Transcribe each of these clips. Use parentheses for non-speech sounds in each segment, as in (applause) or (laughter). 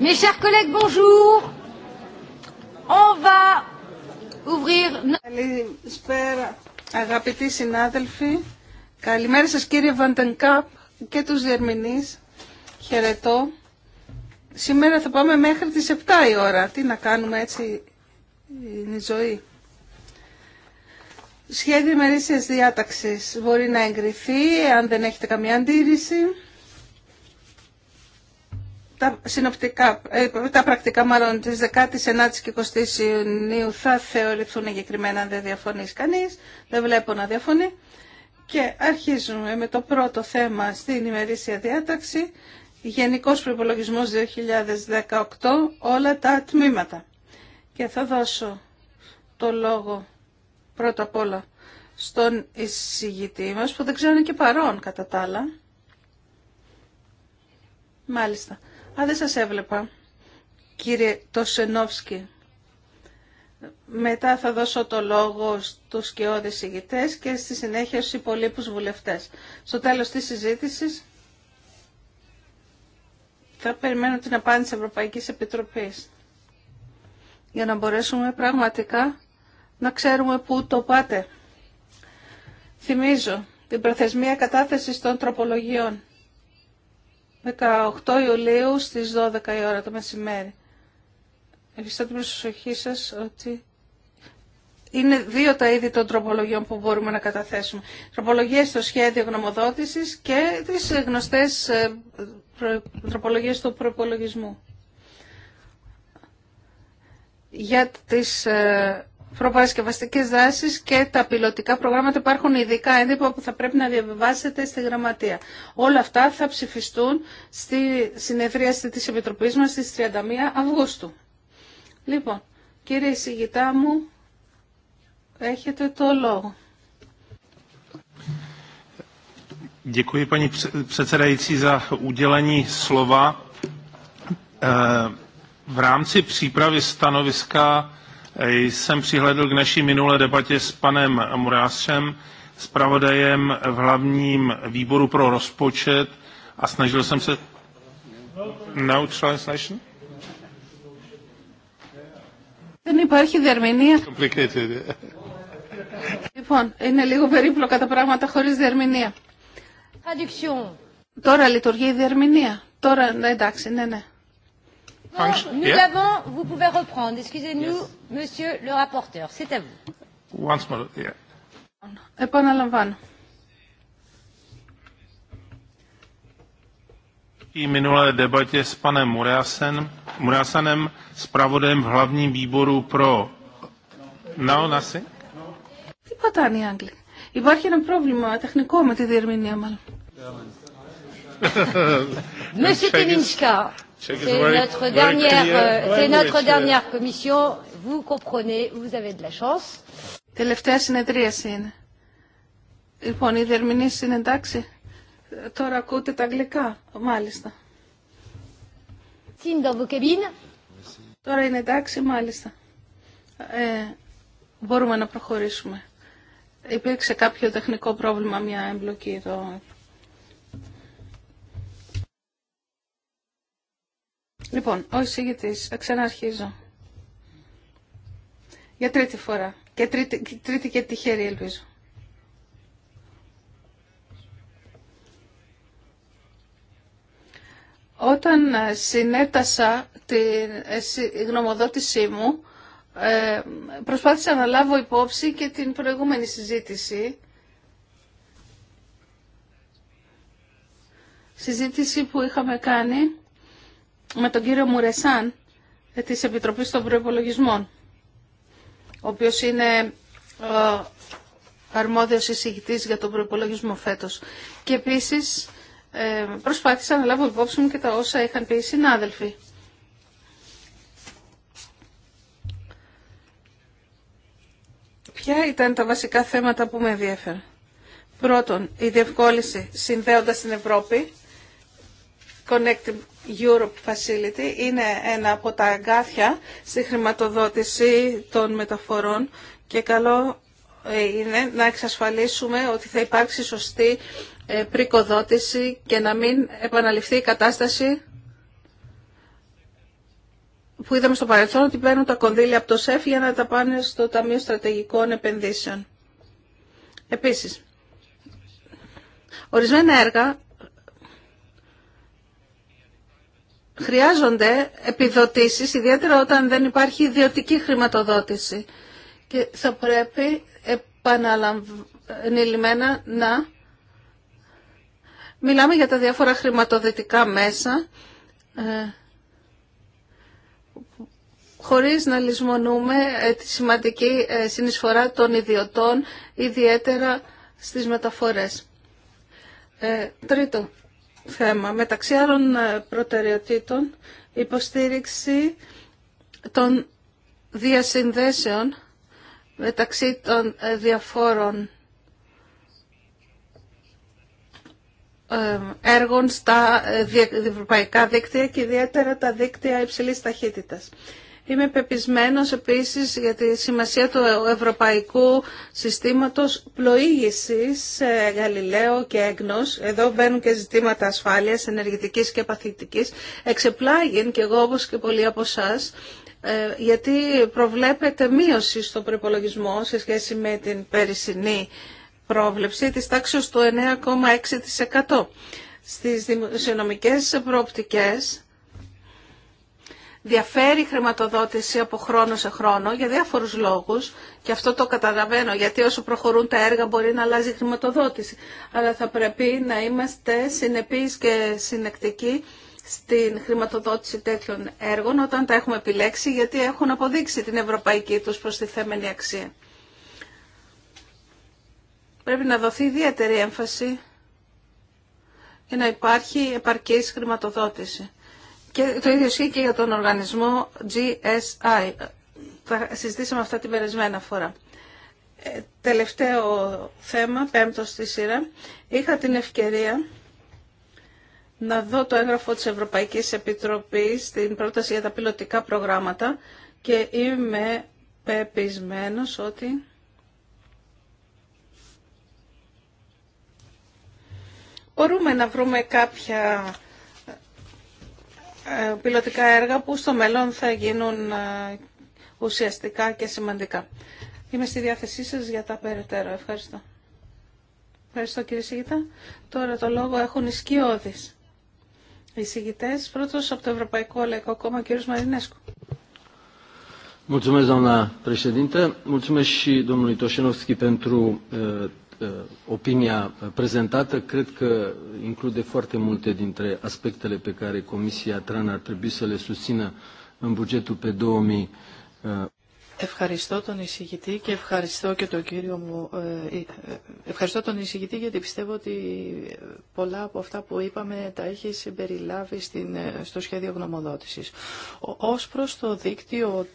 Mes chers Καλησπέρα, αγαπητοί συνάδελφοι. Καλημέρα σας κύριε Βαντενκάπ και τους Διερμηνείς. Χαιρετώ. Σήμερα θα πάμε μέχρι τις 7 η ώρα. Τι να κάνουμε έτσι είναι η ζωή. Σχέδιο μερίσια διάταξης μπορεί να εγκριθεί αν δεν έχετε καμία αντίρρηση τα συνοπτικά, ε, τα πρακτικά μάλλον της 19ης και 20 η Ιουνίου θα θεωρηθούν εγκεκριμένα αν δεν διαφωνεί κανείς. Δεν βλέπω να διαφωνεί. Και αρχίζουμε με το πρώτο θέμα στην ημερήσια διάταξη. Γενικός Προϋπολογισμός 2018, όλα τα τμήματα. Και θα δώσω το λόγο πρώτα απ' όλα στον εισηγητή μας που δεν ξέρω είναι και παρόν κατά τα άλλα. Μάλιστα. Α, δεν σας έβλεπα, κύριε Τοσενόφσκι. Μετά θα δώσω το λόγο στους και ηγητές και στη συνέχεια στους υπολείπους βουλευτές. Στο τέλος της συζήτησης θα περιμένω την απάντηση Ευρωπαϊκής Επιτροπής για να μπορέσουμε πραγματικά να ξέρουμε πού το πάτε. Θυμίζω την προθεσμία κατάθεσης των τροπολογιών 18 Ιουλίου στις 12 η ώρα το μεσημέρι. Ευχαριστώ την προσοχή σας ότι είναι δύο τα είδη των τροπολογιών που μπορούμε να καταθέσουμε. Τροπολογίες στο σχέδιο γνωμοδότησης και τις γνωστές ε, τροπολογίες του προπολογισμού. Για τις ε, προπαρασκευαστικέ δράσεις και τα πιλωτικά προγράμματα υπάρχουν ειδικά έντυπα που θα πρέπει να διαβιβάσετε στη γραμματεία. Όλα αυτά θα ψηφιστούν στη συνεδρίαση της Επιτροπή μα στι 31 Αυγούστου. Λοιπόν, κύριε Σιγητά μου, έχετε το λόγο. Děkuji paní předsedající za udělení slova. Eh, Jsem přihledl k naší minulé debatě s panem Murásem, zpravodajem v pro rozpočet a snažil jsem se... No translation? Δεν υπάρχει διερμηνία. Λοιπόν, είναι λίγο περίπλοκα τα πράγματα χωρίς διερμηνία. Τώρα λειτουργεί η διερμηνία. Τώρα, ναι, εντάξει, ναι, ναι function. Nous avons, vous pouvez reprendre. Excusez-nous, Monsieur le rapporteur, c'est à vous. Once more, yeah. Επαναλαμβάνω. I minulé debatě s panem Murasanem, zpravodajem v hlavním výboru pro Naonasi. Τι πατάνε οι Άγγλοι. Υπάρχει ένα πρόβλημα τεχνικό με τη διερμηνία μάλλον. Monsieur Telinska, C'est notre Τελευταία συνεδρίαση είναι. Λοιπόν, οι δερμηνείς είναι εντάξει. Τώρα ακούτε τα αγγλικά, μάλιστα. Τώρα είναι εντάξει, μάλιστα. Ε, μπορούμε να προχωρήσουμε. Υπήρξε κάποιο τεχνικό πρόβλημα, μια εμπλοκή εδώ. Λοιπόν, ο εισηγητής, ξαναρχίζω. Για τρίτη φορά. Και τρίτη, τρίτη και τυχερή ελπίζω. Όταν ε, συνέτασα τη ε, γνωμοδότησή μου, ε, προσπάθησα να λάβω υπόψη και την προηγούμενη συζήτηση. Συζήτηση που είχαμε κάνει με τον κύριο Μουρεσάν ε, της Επιτροπής των Προϋπολογισμών, ο οποίος είναι ε, αρμόδιος εισηγητής για τον προϋπολογισμό φέτος. Και επίσης ε, προσπάθησα να λάβω υπόψη μου και τα όσα είχαν πει οι συνάδελφοι. Ποια ήταν τα βασικά θέματα που με ενδιαφέραν. Πρώτον, η διευκόλυνση συνδέοντας την Ευρώπη Connect Europe Facility είναι ένα από τα αγκάθια στη χρηματοδότηση των μεταφορών και καλό ε, είναι να εξασφαλίσουμε ότι θα υπάρξει σωστή ε, πρικοδότηση και να μην επαναληφθεί η κατάσταση που είδαμε στο παρελθόν ότι παίρνουν τα κονδύλια από το ΣΕΦ για να τα πάνε στο Ταμείο Στρατηγικών Επενδύσεων. Επίσης, ορισμένα έργα χρειάζονται επιδοτήσεις, ιδιαίτερα όταν δεν υπάρχει ιδιωτική χρηματοδότηση. Και θα πρέπει επαναλαμβανειλημμένα να μιλάμε για τα διάφορα χρηματοδοτικά μέσα, ε, χωρίς να λησμονούμε ε, τη σημαντική ε, συνεισφορά των ιδιωτών, ιδιαίτερα στις μεταφορές. Ε, τρίτο, θέμα. Μεταξύ άλλων ε, προτεραιοτήτων, υποστήριξη των διασυνδέσεων μεταξύ των ε, διαφόρων ε, έργων στα ευρωπαϊκά δίκτυα και ιδιαίτερα τα δίκτυα υψηλής ταχύτητας. Είμαι πεπισμένος επίσης για τη σημασία του ευρωπαϊκού συστήματος πλοήγησης Γαλιλαίο και Έγνος. Εδώ μπαίνουν και ζητήματα ασφάλειας, ενεργητικής και παθητικής. Εξεπλάγει και εγώ όπως και πολλοί από εσά ε, γιατί προβλέπεται μείωση στο προπολογισμό σε σχέση με την περυσινή πρόβλεψη της τάξης του 9,6%. Στις δημοσιονομικές προοπτικές διαφέρει η χρηματοδότηση από χρόνο σε χρόνο για διάφορους λόγους και αυτό το καταλαβαίνω γιατί όσο προχωρούν τα έργα μπορεί να αλλάζει η χρηματοδότηση αλλά θα πρέπει να είμαστε συνεπείς και συνεκτικοί στην χρηματοδότηση τέτοιων έργων όταν τα έχουμε επιλέξει γιατί έχουν αποδείξει την ευρωπαϊκή τους προστιθέμενη αξία. Πρέπει να δοθεί ιδιαίτερη έμφαση για να υπάρχει επαρκής χρηματοδότηση. Και το ίδιο ισχύει και για τον οργανισμό GSI. Θα συζητήσαμε αυτά την περαισμένα φορά. Ε, τελευταίο θέμα, πέμπτο στη σειρά. Είχα την ευκαιρία να δω το έγγραφο της Ευρωπαϊκής Επιτροπής στην πρόταση για τα πιλωτικά προγράμματα και είμαι πεπισμένος ότι... Μπορούμε να βρούμε κάποια ε, πιλωτικά έργα που στο μέλλον θα γίνουν ε, ουσιαστικά και σημαντικά. Είμαι στη διάθεσή σας για τα περαιτέρω. Ευχαριστώ. Ευχαριστώ κύριε Σίγητα. Τώρα το λόγο έχουν οι σκιώδεις. Οι Σιγητές, πρώτος από το Ευρωπαϊκό Λαϊκό Κόμμα, κύριος Μαρινέσκου. Uh, opinia prezentată cred că include foarte multe dintre aspectele pe care Comisia Tran ar trebui să le susțină în bugetul pe 2000. Uh. Ευχαριστώ τον εισηγητή και ευχαριστώ και τον κύριο μου. Ε, ε, ε, ευχαριστώ τον εισηγητή γιατί πιστεύω ότι πολλά από αυτά που είπαμε τα έχει συμπεριλάβει στην, στο σχέδιο γνωμοδότησης. Ως προς το δίκτυο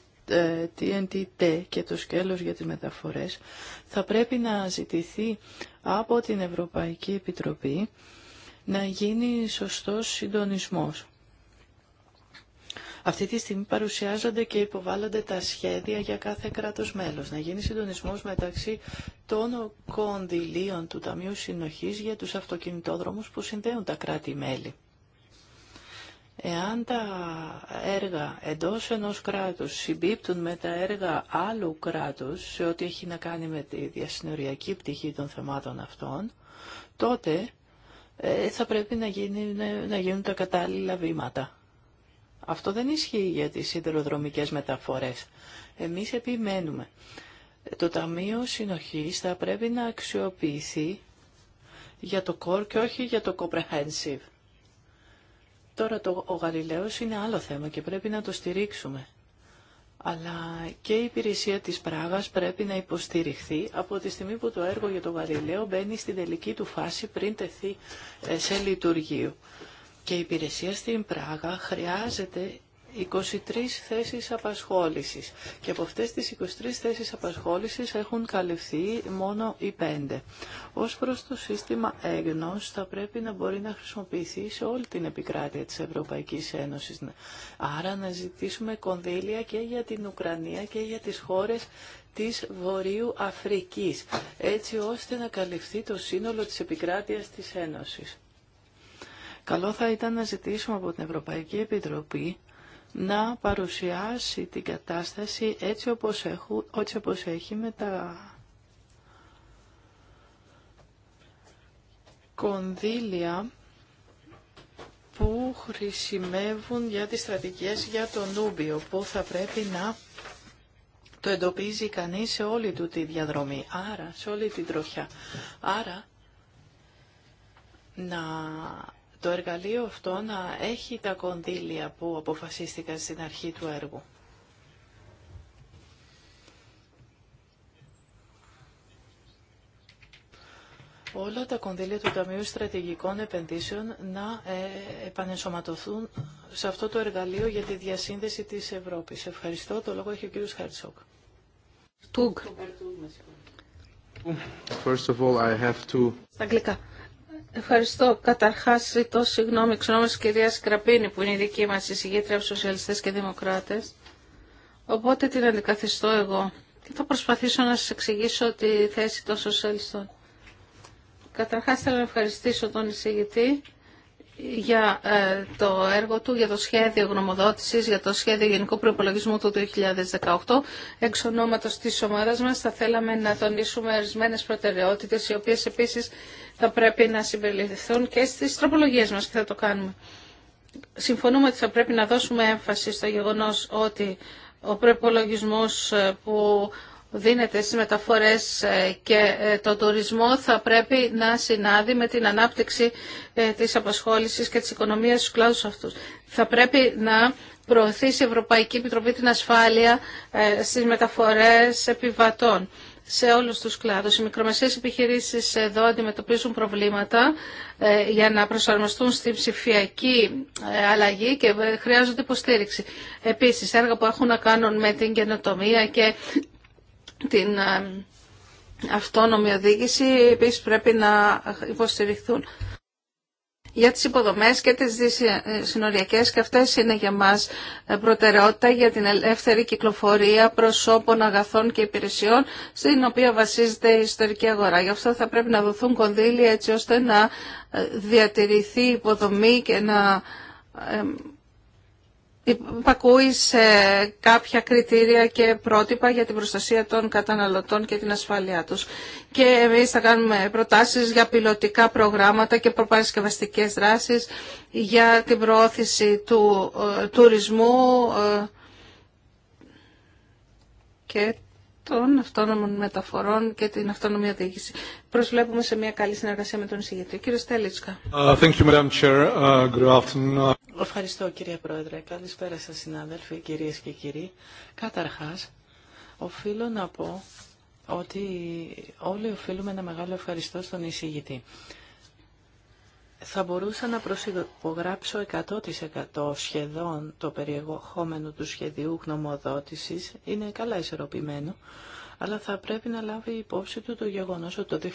TNT-T ε, και το σκέλος για τις μεταφορές, θα πρέπει να ζητηθεί από την Ευρωπαϊκή Επιτροπή να γίνει σωστός συντονισμός. Αυτή τη στιγμή παρουσιάζονται και υποβάλλονται τα σχέδια για κάθε κράτος μέλος. Να γίνει συντονισμός μεταξύ των κονδυλίων του Ταμείου Συνοχής για τους αυτοκινητόδρομους που συνδέουν τα κράτη-μέλη. Εάν τα έργα εντός ενός κράτους συμπίπτουν με τα έργα άλλου κράτους σε ό,τι έχει να κάνει με τη διασυνοριακή πτυχή των θεμάτων αυτών, τότε ε, θα πρέπει να, γίνει, να γίνουν τα κατάλληλα βήματα. Αυτό δεν ισχύει για τις σιδηροδρομικές μεταφορές. Εμείς επιμένουμε. Το Ταμείο Συνοχής θα πρέπει να αξιοποιηθεί για το core και όχι για το comprehensive. Τώρα το, ο Γαλιλαίος είναι άλλο θέμα και πρέπει να το στηρίξουμε. Αλλά και η υπηρεσία της Πράγας πρέπει να υποστηριχθεί από τη στιγμή που το έργο για τον Γαλιλαίο μπαίνει στην τελική του φάση πριν τεθεί ε, σε λειτουργείο. Και η υπηρεσία στην Πράγα χρειάζεται 23 θέσεις απασχόλησης και από αυτές τις 23 θέσεις απασχόλησης έχουν καλυφθεί μόνο οι 5. Ως προς το σύστημα έγνος θα πρέπει να μπορεί να χρησιμοποιηθεί σε όλη την επικράτεια της Ευρωπαϊκής Ένωσης. Άρα να ζητήσουμε κονδύλια και για την Ουκρανία και για τις χώρες της Βορείου Αφρικής, έτσι ώστε να καλυφθεί το σύνολο της επικράτειας της Ένωσης. Καλό θα ήταν να ζητήσουμε από την Ευρωπαϊκή Επιτροπή να παρουσιάσει την κατάσταση έτσι όπως, έτσι όπως έχει με τα κονδύλια που χρησιμεύουν για τις στρατηγικές για το Νούμπιο, που θα πρέπει να το εντοπίζει κανείς σε όλη του τη διαδρομή, άρα σε όλη την τροχιά. Άρα να το εργαλείο αυτό να έχει τα κονδύλια που αποφασίστηκαν στην αρχή του έργου. όλα τα κονδύλια του Ταμείου Στρατηγικών Επενδύσεων να ε, επανεσωματωθούν σε αυτό το εργαλείο για τη διασύνδεση της Ευρώπης. Ευχαριστώ. Το λόγο έχει ο κύριος Χάρτσοκ. Τούγκ. Στα αγγλικά. Ευχαριστώ. Καταρχά, ζητώ συγγνώμη εξ τη κυρία Κραπίνη, που είναι η δική μα εισηγήτρια από Σοσιαλιστέ και Δημοκράτε. Οπότε την αντικαθιστώ εγώ. Και θα προσπαθήσω να σα εξηγήσω τη θέση των Σοσιαλιστών. Καταρχά, θέλω να ευχαριστήσω τον εισηγητή για ε, το έργο του, για το σχέδιο γνωμοδότησης, για το σχέδιο Γενικού Προπολογισμού του 2018. Εξ ονόματος της ομάδας μας θα θέλαμε να τονίσουμε ορισμένε προτεραιότητες, οι οποίες επίσης θα πρέπει να συμπεριληφθούν και στις τροπολογίες μας και θα το κάνουμε. Συμφωνούμε ότι θα πρέπει να δώσουμε έμφαση στο γεγονός ότι ο προπολογισμό ε, που δίνεται στις μεταφορές ε, και ε, το τουρισμό θα πρέπει να συνάδει με την ανάπτυξη ε, της απασχόλησης και της οικονομίας στους κλάδους αυτούς. Θα πρέπει να προωθήσει η Ευρωπαϊκή Επιτροπή την ασφάλεια στις μεταφορές επιβατών σε όλους τους κλάδους. Οι μικρομεσαίες επιχειρήσεις εδώ αντιμετωπίζουν προβλήματα για να προσαρμοστούν στη ψηφιακή αλλαγή και χρειάζονται υποστήριξη. Επίσης, έργα που έχουν να κάνουν με την καινοτομία και την ε, αυτόνομη οδήγηση επίσης πρέπει να υποστηριχθούν. Για τις υποδομές και τις συνοριακές και αυτές είναι για μας ε, προτεραιότητα για την ελεύθερη κυκλοφορία προσώπων, αγαθών και υπηρεσιών στην οποία βασίζεται η ιστορική αγορά. Γι' αυτό θα πρέπει να δοθούν κονδύλια έτσι ώστε να ε, διατηρηθεί η υποδομή και να υπακούει σε κάποια κριτήρια και πρότυπα για την προστασία των καταναλωτών και την ασφάλειά τους. Και εμείς θα κάνουμε προτάσεις για πιλωτικά προγράμματα και προπαρασκευαστικές δράσεις για την προώθηση του ε, τουρισμού ε, και των αυτόνομων μεταφορών και την αυτονομία διοίκηση. Προσβλέπουμε σε μια καλή συνεργασία με τον εισηγητή. Κύριε Στέλιτσκα. Uh, uh, ευχαριστώ κύριε Πρόεδρε. Καλησπέρα σας συνάδελφοι, κυρίες και κύριοι. Καταρχάς, οφείλω να πω ότι όλοι οφείλουμε ένα μεγάλο ευχαριστώ στον εισηγητή θα μπορούσα να προσυπογράψω 100% σχεδόν το περιεχόμενο του σχεδίου γνωμοδότησης. Είναι καλά ισορροπημένο, αλλά θα πρέπει να λάβει υπόψη του το γεγονός ότι το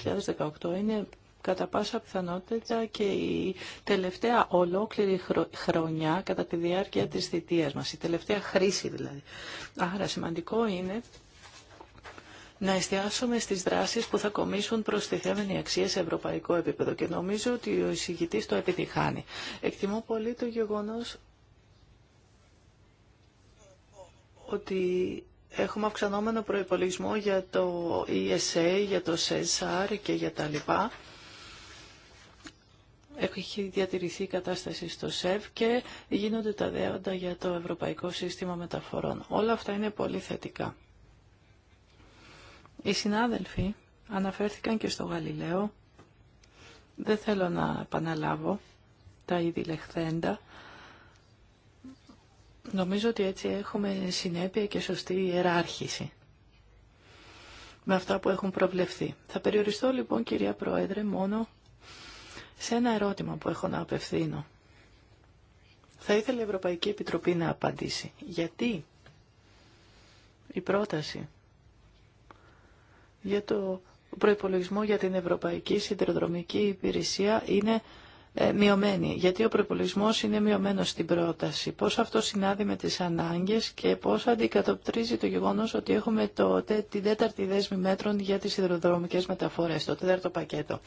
2018 είναι κατά πάσα πιθανότητα και η τελευταία ολόκληρη χρονιά κατά τη διάρκεια της θητείας μας, η τελευταία χρήση δηλαδή. Άρα σημαντικό είναι να εστιάσουμε στις δράσεις που θα κομίσουν θέμενη αξία σε ευρωπαϊκό επίπεδο και νομίζω ότι ο εισηγητής το επιτυχάνει. Εκτιμώ πολύ το γεγονός ότι έχουμε αυξανόμενο προϋπολογισμό για το ESA, για το CESAR και για τα λοιπά. Έχει διατηρηθεί η κατάσταση στο ΣΕΒ και γίνονται τα δέοντα για το Ευρωπαϊκό Σύστημα Μεταφορών. Όλα αυτά είναι πολύ θετικά. Οι συνάδελφοι αναφέρθηκαν και στο Γαλιλαίο. Δεν θέλω να επαναλάβω τα είδη λεχθέντα. Νομίζω ότι έτσι έχουμε συνέπεια και σωστή ιεράρχηση με αυτά που έχουν προβλεφθεί. Θα περιοριστώ λοιπόν κυρία Πρόεδρε μόνο σε ένα ερώτημα που έχω να απευθύνω. Θα ήθελε η Ευρωπαϊκή Επιτροπή να απαντήσει. Γιατί η πρόταση για το προϋπολογισμό για την Ευρωπαϊκή Συντεροδρομική Υπηρεσία είναι ε, μειωμένη, γιατί ο προπολισμό είναι μειωμένο στην πρόταση. Πώς αυτό συνάδει με τις ανάγκες και πώς αντικατοπτρίζει το γεγονός ότι έχουμε τότε την τέταρτη δέσμη μέτρων για τις υδροδρομικές μεταφορές, το τέταρτο πακέτο.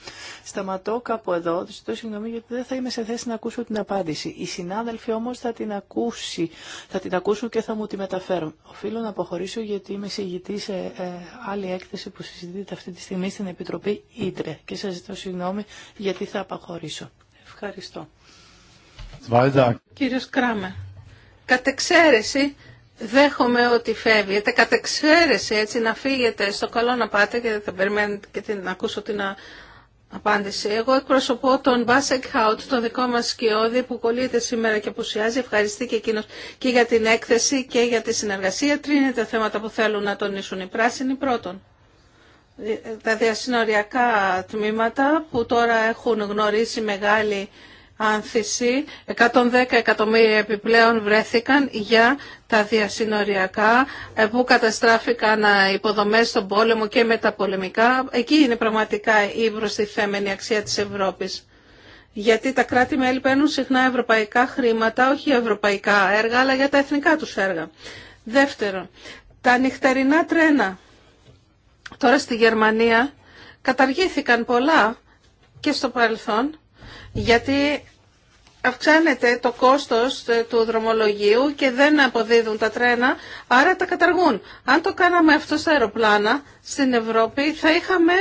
Σταματώ κάπου εδώ, ζητώ συγγνώμη γιατί δεν θα είμαι σε θέση να ακούσω την απάντηση. Οι συνάδελφοι όμως θα την, ακούσει, θα την ακούσουν και θα μου τη μεταφέρουν. Οφείλω να αποχωρήσω γιατί είμαι συγγητή σε ε, άλλη έκθεση που συζητείται αυτή τη στιγμή στην Επιτροπή Ήτρε και σα ζητώ συγγνώμη γιατί θα αποχωρήσω. Ευχαριστώ. Κύριος Κράμε, κατ' εξαίρεση δέχομαι ότι φεύγετε, κατ' εξαίρεση έτσι να φύγετε στο καλό να πάτε και θα περιμένετε και να ακούσω την απάντηση. Εγώ εκπροσωπώ τον Μπάσεκ Χαουτ, τον δικό μας σκιώδη που κολλείται σήμερα και απουσιάζει. Ευχαριστεί και εκείνος και για την έκθεση και για τη συνεργασία. Τρίνε τα θέματα που θέλουν να τονίσουν οι πράσινοι πρώτον τα διασυνοριακά τμήματα που τώρα έχουν γνωρίσει μεγάλη άνθηση. 110 εκατομμύρια επιπλέον βρέθηκαν για τα διασυνοριακά ε, που καταστράφηκαν ε, υποδομές στον πόλεμο και μεταπολεμικά. Εκεί είναι πραγματικά η προστιθέμενη αξία της Ευρώπης. Γιατί τα κράτη-μέλη παίρνουν συχνά ευρωπαϊκά χρήματα, όχι ευρωπαϊκά έργα, αλλά για τα εθνικά τους έργα. Δεύτερον, τα νυχτερινά τρένα Τώρα στη Γερμανία καταργήθηκαν πολλά και στο παρελθόν γιατί αυξάνεται το κόστος ε, του δρομολογίου και δεν αποδίδουν τα τρένα, άρα τα καταργούν. Αν το κάναμε αυτό στα αεροπλάνα στην Ευρώπη θα είχαμε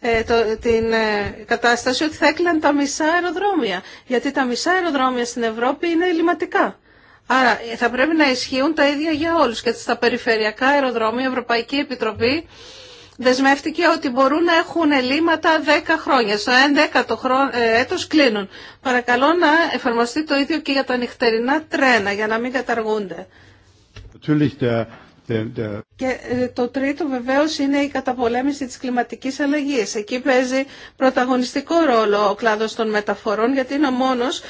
ε, το, την ε, κατάσταση ότι θα έκλαιναν τα μισά αεροδρόμια, γιατί τα μισά αεροδρόμια στην Ευρώπη είναι ελληματικά. Άρα θα πρέπει να ισχύουν τα ίδια για όλους και στα περιφερειακά αεροδρόμια η Ευρωπαϊκή Επιτροπή δεσμεύτηκε ότι μπορούν να έχουν ελλείμματα 10 χρόνια. Στο 11ο ε, έτος κλείνουν. Παρακαλώ να εφαρμοστεί το ίδιο και για τα νυχτερινά τρένα για να μην καταργούνται. Και ε, το τρίτο βεβαίω είναι η καταπολέμηση της κλιματικής αλλαγή. Εκεί παίζει πρωταγωνιστικό ρόλο ο κλάδος των μεταφορών γιατί είναι ο μόνος ε,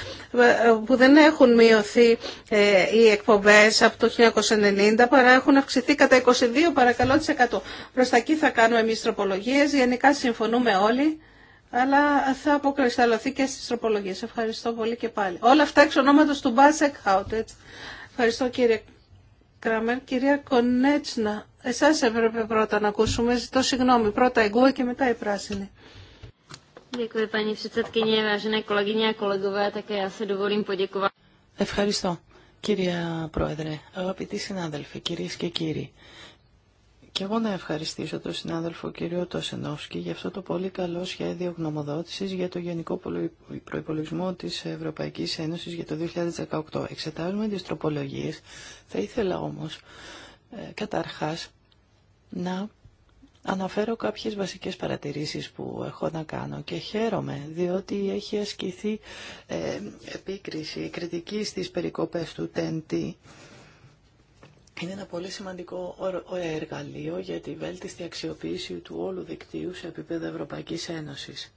που δεν έχουν μειωθεί ε, οι εκπομπές από το 1990 παρά έχουν αυξηθεί κατά 22 παρακαλώ Προς τα εκεί θα κάνουμε εμεί τροπολογίε, Γενικά συμφωνούμε όλοι αλλά θα αποκρισταλωθεί και στις τροπολογίες. Ευχαριστώ πολύ και πάλι. Όλα αυτά εξ ονόματος του Μπάσεκ Χάουτετ. Ευχαριστώ κύριε Κράμερ. Κυρία Κονέτσνα, εσάς έπρεπε πρώτα να ακούσουμε. Ζητώ συγγνώμη. Πρώτα εγώ και μετά η πράσινη. Ευχαριστώ, κυρία Πρόεδρε, αγαπητοί συνάδελφοι, κυρίε και κύριοι. Και εγώ να ευχαριστήσω τον συνάδελφο κύριο Τωσενόφσκι για αυτό το πολύ καλό σχέδιο γνωμοδότησης για το Γενικό Προϋπολογισμό της Ευρωπαϊκής Ένωσης για το 2018. Εξετάζουμε τις τροπολογίες. Θα ήθελα όμως ε, καταρχάς να αναφέρω κάποιες βασικές παρατηρήσεις που έχω να κάνω και χαίρομαι διότι έχει ασκηθεί ε, επίκριση, κριτική στις περικοπές του ΤΕΝΤΗ είναι ένα πολύ σημαντικό ε, εργαλείο για τη βέλτιστη αξιοποίηση του όλου δικτύου σε επίπεδο Ευρωπαϊκής Ένωσης.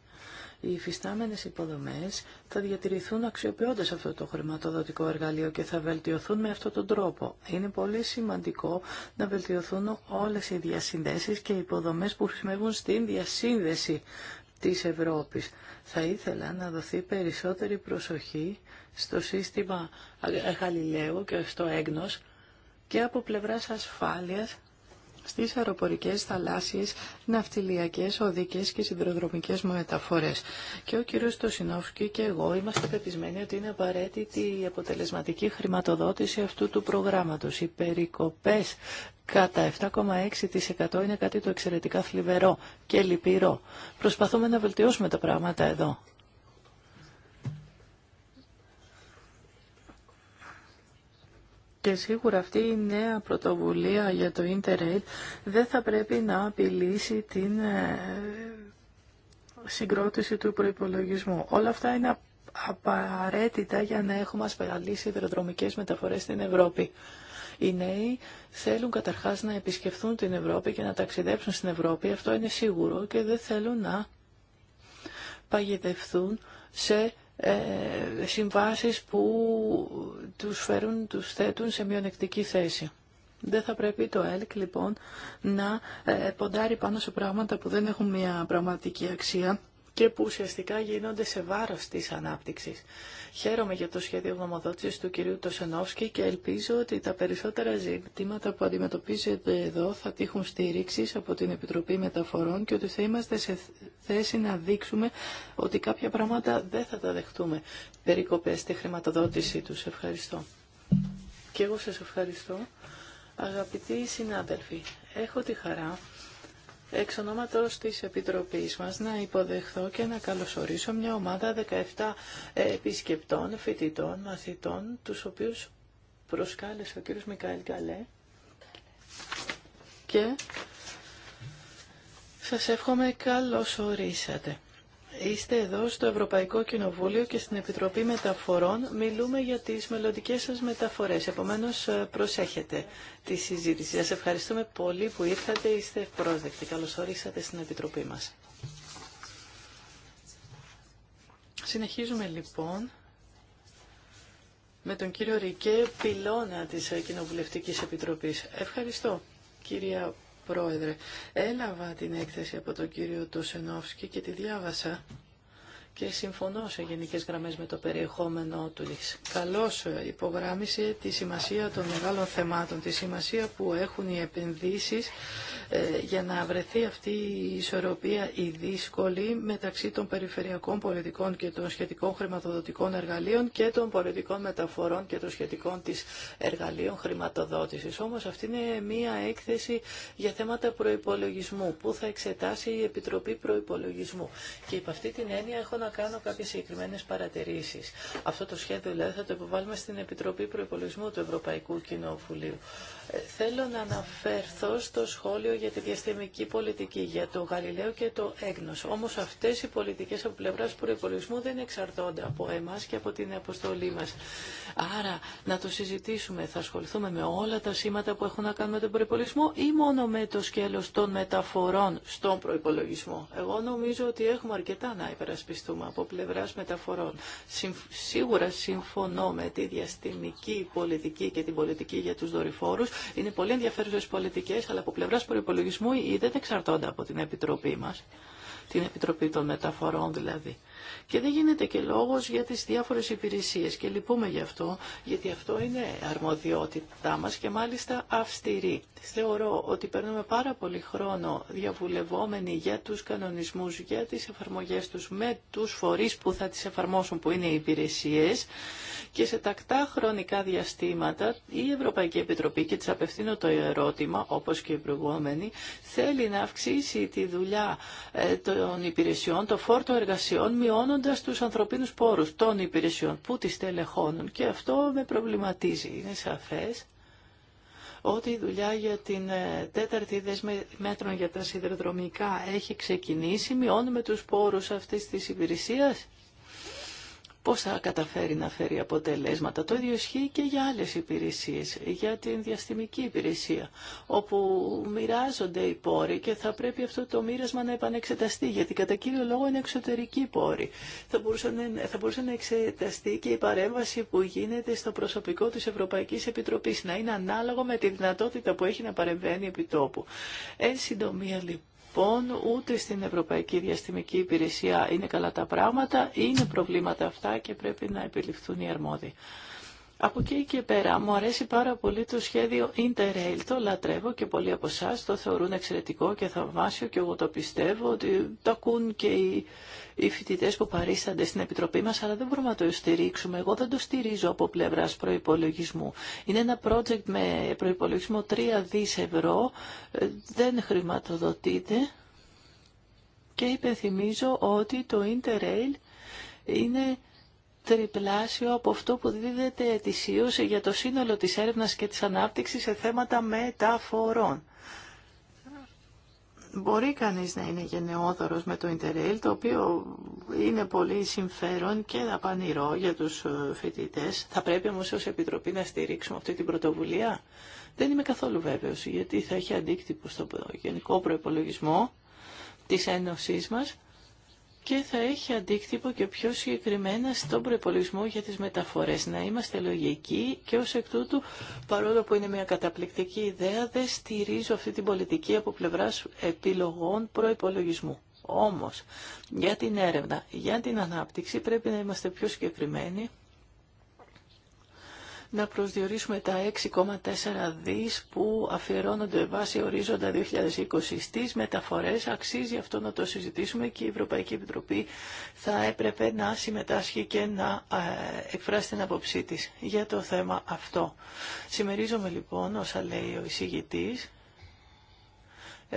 Οι υφιστάμενες υποδομές θα διατηρηθούν αξιοποιώντας αυτό το χρηματοδοτικό εργαλείο και θα βελτιωθούν με αυτόν τον τρόπο. Είναι πολύ σημαντικό να βελτιωθούν όλες οι διασυνδέσεις και οι υποδομές που χρησιμεύουν στην διασύνδεση της Ευρώπης. Θα ήθελα να δοθεί περισσότερη προσοχή στο σύστημα Γαλιλαίου και στο έγνος, και από πλευράς ασφάλειας στις αεροπορικές, θαλάσσιες, ναυτιλιακές, οδικές και συνδροδρομικές μεταφορές. Και ο κύριος Στοσινόφσκι και εγώ είμαστε πεπισμένοι ότι είναι απαραίτητη η αποτελεσματική χρηματοδότηση αυτού του προγράμματος. Οι περικοπές κατά 7,6% είναι κάτι το εξαιρετικά θλιβερό και λυπηρό. Προσπαθούμε να βελτιώσουμε τα πράγματα εδώ. Και σίγουρα αυτή η νέα πρωτοβουλία για το ίντερνετ δεν θα πρέπει να απειλήσει την ε, συγκρότηση του προϋπολογισμού. Όλα αυτά είναι απαραίτητα για να έχουμε ασφαλείς υδροδρομικές μεταφορές στην Ευρώπη. Οι νέοι θέλουν καταρχάς να επισκεφθούν την Ευρώπη και να ταξιδέψουν στην Ευρώπη, αυτό είναι σίγουρο, και δεν θέλουν να παγιδευτούν σε ε, συμβάσεις που τους, φέρουν, τους θέτουν σε μειονεκτική θέση. Δεν θα πρέπει το ΕΛΚ λοιπόν να ε, ποντάρει πάνω σε πράγματα που δεν έχουν μια πραγματική αξία και που ουσιαστικά γίνονται σε βάρος της ανάπτυξης. Χαίρομαι για το σχέδιο γνωμοδότησης του κυρίου Τοσενόφσκη και ελπίζω ότι τα περισσότερα ζητήματα που αντιμετωπίζετε εδώ θα τύχουν στήριξης από την Επιτροπή Μεταφορών και ότι θα είμαστε σε θέση να δείξουμε ότι κάποια πράγματα δεν θα τα δεχτούμε. Περικοπές στη χρηματοδότησή τους. Ευχαριστώ. Και εγώ σας ευχαριστώ. Αγαπητοί συνάδελφοι, έχω τη χαρά εξ ονόματος της Επιτροπής μας να υποδεχθώ και να καλωσορίσω μια ομάδα 17 επισκεπτών, φοιτητών, μαθητών, τους οποίους προσκάλεσε ο κύριος Μικαήλ Καλέ και σας εύχομαι καλώς ορίσατε. Είστε εδώ στο Ευρωπαϊκό Κοινοβούλιο και στην Επιτροπή Μεταφορών. Μιλούμε για τις μελλοντικές σας μεταφορές. Επομένως, ε, προσέχετε τη συζήτηση. Σας ευχαριστούμε πολύ που ήρθατε. Είστε ευπρόσδεκτοι. Καλώς ορίσατε στην Επιτροπή μας. Συνεχίζουμε λοιπόν με τον κύριο Ρικέ, πυλώνα της ε, Κοινοβουλευτικής Επιτροπής. Ευχαριστώ, κυρία Πρόεδρε. Έλαβα την έκθεση από τον κύριο Τουσενόφσκι και τη διάβασα και συμφωνώ σε γενικές γραμμές με το περιεχόμενό του. Καλώς υπογράμμισε τη σημασία των μεγάλων θεμάτων, τη σημασία που έχουν οι επενδύσεις ε, για να βρεθεί αυτή η ισορροπία η δύσκολη μεταξύ των περιφερειακών πολιτικών και των σχετικών χρηματοδοτικών εργαλείων και των πολιτικών μεταφορών και των σχετικών της εργαλείων χρηματοδότησης. Όμως αυτή είναι μία έκθεση για θέματα προϋπολογισμού που θα εξετάσει η Επιτροπή Προϋπολογισμού. Και υπ' αυτή την έννοια έχω να κάνω κάποιες συγκεκριμένες παρατηρήσεις. Αυτό το σχέδιο δηλαδή θα το υποβάλουμε στην Επιτροπή Προϋπολογισμού του Ευρωπαϊκού Κοινοβουλίου. Θέλω να αναφέρθω στο σχόλιο για τη διαστημική πολιτική, για το Γαλιλαίο και το έγνος. Όμως αυτές οι πολιτικές από πλευράς προϋπολογισμού δεν εξαρτώνται από εμάς και από την αποστολή μας. Άρα να το συζητήσουμε, θα ασχοληθούμε με όλα τα σήματα που έχουν να κάνουν με τον προϋπολογισμό ή μόνο με το σκέλος των μεταφορών στον προϋπολογισμό. Εγώ νομίζω ότι έχουμε αρκετά να υπερασπιστούμε από πλευράς μεταφορών. Σίγουρα συμφωνώ με τη διαστημική πολιτική και την πολιτική για τους δορυφόρους είναι πολύ ενδιαφέρουσε πολιτικέ, αλλά από πλευρά προπολογισμού ή δεν εξαρτώνται από την Επιτροπή μα, την Επιτροπή των Μεταφορών δηλαδή. Και δεν γίνεται και λόγος για τις διάφορες υπηρεσίες και λυπούμε γι' αυτό, γιατί αυτό είναι αρμοδιότητά μας και μάλιστα αυστηρή. Θεωρώ ότι παίρνουμε πάρα πολύ χρόνο διαβουλευόμενοι για τους κανονισμούς, για τις εφαρμογές τους με τους φορείς που θα τις εφαρμόσουν που είναι οι υπηρεσίες και σε τακτά χρονικά διαστήματα η Ευρωπαϊκή Επιτροπή και της απευθύνω το ερώτημα όπως και οι προηγούμενοι θέλει να αυξήσει τη δουλειά ε, των υπηρεσιών, το φόρτο εργασιών μειώνοντας του ανθρωπίνους πόρου των υπηρεσιών που τις τελεχώνουν και αυτό με προβληματίζει. Είναι σαφέ ότι η δουλειά για την ε, τέταρτη δέσμη μέτρων για τα σιδηροδρομικά έχει ξεκινήσει. Μειώνουμε του πόρου αυτή τη υπηρεσία πώς θα καταφέρει να φέρει αποτελέσματα. Το ίδιο ισχύει και για άλλες υπηρεσίες, για την διαστημική υπηρεσία, όπου μοιράζονται οι πόροι και θα πρέπει αυτό το μοίρασμα να επανεξεταστεί, γιατί κατά κύριο λόγο είναι εξωτερικοί πόροι. Θα μπορούσε, να, θα να εξεταστεί και η παρέμβαση που γίνεται στο προσωπικό της Ευρωπαϊκής Επιτροπής, να είναι ανάλογο με τη δυνατότητα που έχει να παρεμβαίνει επί τόπου. Εν συντομία λοιπόν, λοιπόν ούτε στην Ευρωπαϊκή Διαστημική Υπηρεσία είναι καλά τα πράγματα, είναι προβλήματα αυτά και πρέπει να επιληφθούν οι αρμόδιοι. Από εκεί και πέρα μου αρέσει πάρα πολύ το σχέδιο Interrail, το λατρεύω και πολλοί από εσά το θεωρούν εξαιρετικό και θαυμάσιο και εγώ το πιστεύω ότι το ακούν και οι, οι φοιτητέ που παρίστανται στην Επιτροπή μας αλλά δεν μπορούμε να το στηρίξουμε. Εγώ δεν το στηρίζω από πλευράς προϋπολογισμού. Είναι ένα project με προϋπολογισμό 3 δις ευρώ, ε, δεν χρηματοδοτείται και υπενθυμίζω ότι το Interrail είναι τριπλάσιο από αυτό που δίδεται ετησίως για το σύνολο της έρευνας και της ανάπτυξης σε θέματα μεταφορών. Μπορεί κανείς να είναι γενναιόδωρος με το Ιντερέλ, το οποίο είναι πολύ συμφέρον και απανηρό για τους ε, φοιτητές. Θα πρέπει όμως ως Επιτροπή να στηρίξουμε αυτή την πρωτοβουλία. Δεν είμαι καθόλου βέβαιος, γιατί θα έχει αντίκτυπο στο γενικό προϋπολογισμό της Ένωσής μας και θα έχει αντίκτυπο και πιο συγκεκριμένα στον προπολογισμό για τις μεταφορές. Να είμαστε λογικοί και ως εκ τούτου, παρόλο που είναι μια καταπληκτική ιδέα, δεν στηρίζω αυτή την πολιτική από πλευράς επιλογών προπολογισμού. Όμως, για την έρευνα, για την ανάπτυξη πρέπει να είμαστε πιο συγκεκριμένοι να προσδιορίσουμε τα 6,4 δις που αφιερώνονται βάσει ορίζοντα 2020 στις μεταφορές. Αξίζει αυτό να το συζητήσουμε και η Ευρωπαϊκή Επιτροπή θα έπρεπε να συμμετάσχει και να ε, εκφράσει την απόψή της για το θέμα αυτό. Συμμερίζομαι λοιπόν όσα λέει ο εισηγητής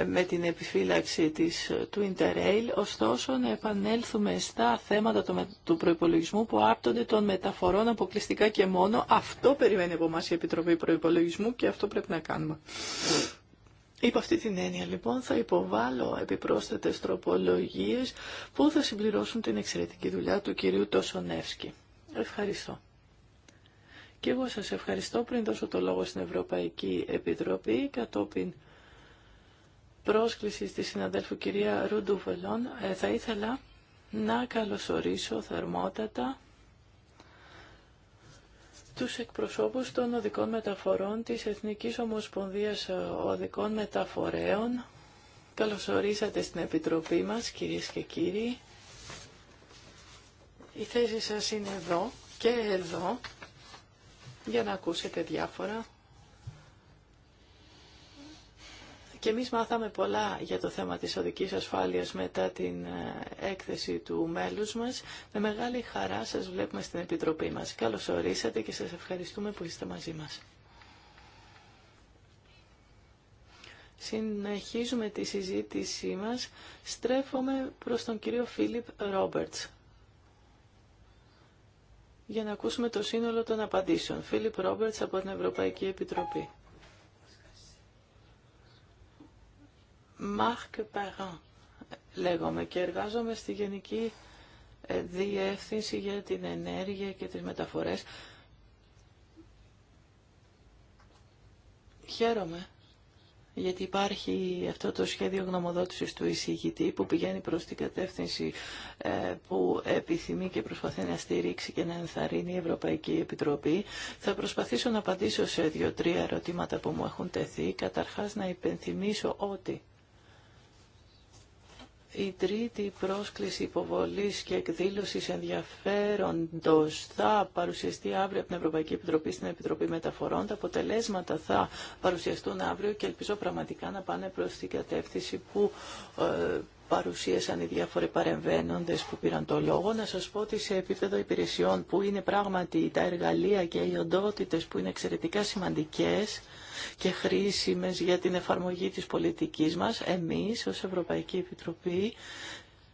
με την επιφύλαξη της, ε, του Interrail, ωστόσο να επανέλθουμε στα θέματα του προϋπολογισμού που άπτονται των μεταφορών αποκλειστικά και μόνο. Αυτό περιμένει από εμάς η Επιτροπή Προϋπολογισμού και αυτό πρέπει να κάνουμε. Υπό αυτή την έννοια λοιπόν θα υποβάλω επιπρόσθετες τροπολογίες που θα συμπληρώσουν την εξαιρετική δουλειά του κυρίου Τόσονεύσκη. Ευχαριστώ. Και εγώ σας ευχαριστώ πριν δώσω το λόγο στην Ευρωπαϊκή Επιτροπή κατόπιν πρόσκληση στη συναδέλφου κυρία Ρούντου Βελών, ε, θα ήθελα να καλωσορίσω θερμότατα τους εκπροσώπους των οδικών μεταφορών της Εθνικής Ομοσπονδίας Οδικών Μεταφορέων. Καλωσορίσατε στην Επιτροπή μας, κυρίες και κύριοι. Η θέση σας είναι εδώ και εδώ για να ακούσετε διάφορα Και εμείς μάθαμε πολλά για το θέμα της οδικής ασφάλειας μετά την ε, έκθεση του μέλους μας. Με μεγάλη χαρά σας βλέπουμε στην Επιτροπή μας. Καλώς ορίσατε και σας ευχαριστούμε που είστε μαζί μας. Συνεχίζουμε τη συζήτησή μας. Στρέφομαι προς τον κύριο Φίλιπ Ρόμπερτς για να ακούσουμε το σύνολο των απαντήσεων. Φίλιπ Ρόμπερτς από την Ευρωπαϊκή Επιτροπή. Μάρκ Παράν λέγομαι και εργάζομαι στη Γενική Διεύθυνση για την Ενέργεια και τις Μεταφορές. Χαίρομαι γιατί υπάρχει αυτό το σχέδιο γνωμοδότησης του εισηγητή που πηγαίνει προς την κατεύθυνση ε, που επιθυμεί και προσπαθεί να στηρίξει και να ενθαρρύνει η Ευρωπαϊκή Επιτροπή. Θα προσπαθήσω να απαντήσω σε δύο-τρία ερωτήματα που μου έχουν τεθεί. Καταρχάς να υπενθυμίσω ότι η τρίτη πρόσκληση υποβολής και εκδήλωσης ενδιαφέροντος θα παρουσιαστεί αύριο από την Ευρωπαϊκή Επιτροπή στην Επιτροπή Μεταφορών. Τα αποτελέσματα θα παρουσιαστούν αύριο και ελπίζω πραγματικά να πάνε προς την κατεύθυνση που ε, παρουσίασαν οι διάφοροι παρεμβαίνοντες που πήραν το λόγο. Να σας πω ότι σε επίπεδο υπηρεσιών που είναι πράγματι τα εργαλεία και οι οντότητες που είναι εξαιρετικά σημαντικές και χρήσιμες για την εφαρμογή της πολιτικής μας, εμείς ως Ευρωπαϊκή Επιτροπή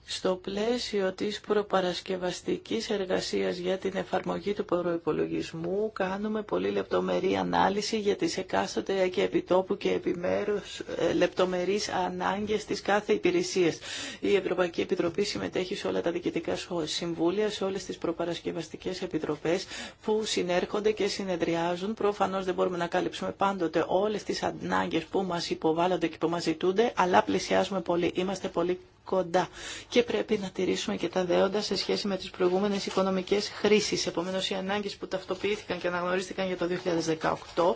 στο πλαίσιο της προπαρασκευαστικής εργασίας για την εφαρμογή του προϋπολογισμού κάνουμε πολύ λεπτομερή ανάλυση για τις εκάστοτε και επιτόπου και επιμέρους ε, λεπτομερείς ανάγκες της κάθε υπηρεσίας. Η Ευρωπαϊκή Επιτροπή συμμετέχει σε όλα τα διοικητικά συμβούλια, σε όλες τις προπαρασκευαστικές επιτροπές που συνέρχονται και συνεδριάζουν. Προφανώς δεν μπορούμε να καλύψουμε πάντοτε όλες τις ανάγκες που μας υποβάλλονται και που μας ζητούνται, αλλά πλησιάζουμε πολύ. Είμαστε πολύ κοντά. Και πρέπει να τηρήσουμε και τα δέοντα σε σχέση με τις προηγούμενες οικονομικές χρήσεις. Επομένως, οι ανάγκες που ταυτοποιήθηκαν και αναγνωρίστηκαν για το 2018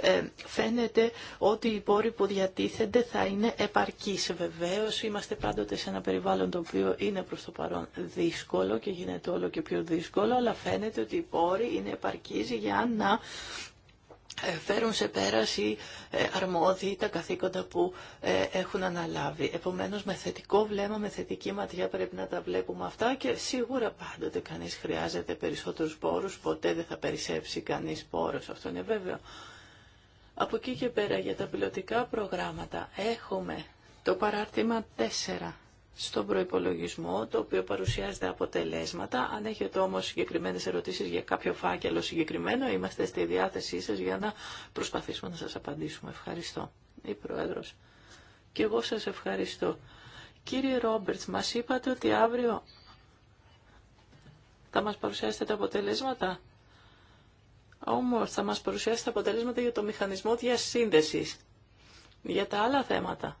ε, φαίνεται ότι οι πόροι που διατίθενται θα είναι επαρκείς. Βεβαίως είμαστε πάντοτε σε ένα περιβάλλον το οποίο είναι προς το παρόν δύσκολο και γίνεται όλο και πιο δύσκολο, αλλά φαίνεται ότι οι πόροι είναι επαρκείς για να ε, φέρουν σε πέραση ε, αρμόδιοι τα καθήκοντα που ε, έχουν αναλάβει. Επομένως με θετικό βλέμμα, με θετική ματιά πρέπει να τα βλέπουμε αυτά και σίγουρα πάντοτε κανείς χρειάζεται περισσότερους πόρους, ποτέ δεν θα περισσέψει κανείς πόρους. αυτό είναι βέβαιο. Από εκεί και πέρα για τα πιλωτικά προγράμματα έχουμε το παράρτημα 4 στον προϋπολογισμό, το οποίο παρουσιάζεται αποτελέσματα. Αν έχετε όμως συγκεκριμένες ερωτήσεις για κάποιο φάκελο συγκεκριμένο, είμαστε στη διάθεσή σας για να προσπαθήσουμε να σας απαντήσουμε. Ευχαριστώ. Η Πρόεδρος. Και εγώ σας ευχαριστώ. Κύριε Ρόμπερτς, μας είπατε ότι αύριο θα μας παρουσιάσετε τα αποτελέσματα. Όμως θα μας παρουσιάσετε τα αποτελέσματα για το μηχανισμό διασύνδεσης. Για τα άλλα θέματα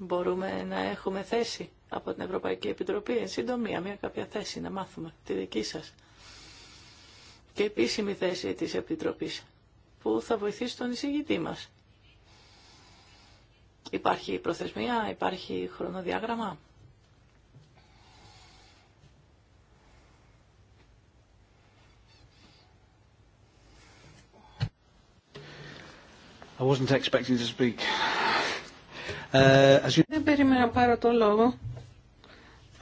μπορούμε να έχουμε θέση από την Ευρωπαϊκή Επιτροπή, εν συντομία, μια κάποια θέση να μάθουμε τη δική σας. Και επίσημη θέση της Επιτροπής, που θα βοηθήσει τον εισηγητή μας. Υπάρχει προθεσμία, υπάρχει χρονοδιάγραμμα. I wasn't expecting to speak. Ε, Δεν περίμενα πάρα το λόγο.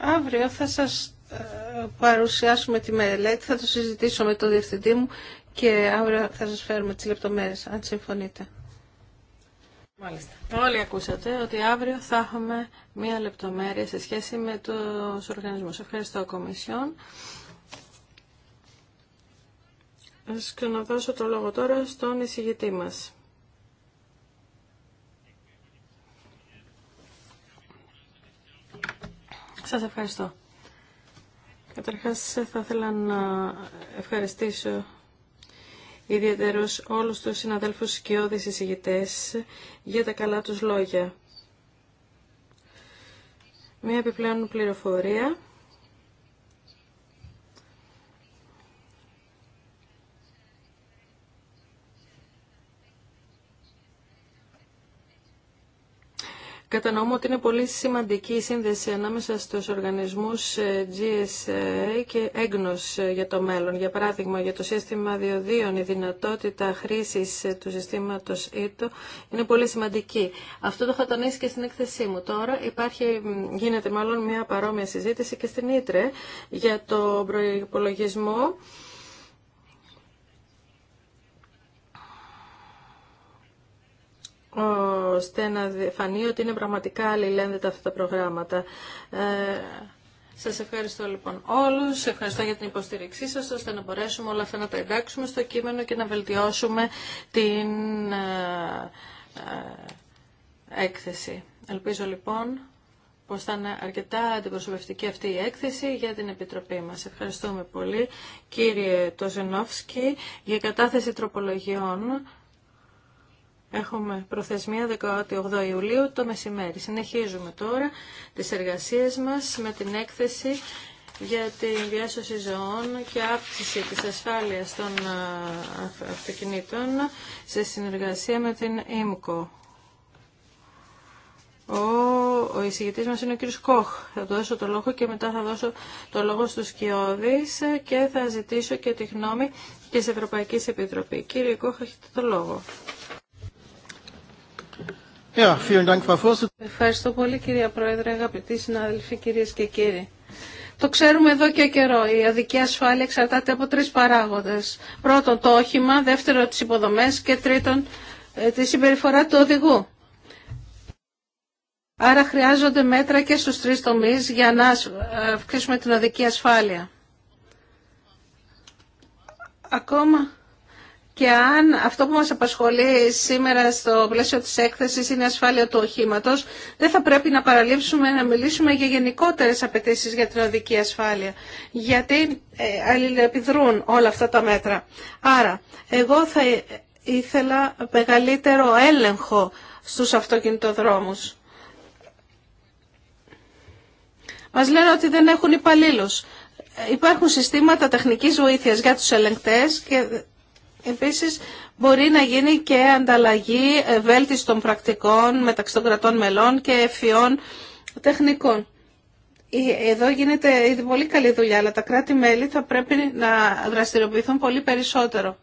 Αύριο θα σας ε, παρουσιάσουμε τη μελέτη, θα το συζητήσω με τον διευθυντή μου και αύριο θα σας φέρουμε τις λεπτομέρειες, αν συμφωνείτε. Μάλιστα. Όλοι ακούσατε ότι αύριο θα έχουμε μία λεπτομέρεια σε σχέση με τους οργανισμούς. Ευχαριστώ, Κομισιόν. Ας ξαναδώσω το λόγο τώρα στον εισηγητή μας. Σας ευχαριστώ. Καταρχάς θα ήθελα να ευχαριστήσω ιδιαίτερως όλους τους συναδέλφους τις εισηγητές για τα καλά τους λόγια. Μία επιπλέον πληροφορία Κατανοούμε ότι είναι πολύ σημαντική η σύνδεση ανάμεσα στους οργανισμούς ε, GSA και έγνος ε, για το μέλλον. Για παράδειγμα, για το σύστημα διοδίων η δυνατότητα χρήσης ε, του συστήματος ΙΤΟ είναι πολύ σημαντική. Αυτό το είχα τονίσει και στην έκθεσή μου. Τώρα υπάρχει, γίνεται μάλλον μια παρόμοια συζήτηση και στην Ήτρε για το προϋπολογισμό ώστε να φανεί ότι είναι πραγματικά αλληλένδετα αυτά τα προγράμματα. Ε, σας ευχαριστώ λοιπόν όλους, ευχαριστώ για την υποστήριξή σας, ώστε να μπορέσουμε όλα αυτά να τα εντάξουμε στο κείμενο και να βελτιώσουμε την ε, ε, έκθεση. Ελπίζω λοιπόν πως θα είναι αρκετά αντιπροσωπευτική αυτή η έκθεση για την Επιτροπή μας. Ευχαριστούμε πολύ κύριε Τοζενόφσκι για κατάθεση τροπολογιών. Έχουμε προθεσμία 18 Ιουλίου το μεσημέρι. Συνεχίζουμε τώρα τις εργασίες μας με την έκθεση για τη διάσωση ζώων και αύξηση της ασφάλειας των αυτοκινήτων σε συνεργασία με την ΕΜΚΟ. Ο, ο εισηγητής μας είναι ο κ. Κοχ. Θα του δώσω το λόγο και μετά θα δώσω το λόγο στους Κιώδης και θα ζητήσω και τη γνώμη της Ευρωπαϊκής Επιτροπής. Κύριε Κοχ, έχετε το λόγο. Ευχαριστώ πολύ κυρία Πρόεδρε, αγαπητοί συνάδελφοι, κυρίες και κύριοι. Το ξέρουμε εδώ και καιρό. Η οδική ασφάλεια εξαρτάται από τρεις παράγοντε. Πρώτον το όχημα, Δεύτερον, τι υποδομές και τρίτον ε, τη συμπεριφορά του οδηγού. Άρα χρειάζονται μέτρα και στους τρεις τομείς για να αυξήσουμε την οδική ασφάλεια. Ακόμα και αν αυτό που μας απασχολεί σήμερα στο πλαίσιο της έκθεσης είναι η ασφάλεια του οχήματος, δεν θα πρέπει να παραλείψουμε να μιλήσουμε για γενικότερες απαιτήσεις για την οδική ασφάλεια, γιατί ε, αλληλεπιδρούν όλα αυτά τα μέτρα. Άρα, εγώ θα ήθελα μεγαλύτερο έλεγχο στους αυτοκινητοδρόμους. Μας λένε ότι δεν έχουν υπαλλήλους. Ε, υπάρχουν συστήματα τεχνικής βοήθειας για τους ελεγκτές και Επίσης, μπορεί να γίνει και ανταλλαγή βέλτιστων πρακτικών μεταξύ των κρατών μελών και ευφυών τεχνικών. Εδώ γίνεται ήδη πολύ καλή δουλειά, αλλά τα κράτη-μέλη θα πρέπει να δραστηριοποιηθούν πολύ περισσότερο.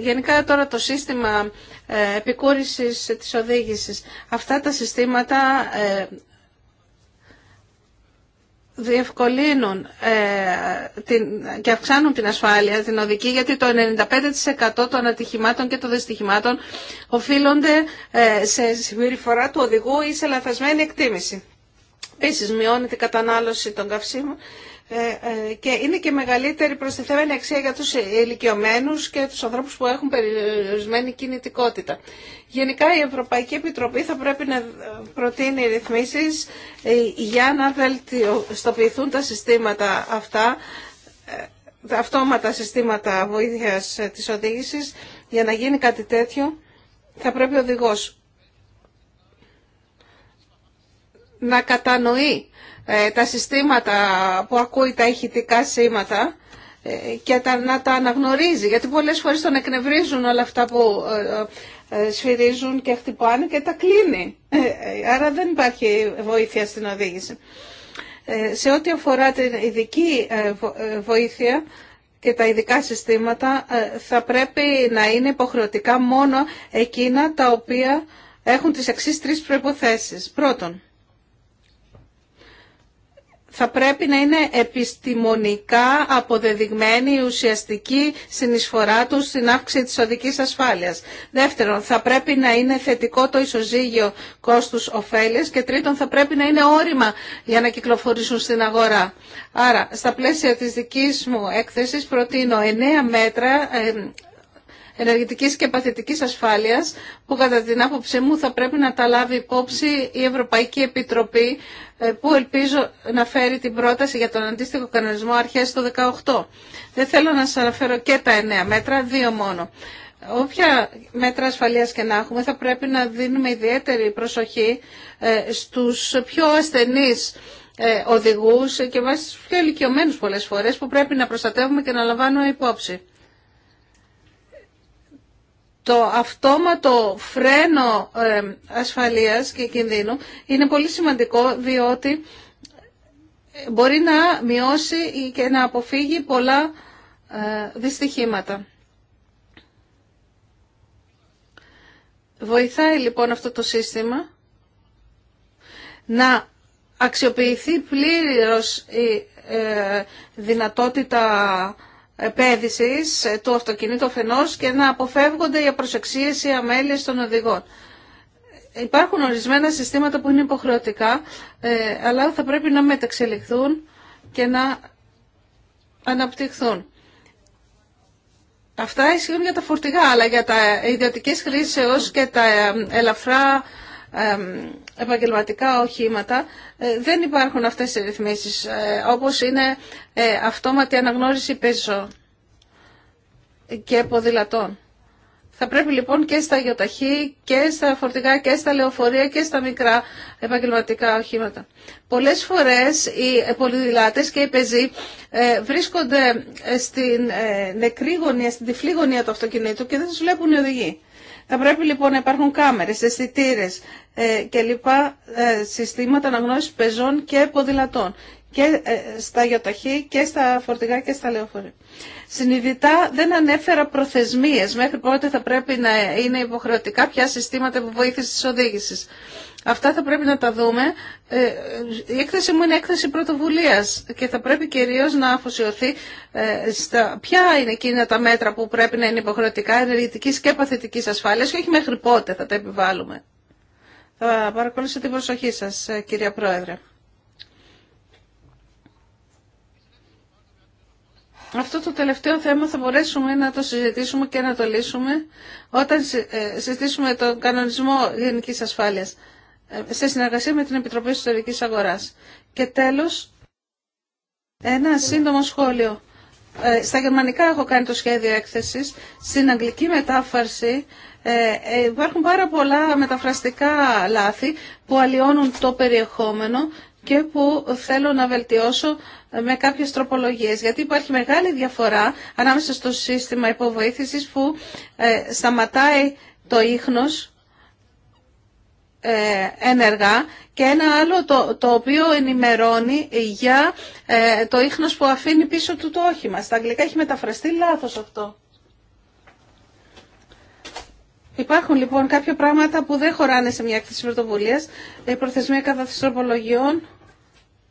Γενικά τώρα το σύστημα ε, επικούρησης της οδήγησης. Αυτά τα συστήματα ε, διευκολύνουν ε, την, και αυξάνουν την ασφάλεια την οδική γιατί το 95% των ατυχημάτων και των δυστυχημάτων οφείλονται ε, σε συμπεριφορά του οδηγού ή σε λαθασμένη εκτίμηση. Επίση, μειώνεται η κατανάλωση των καυσίμων ε, ε, και είναι και μεγαλύτερη προστιθέμενη αξία για τους ηλικιωμένους και τους ανθρώπους που έχουν περιορισμένη κινητικότητα. Γενικά η Ευρωπαϊκή Επιτροπή θα πρέπει να προτείνει ρυθμίσεις ε, για να βελτιστοποιηθούν τα συστήματα αυτά, τα αυτόματα συστήματα βοήθειας της οδήγησης. Για να γίνει κάτι τέτοιο θα πρέπει ο οδηγός να κατανοεί ε, τα συστήματα που ακούει τα ηχητικά σήματα ε, και να τα αναγνωρίζει. Γιατί πολλές φορές τον εκνευρίζουν όλα αυτά που ε, σφυρίζουν και χτυπάνε και τα κλείνει. Άρα δεν υπάρχει βοήθεια στην οδήγηση. Σε ό,τι αφορά την ειδική βοήθεια και τα ειδικά συστήματα θα πρέπει να είναι υποχρεωτικά μόνο εκείνα τα οποία έχουν τις εξής τρεις προϋποθέσεις. Πρώτον, θα πρέπει να είναι επιστημονικά αποδεδειγμένη η ουσιαστική συνεισφορά του στην αύξηση της οδικής ασφάλειας. Δεύτερον, θα πρέπει να είναι θετικό το ισοζύγιο κόστους ωφέλειας και τρίτον, θα πρέπει να είναι όριμα για να κυκλοφορήσουν στην αγορά. Άρα, στα πλαίσια της δικής μου έκθεσης προτείνω εννέα μέτρα ε, ενεργητικής και παθητική ασφάλειας που κατά την άποψή μου θα πρέπει να τα λάβει υπόψη η Ευρωπαϊκή Επιτροπή ε, που ελπίζω να φέρει την πρόταση για τον αντίστοιχο κανονισμό αρχές του 2018. Δεν θέλω να σας αναφέρω και τα εννέα μέτρα, δύο μόνο. Όποια μέτρα ασφαλείας και να έχουμε θα πρέπει να δίνουμε ιδιαίτερη προσοχή ε, στους πιο ασθενείς ε, οδηγούς και μας πιο ηλικιωμένους πολλές φορές που πρέπει να προστατεύουμε και να λαμβάνουμε υπόψη το αυτόματο φρένο ε, ασφαλείας και κινδύνου είναι πολύ σημαντικό διότι μπορεί να μειώσει και να αποφύγει πολλά ε, δυστυχήματα. Βοηθάει λοιπόν αυτό το σύστημα να αξιοποιηθεί πλήρως η ε, δυνατότητα του αυτοκινήτου φαινός και να αποφεύγονται οι απροσεξίε ή αμέλειε των οδηγών. Υπάρχουν ορισμένα συστήματα που είναι υποχρεωτικά, ε, αλλά θα πρέπει να μεταξελιχθούν και να αναπτυχθούν. Αυτά ισχύουν για τα φορτηγά, αλλά για τα χρήσεις χρήσεως και τα ε, ελαφρά επαγγελματικά οχήματα ε, δεν υπάρχουν αυτές οι ρυθμίσεις ε, όπως είναι ε, αυτόματη αναγνώριση πεζό και ποδηλατών. Θα πρέπει λοιπόν και στα γιοταχή και στα φορτηγά και στα λεωφορεία και στα μικρά επαγγελματικά οχήματα. Πολλές φορές οι πολυδηλάτες και οι πεζοί βρίσκονται στην νεκρή γωνία, στην τυφλή γωνία του αυτοκινήτου και δεν τους βλέπουν οι οδηγοί. Θα πρέπει λοιπόν να υπάρχουν κάμερες, αισθητήρε ε, και λοιπά ε, συστήματα αναγνώρισης πεζών και ποδηλατών και ε, στα γιοταχή και στα φορτηγά και στα λεωφορεία. Συνειδητά δεν ανέφερα προθεσμίες μέχρι πότε θα πρέπει να είναι υποχρεωτικά ποια συστήματα που βοήθησης της Αυτά θα πρέπει να τα δούμε. Ε, η έκθεση μου είναι έκθεση πρωτοβουλίας και θα πρέπει κυρίω να αφοσιωθεί ε, στα ποια είναι εκείνα τα μέτρα που πρέπει να είναι υποχρεωτικά ενεργητικής και παθητική ασφάλεια και όχι μέχρι πότε θα τα επιβάλλουμε. Θα παρακολουθήσω την προσοχή σας, ε, κυρία Πρόεδρε. Αυτό το τελευταίο θέμα θα μπορέσουμε να το συζητήσουμε και να το λύσουμε όταν συζητήσουμε τον κανονισμό γενικής ασφάλειας σε συνεργασία με την Επιτροπή Ιστορικής Αγοράς. Και τέλος, ένα σύντομο σχόλιο. Ε, στα γερμανικά έχω κάνει το σχέδιο έκθεσης. Στην αγγλική μετάφραση ε, ε, υπάρχουν πάρα πολλά μεταφραστικά λάθη που αλλοιώνουν το περιεχόμενο και που θέλω να βελτιώσω με κάποιες τροπολογίες. Γιατί υπάρχει μεγάλη διαφορά ανάμεσα στο σύστημα υποβοήθησης που σταματάει το ίχνος ένεργα ε, και ένα άλλο το, το οποίο ενημερώνει για ε, το ίχνος που αφήνει πίσω του το όχημα. Στα αγγλικά έχει μεταφραστεί λάθος αυτό. Υπάρχουν λοιπόν κάποια πράγματα που δεν χωράνε σε μια έκθεση πρωτοβουλία. Η προθεσμία κατάθεση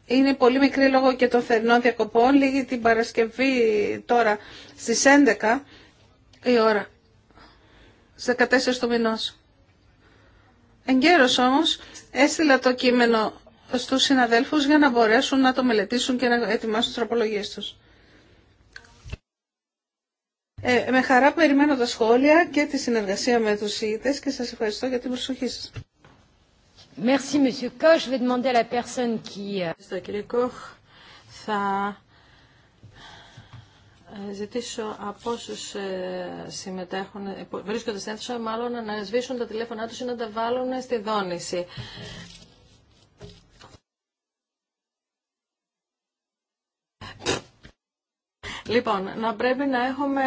είναι πολύ μικρή λόγω και των θερινών διακοπών. Λίγη την Παρασκευή τώρα στις 11 η ώρα. Στις 14 του μηνός. Εγκαίρως όμως έστειλα το κείμενο στους συναδέλφους για να μπορέσουν να το μελετήσουν και να ετοιμάσουν τις τροπολογίες τους. Ε, με χαρά περιμένω τα σχόλια και τη συνεργασία με τους ηγητές και σας ευχαριστώ για την προσοχή σας. Merci, Monsieur Koch. Je vais demander à la personne qui... Euh, ε, ζητήσω από όσου ε, συμμετέχουν, βρίσκονται στην αίθουσα, μάλλον να σβήσουν τα τηλέφωνά τους ή να τα βάλουν στη δόνηση. Λοιπόν, να πρέπει να έχουμε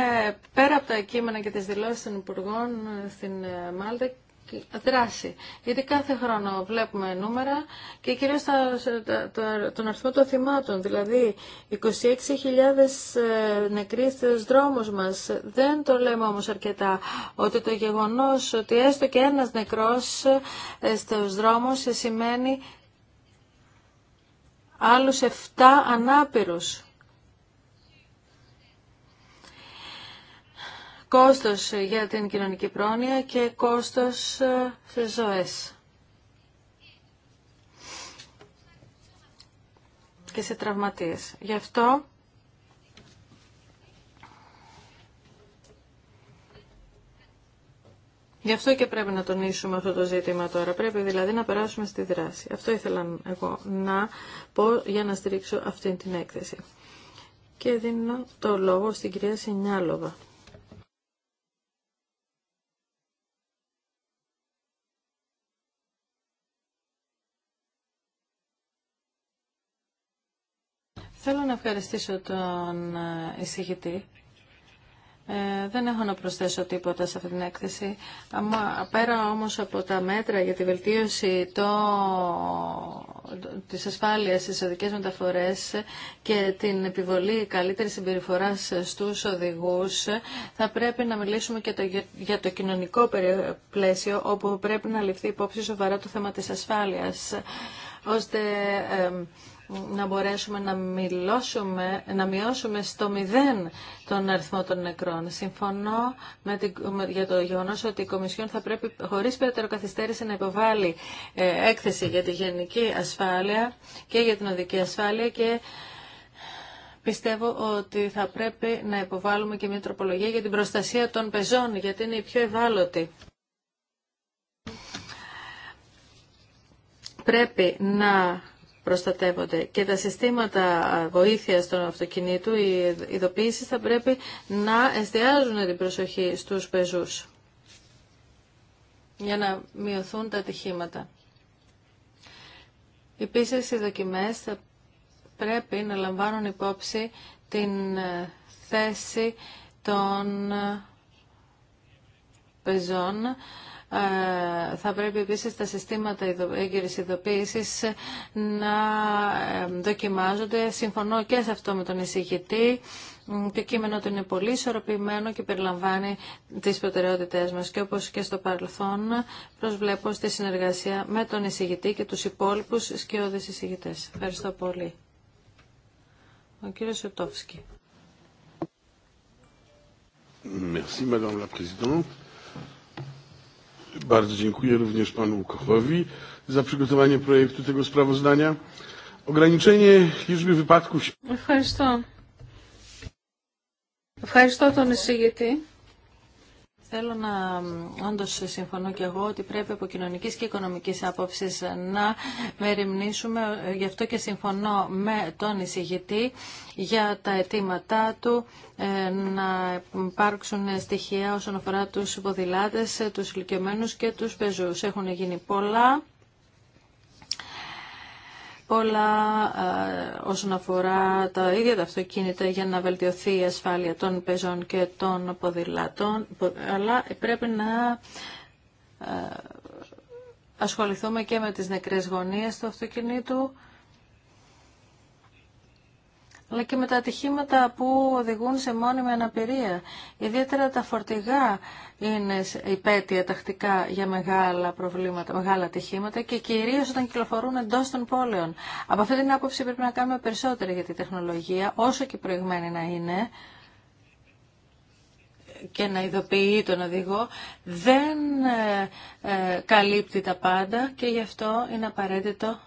πέρα από τα κείμενα και τις δηλώσεις των Υπουργών ε, στην Μάλτα δράση. Γιατί κάθε χρόνο βλέπουμε νούμερα και κυρίως τον αριθμό των θυμάτων. Δηλαδή 26.000 ε, νεκροί στους δρόμους μας. Δεν το λέμε όμως αρκετά ότι το γεγονός ότι έστω και ένας νεκρός ε, στους δρόμους σημαίνει άλλους 7 ανάπηρους. κόστος για την κοινωνική πρόνοια και κόστος σε ζωές. και σε τραυματίες. Γι' αυτό Γι' αυτό και πρέπει να τονίσουμε αυτό το ζήτημα τώρα. Πρέπει δηλαδή να περάσουμε στη δράση. Αυτό ήθελα εγώ να πω για να στηρίξω αυτή την έκθεση. Και δίνω το λόγο στην κυρία Σινιάλοβα. Θέλω να ευχαριστήσω τον ε, εισηγητή. Ε, δεν έχω να προσθέσω τίποτα σε αυτή την έκθεση. Αμα, πέρα όμως από τα μέτρα για τη βελτίωση το, της ασφάλειας στις οδικές μεταφορές και την επιβολή καλύτερης συμπεριφοράς στους οδηγούς, θα πρέπει να μιλήσουμε και για το κοινωνικό πλαίσιο, όπου πρέπει να ληφθεί υπόψη σοβαρά το θέμα της ασφάλειας, ώστε... Ε, να μπορέσουμε να, μιλώσουμε, να μειώσουμε στο μηδέν τον αριθμό των νεκρών. Συμφωνώ με για το γεγονός ότι η Κομισιόν θα πρέπει χωρίς περαιτέρω καθυστέρηση να υποβάλει ε, έκθεση για τη γενική ασφάλεια και για την οδική ασφάλεια και Πιστεύω ότι θα πρέπει να υποβάλουμε και μια τροπολογία για την προστασία των πεζών, γιατί είναι η πιο ευάλωτη. Πρέπει να προστατεύονται. Και τα συστήματα βοήθεια των αυτοκινήτων, οι ειδοποίησει θα πρέπει να εστιάζουν την προσοχή στους πεζούς για να μειωθούν τα ατυχήματα. Επίση, οι δοκιμές θα πρέπει να λαμβάνουν υπόψη την ε, θέση των ε, πεζών ε, θα πρέπει επίσης τα συστήματα έγκυρης ειδοποίησης να δοκιμάζονται. Συμφωνώ και σε αυτό με τον εισηγητή. Το κείμενο του είναι πολύ ισορροπημένο και περιλαμβάνει τις προτεραιότητές μας και όπως και στο παρελθόν προσβλέπω στη συνεργασία με τον εισηγητή και τους υπόλοιπους σκιώδες εισηγητές. Ευχαριστώ πολύ. Ο κύριος Merci, Madame la Bardzo dziękuję również panu Kochowi za przygotowanie projektu tego sprawozdania. Ograniczenie liczby wypadków... Ευχαριστώ. Ευχαριστώ τον εισηγητή θέλω να όντω συμφωνώ και εγώ ότι πρέπει από κοινωνική και οικονομική άποψη να μεριμνήσουμε. Γι' αυτό και συμφωνώ με τον εισηγητή για τα αιτήματά του ε, να υπάρξουν στοιχεία όσον αφορά τους ποδηλάτες, ε, τους ηλικιωμένους και τους πεζούς. Έχουν γίνει πολλά πολλά ε, όσον αφορά τα ίδια τα αυτοκίνητα για να βελτιωθεί η ασφάλεια των πεζών και των ποδηλατών, αλλά πρέπει να ε, ασχοληθούμε και με τις νεκρές γωνίες του αυτοκινήτου αλλά και με τα ατυχήματα που οδηγούν σε μόνιμη αναπηρία. Ιδιαίτερα τα φορτηγά είναι υπέτεια τακτικά για μεγάλα προβλήματα, μεγάλα ατυχήματα και κυρίω όταν κυκλοφορούν εντό των πόλεων. Από αυτή την άποψη πρέπει να κάνουμε περισσότερα για τη τεχνολογία, όσο και προηγμένη να είναι, και να ειδοποιεί τον οδηγό δεν ε, ε, καλύπτει τα πάντα και γι' αυτό είναι απαραίτητο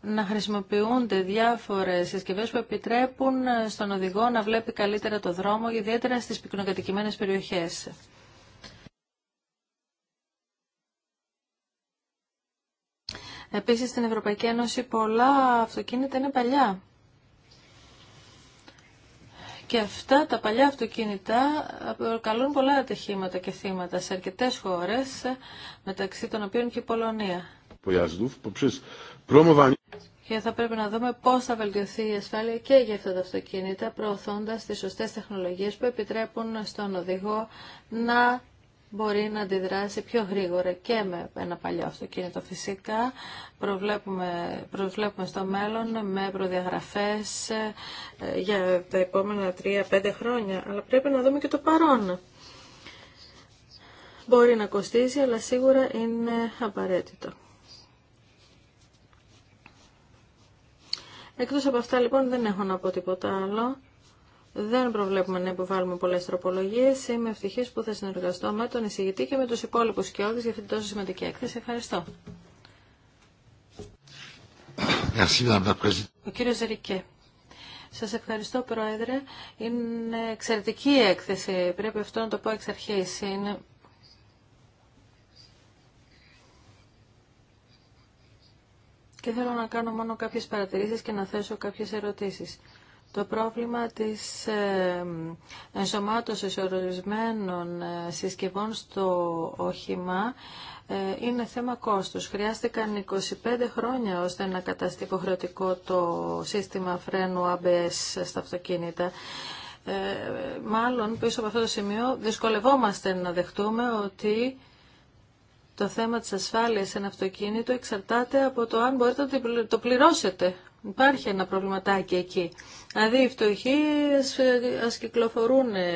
να χρησιμοποιούνται διάφορες συσκευές που επιτρέπουν στον οδηγό να βλέπει καλύτερα το δρόμο, ιδιαίτερα στις πυκνοκατοικημένες περιοχές. Επίσης στην Ευρωπαϊκή Ένωση πολλά αυτοκίνητα είναι παλιά. Και αυτά τα παλιά αυτοκίνητα προκαλούν πολλά ατυχήματα και θύματα σε αρκετές χώρες, μεταξύ των οποίων και η Πολωνία. Και θα πρέπει να δούμε πώ θα βελτιωθεί η ασφάλεια και για αυτά τα αυτοκίνητα, προωθώντα τι σωστέ τεχνολογίε που επιτρέπουν στον οδηγό να μπορεί να αντιδράσει πιο γρήγορα και με ένα παλιό αυτοκίνητο φυσικά. Προβλέπουμε, προβλέπουμε στο μέλλον με προδιαγραφές ε, για τα επόμενα 3-5 χρόνια, αλλά πρέπει να δούμε και το παρόν. Μπορεί να κοστίζει, αλλά σίγουρα είναι απαραίτητο. Εκτός από αυτά λοιπόν δεν έχω να πω τίποτα άλλο. Δεν προβλέπουμε να υποβάλουμε πολλές τροπολογίε. Είμαι ευτυχής που θα συνεργαστώ με τον εισηγητή και με τους υπόλοιπους σκιώδεις για αυτήν την τόσο σημαντική έκθεση. Ευχαριστώ. Ο κύριος Ζερικέ. Σας ευχαριστώ Πρόεδρε. Είναι εξαιρετική έκθεση. Πρέπει αυτό να το πω εξ αρχής. και θέλω να κάνω μόνο κάποιες παρατηρήσεις και να θέσω κάποιες ερωτήσεις. Το πρόβλημα της ε, ενσωμάτωσης ορισμένων ε, συσκευών στο όχημα ε, είναι θέμα κόστους. Χρειάστηκαν 25 χρόνια ώστε να καταστεί υποχρεωτικό το σύστημα φρένου ABS στα αυτοκίνητα. μάλλον πίσω από αυτό το σημείο δυσκολευόμαστε να δεχτούμε ότι το θέμα της ασφάλειας σε ένα αυτοκίνητο εξαρτάται από το αν μπορείτε να το πληρώσετε. Υπάρχει ένα προβληματάκι εκεί. Δηλαδή οι φτωχοί ε, ας κυκλοφορούν ε,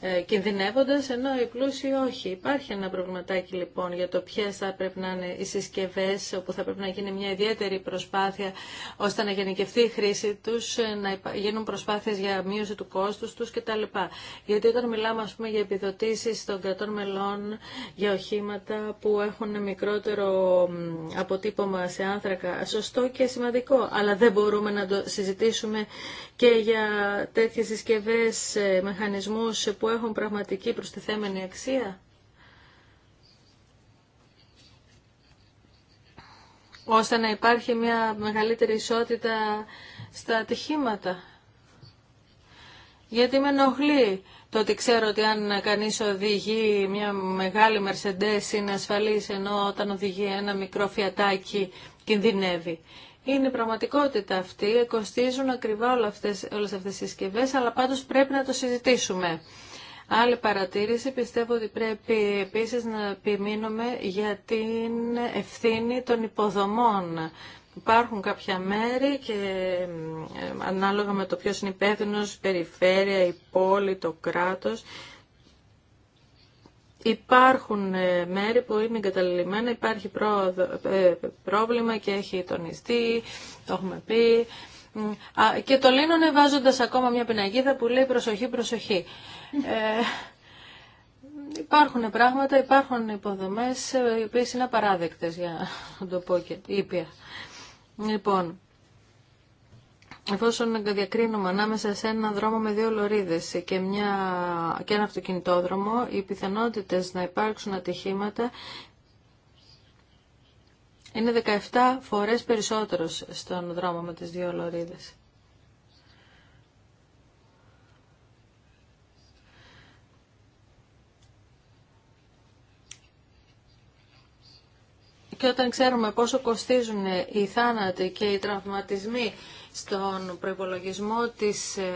ε, κινδυνεύοντας, ενώ οι πλούσιοι όχι. Υπάρχει ένα προβληματάκι λοιπόν για το ποιε θα πρέπει να είναι οι συσκευές, όπου θα πρέπει να γίνει μια ιδιαίτερη προσπάθεια ώστε να γενικευτεί η χρήση τους, να γίνουν προσπάθειες για μείωση του κόστους τους κτλ. Γιατί όταν μιλάμε ας πούμε, για επιδοτήσεις των κρατών μελών για οχήματα που έχουν μικρότερο αποτύπωμα σε άνθρακα, σωστό και σημαντικό, αλλά δεν μπορούμε να το συζητήσουμε και για τέτοιες συσκευές, ε, μηχανισμούς που έχουν πραγματική προστιθέμενη αξία. ώστε να υπάρχει μια μεγαλύτερη ισότητα στα ατυχήματα. Γιατί με ενοχλεί το ότι ξέρω ότι αν κανείς οδηγεί μια μεγάλη Mercedes είναι ασφαλής, ενώ όταν οδηγεί ένα μικρό φιατάκι κινδυνεύει. Είναι η πραγματικότητα αυτή, κοστίζουν ακριβά όλα αυτές, όλες αυτές οι συσκευέ, αλλά πάντως πρέπει να το συζητήσουμε. Άλλη παρατήρηση, πιστεύω ότι πρέπει επίσης να επιμείνουμε για την ευθύνη των υποδομών. Υπάρχουν κάποια μέρη και ε, ανάλογα με το ποιος είναι υπεύθυνο, περιφέρεια, η πόλη, το κράτος, Υπάρχουν ε, μέρη που είναι εγκαταλελειμμένα, υπάρχει ε, πρόβλημα και έχει τονιστεί, το έχουμε πει. Και το λύνονται βάζοντας ακόμα μια πιναγίδα που λέει προσοχή, προσοχή. Ε, υπάρχουν πράγματα, υπάρχουν υποδομές οι οποίες είναι απαράδεκτες για το πω και ήπια. Λοιπόν, εφόσον διακρίνουμε ανάμεσα σε έναν δρόμο με δύο λωρίδες και, μια, και ένα αυτοκινητόδρομο, οι πιθανότητες να υπάρξουν ατυχήματα είναι 17 φορές περισσότερος στον δρόμο με τις δύο λωρίδες. Και όταν ξέρουμε πόσο κοστίζουν οι θάνατοι και οι τραυματισμοί στον προϋπολογισμό της ε,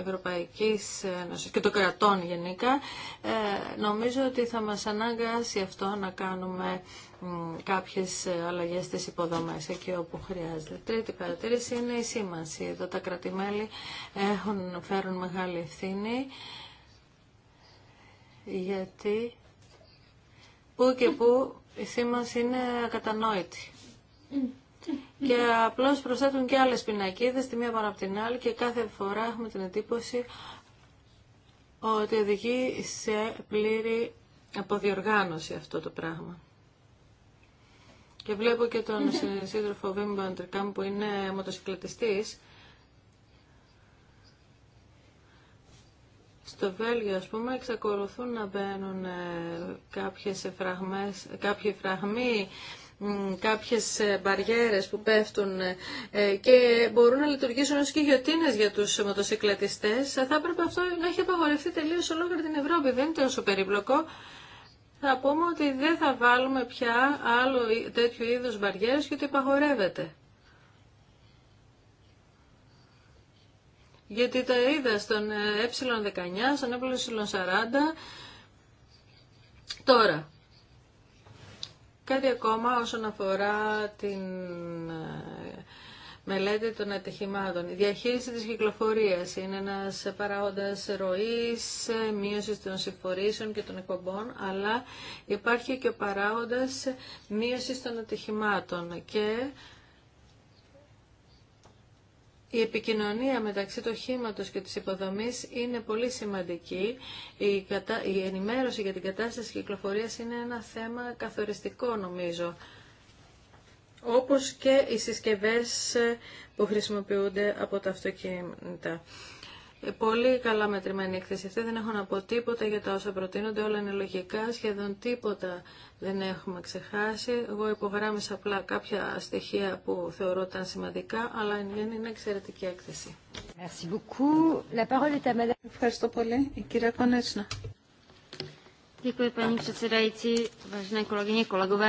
Ευρωπαϊκής Ένωσης και των κρατών γενικά, ε, νομίζω ότι θα μας αναγκάσει αυτό να κάνουμε κάποιες ε, αλλαγές στις υποδομές εκεί όπου χρειάζεται. Τρίτη παρατήρηση είναι η σήμανση. Εδώ τα κρατημέλη έχουν, φέρουν μεγάλη ευθύνη γιατί που και που η σήμανση είναι ακατανόητη και απλώ προσθέτουν και άλλες πινακίδες, τη μία πάνω από την άλλη και κάθε φορά έχουμε την εντύπωση ότι οδηγεί σε πλήρη αποδιοργάνωση αυτό το πράγμα. Και βλέπω και τον σύντροφο Βίμ Μπαντρικάμ που είναι μοτοσυκλετιστής. Στο Βέλγιο, ας πούμε, εξακολουθούν να μπαίνουν ε, κάποιες φραγμές, κάποιοι φραγμοί κάποιες μπαριέρες που πέφτουν και μπορούν να λειτουργήσουν ως και για τους μοτοσυκλετιστές, θα έπρεπε αυτό να έχει απαγορευτεί τελείως ολόκληρη την Ευρώπη. Δεν είναι τόσο περίπλοκο. Θα πούμε ότι δεν θα βάλουμε πια άλλο τέτοιο είδους μπαριέρες γιατί ότι Γιατί τα είδα στον ε19, στον ε40. Τώρα, Κάτι ακόμα όσον αφορά την ε, μελέτη των ατυχημάτων. Η διαχείριση της κυκλοφορίας είναι ένας παράγοντας ροής, ε, μείωση των συμφορήσεων και των εκπομπών, αλλά υπάρχει και ο παράγοντας μείωση των ατυχημάτων και η επικοινωνία μεταξύ του οχήματο και της υποδομής είναι πολύ σημαντική. Η, η ενημέρωση για την κατάσταση κυκλοφορίας είναι ένα θέμα καθοριστικό νομίζω. Όπως και οι συσκευές ε, που χρησιμοποιούνται από τα αυτοκίνητα. Πολύ καλά μετρημένη έκθεση αυτή. Δεν έχω να πω τίποτα για τα όσα προτείνονται. Όλα είναι λογικά. Σχεδόν τίποτα δεν έχουμε ξεχάσει. Εγώ υπογράμμισα απλά κάποια στοιχεία που θεωρώ ήταν σημαντικά, αλλά είναι εξαιρετική έκθεση. Ευχαριστώ πολύ. Η κυρία Κονέτσνα.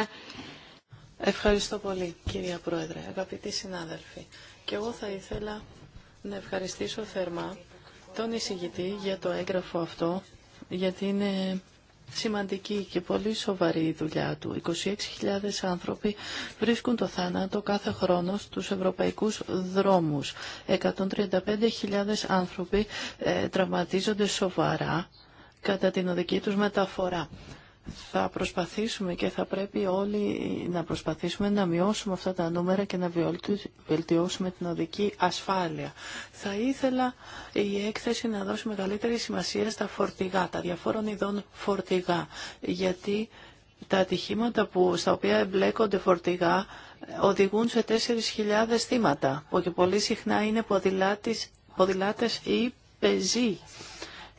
Ευχαριστώ πολύ, κυρία Πρόεδρε. Αγαπητοί συνάδελφοι, και εγώ θα ήθελα να ευχαριστήσω θερμά τον εισηγητή για το έγγραφο αυτό, γιατί είναι σημαντική και πολύ σοβαρή η δουλειά του. 26.000 άνθρωποι βρίσκουν το θάνατο κάθε χρόνο στους ευρωπαϊκούς δρόμους. 135.000 άνθρωποι ε, τραυματίζονται σοβαρά κατά την οδική τους μεταφορά θα προσπαθήσουμε και θα πρέπει όλοι να προσπαθήσουμε να μειώσουμε αυτά τα νούμερα και να βελτιώσουμε την οδική ασφάλεια. Θα ήθελα η έκθεση να δώσει μεγαλύτερη σημασία στα φορτηγά, τα διαφόρων ειδών φορτηγά, γιατί τα ατυχήματα που, στα οποία εμπλέκονται φορτηγά οδηγούν σε 4.000 θύματα, που και πολύ συχνά είναι ποδηλάτες ή πεζοί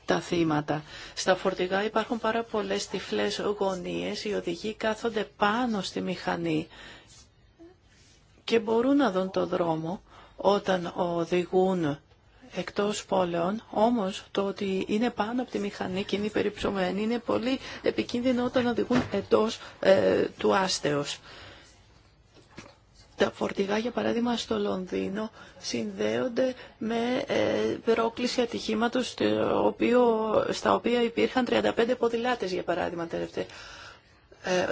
τα θύματα. Στα φορτηγά υπάρχουν πάρα πολλές τυφλές γωνίες, οι οδηγοί κάθονται πάνω στη μηχανή και μπορούν να δουν το δρόμο όταν οδηγούν εκτός πόλεων, όμως το ότι είναι πάνω από τη μηχανή και είναι περιψωμένη είναι πολύ επικίνδυνο όταν οδηγούν εντός ε, του άστεως. Τα φορτηγά, για παράδειγμα, στο Λονδίνο συνδέονται με ε, πρόκληση ατυχήματος στα οποία υπήρχαν 35 ποδηλάτες, για παράδειγμα, ε,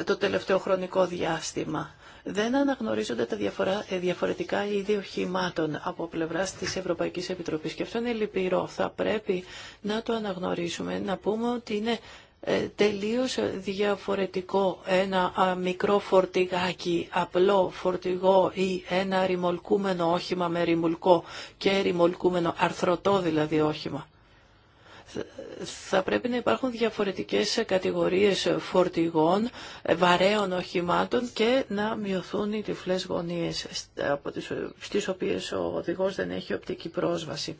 το τελευταίο χρονικό διάστημα. Δεν αναγνωρίζονται τα ε, διαφορετικά είδη οχημάτων από πλευρά τη Ευρωπαϊκή Επιτροπή και αυτό είναι λυπηρό. Θα πρέπει να το αναγνωρίσουμε, να πούμε ότι είναι ε, τελείως διαφορετικό ένα μικρό φορτηγάκι, απλό φορτηγό ή ένα ρημολκούμενο όχημα με ρημολκό και ρημολκούμενο αρθρωτό δηλαδή όχημα θα πρέπει να υπάρχουν διαφορετικές κατηγορίες φορτηγών, βαρέων οχημάτων και να μειωθούν οι τυφλές γωνίες στις οποίες ο οδηγός δεν έχει οπτική πρόσβαση.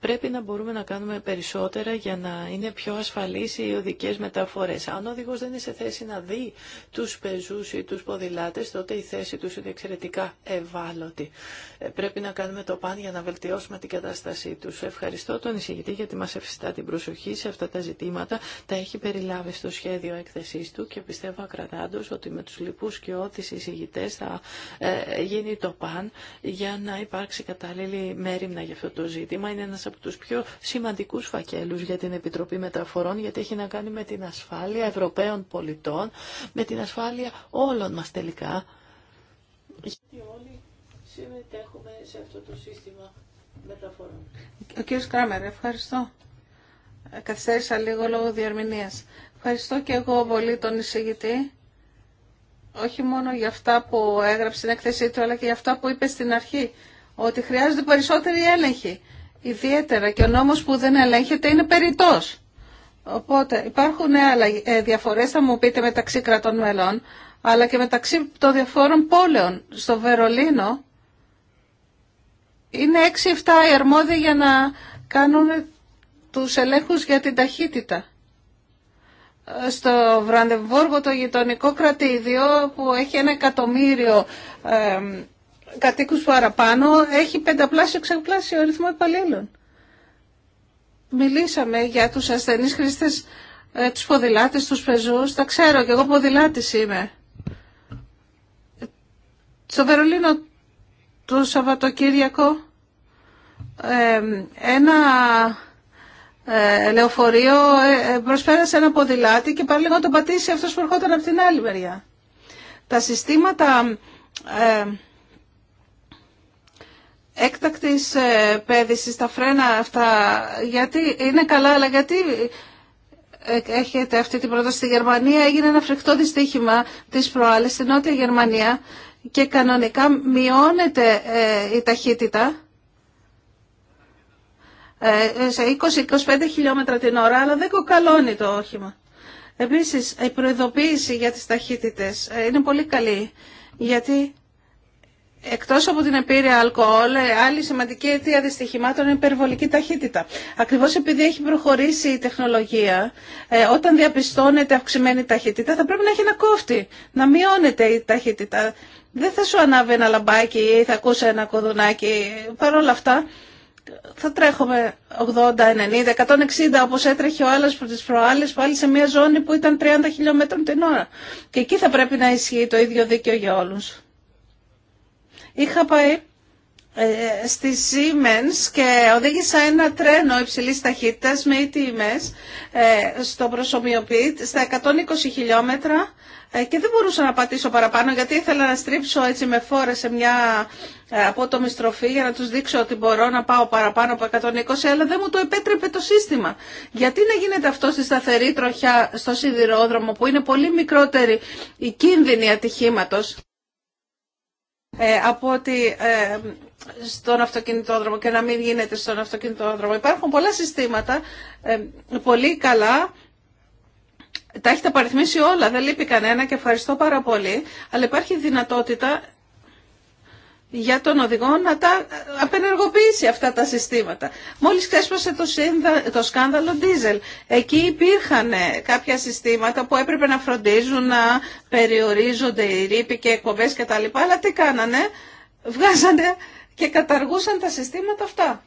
Πρέπει να μπορούμε να κάνουμε περισσότερα για να είναι πιο ασφαλείς οι οδικές μεταφορές. Αν ο οδηγός δεν είναι σε θέση να δει τους πεζούς ή τους ποδηλάτες, τότε η θέση τους είναι εξαιρετικά ευάλωτη. Ε, πρέπει να κάνουμε το παν για να βελτιώσουμε την κατάστασή τους. Ευχαριστώ τον εισηγητή γιατί μας ευστά την προσοχή σε αυτά τα ζητήματα. Τα έχει περιλάβει στο σχέδιο έκθεσή του και πιστεύω ακραδάντως ότι με του λοιπού και ό,τι συζητητέ θα ε, γίνει το παν για να υπάρξει κατάλληλη μέρημνα για αυτό το ζήτημα. Είναι ένα από του πιο σημαντικού φακέλους για την Επιτροπή Μεταφορών γιατί έχει να κάνει με την ασφάλεια Ευρωπαίων πολιτών, με την ασφάλεια όλων μα τελικά. Γιατί όλοι συμμετέχουμε σε αυτό το σύστημα μεταφορών. Ο κύριος Κράμερ, ευχαριστώ. Καθυστέρησα λίγο λόγω διαρμηνίας. Ευχαριστώ και εγώ πολύ τον εισηγητή, όχι μόνο για αυτά που έγραψε στην έκθεσή του, αλλά και για αυτά που είπε στην αρχή, ότι χρειάζονται περισσότεροι έλεγχοι. Ιδιαίτερα και ο νόμος που δεν ελέγχεται είναι περιττός. Οπότε υπάρχουν ε, διαφορές, θα μου πείτε, μεταξύ κρατών μελών, αλλά και μεταξύ των διαφόρων πόλεων. Στο Βερολίνο είναι 6-7 οι αρμόδιοι για να κάνουν τους ελέγχους για την ταχύτητα. Στο Βραντεμβόργο το γειτονικό κρατήδιο που έχει ένα εκατομμύριο ε, κατοίκους παραπάνω έχει πενταπλάσιο ξεπλάσιο ρυθμό υπαλλήλων. Μιλήσαμε για τους ασθενείς χρήστες, ε, τους ποδηλάτες, τους πεζούς. Τα ξέρω και εγώ ποδηλάτης είμαι. Στο Βερολίνο το Σαββατοκύριακο ένα ε, λεωφορείο ε, ε, προσπέρασε ένα ποδηλάτι και πάλι λίγο να τον πατήσει αυτός που ερχόταν από την άλλη μεριά. Τα συστήματα έκτακτης πέδησης, τα φρένα αυτά, γιατί είναι καλά, αλλά γιατί έχετε αυτή την πρόταση στη Γερμανία, έγινε ένα φρικτό δυστύχημα της προάλλης στην Νότια Γερμανία και κανονικά μειώνεται η ταχύτητα ε, σε 20-25 χιλιόμετρα την ώρα, αλλά δεν κοκαλώνει το όχημα. Επίσης, η προειδοποίηση για τις ταχύτητες ε, είναι πολύ καλή, γιατί εκτός από την επίρρεια αλκοόλ, ε, άλλη σημαντική αιτία δυστυχημάτων είναι η υπερβολική ταχύτητα. Ακριβώς επειδή έχει προχωρήσει η τεχνολογία, όταν διαπιστώνεται αυξημένη ταχύτητα, θα πρέπει να έχει ένα κόφτη, να μειώνεται η ταχύτητα. Δεν θα σου ανάβει ένα λαμπάκι ή θα ακούσει ένα κουδουνάκι Παρ' όλα αυτά, θα τρέχουμε 80, 90, 160 όπως έτρεχε ο άλλος προς τις προάλλες πάλι σε μια ζώνη που ήταν 30 χιλιόμετρων την ώρα. Και εκεί θα πρέπει να ισχύει το ίδιο δίκαιο για όλους. Είχα πάει ε, στη Siemens και οδήγησα ένα τρένο υψηλής ταχύτητας με ETMS ε, στο προσωμιοποιητ στα 120 χιλιόμετρα ε, και δεν μπορούσα να πατήσω παραπάνω γιατί ήθελα να στρίψω έτσι με φόρες σε μια ε, απότομη στροφή για να τους δείξω ότι μπορώ να πάω παραπάνω από 120 αλλά δεν μου το επέτρεπε το σύστημα. Γιατί να γίνεται αυτό στη σταθερή τροχιά στο σιδηρόδρομο που είναι πολύ μικρότερη η κίνδυνη ατυχήματος ε, από ότι στον αυτοκινητόδρομο και να μην γίνεται στον αυτοκινητόδρομο. Υπάρχουν πολλά συστήματα πολύ καλά τα έχετε απαριθμίσει όλα, δεν λείπει κανένα και ευχαριστώ πάρα πολύ, αλλά υπάρχει δυνατότητα για τον οδηγό να τα απενεργοποιήσει αυτά τα συστήματα. Μόλις ξέσπασε το, το σκάνδαλο diesel, εκεί υπήρχαν κάποια συστήματα που έπρεπε να φροντίζουν να περιορίζονται οι ρήποι και εκπομπές κτλ. Αλλά τι κάνανε, βγάζανε και καταργούσαν τα συστήματα αυτά.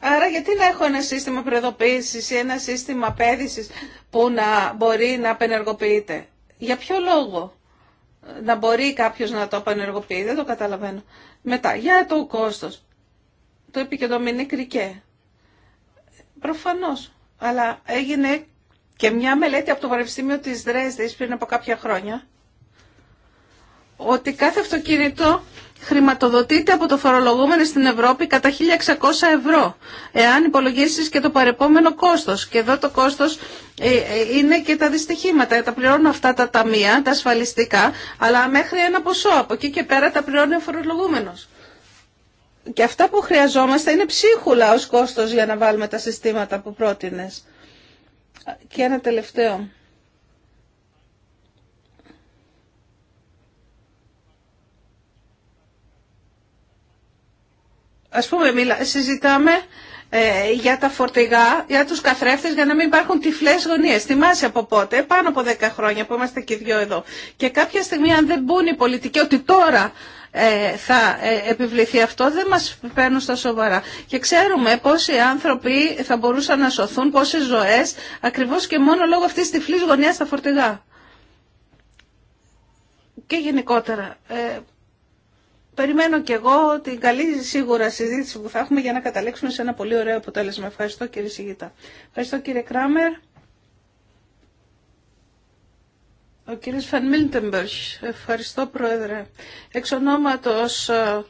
Άρα γιατί να έχω ένα σύστημα προειδοποίησης ή ένα σύστημα πέδησης που να μπορεί να απενεργοποιείται. Για ποιο λόγο να μπορεί κάποιος να το απενεργοποιεί, δεν το καταλαβαίνω. Μετά, για το κόστος. Το είπε και το Κρικέ. Προφανώς. Αλλά έγινε και μια μελέτη από το Πανεπιστήμιο της Δρέσδης πριν από κάποια χρόνια ότι κάθε αυτοκίνητο χρηματοδοτείται από το φορολογούμενο στην Ευρώπη κατά 1.600 ευρώ, εάν υπολογίσεις και το παρεπόμενο κόστος. Και εδώ το κόστος ε, ε, είναι και τα δυστυχήματα. Τα πληρώνουν αυτά τα ταμεία, τα ασφαλιστικά, αλλά μέχρι ένα ποσό. Από εκεί και πέρα τα πληρώνει ο φορολογούμενος. Και αυτά που χρειαζόμαστε είναι ψίχουλα ως κόστος για να βάλουμε τα συστήματα που πρότεινες. Και ένα τελευταίο. Ας πούμε, συζητάμε ε, για τα φορτηγά, για τους καθρέφτες, για να μην υπάρχουν τυφλές γωνίες. Θυμάσαι από πότε, πάνω από 10 χρόνια που είμαστε και δυο εδώ. Και κάποια στιγμή αν δεν μπουν οι πολιτικοί ότι τώρα ε, θα ε, επιβληθεί αυτό, δεν μας παίρνουν στα σοβαρά. Και ξέρουμε πόσοι άνθρωποι θα μπορούσαν να σωθούν, πόσες ζωές, ακριβώς και μόνο λόγω αυτής της τυφλής γωνίας στα φορτηγά. Και γενικότερα. Ε, Περιμένω και εγώ την καλή σίγουρα συζήτηση που θα έχουμε για να καταλήξουμε σε ένα πολύ ωραίο αποτέλεσμα. Ευχαριστώ κύριε Σιγητά. Ευχαριστώ κύριε Κράμερ. Ο κύριος Φαν Μίλτεμπερχ. Ευχαριστώ πρόεδρε. Εξ ονόματος ε,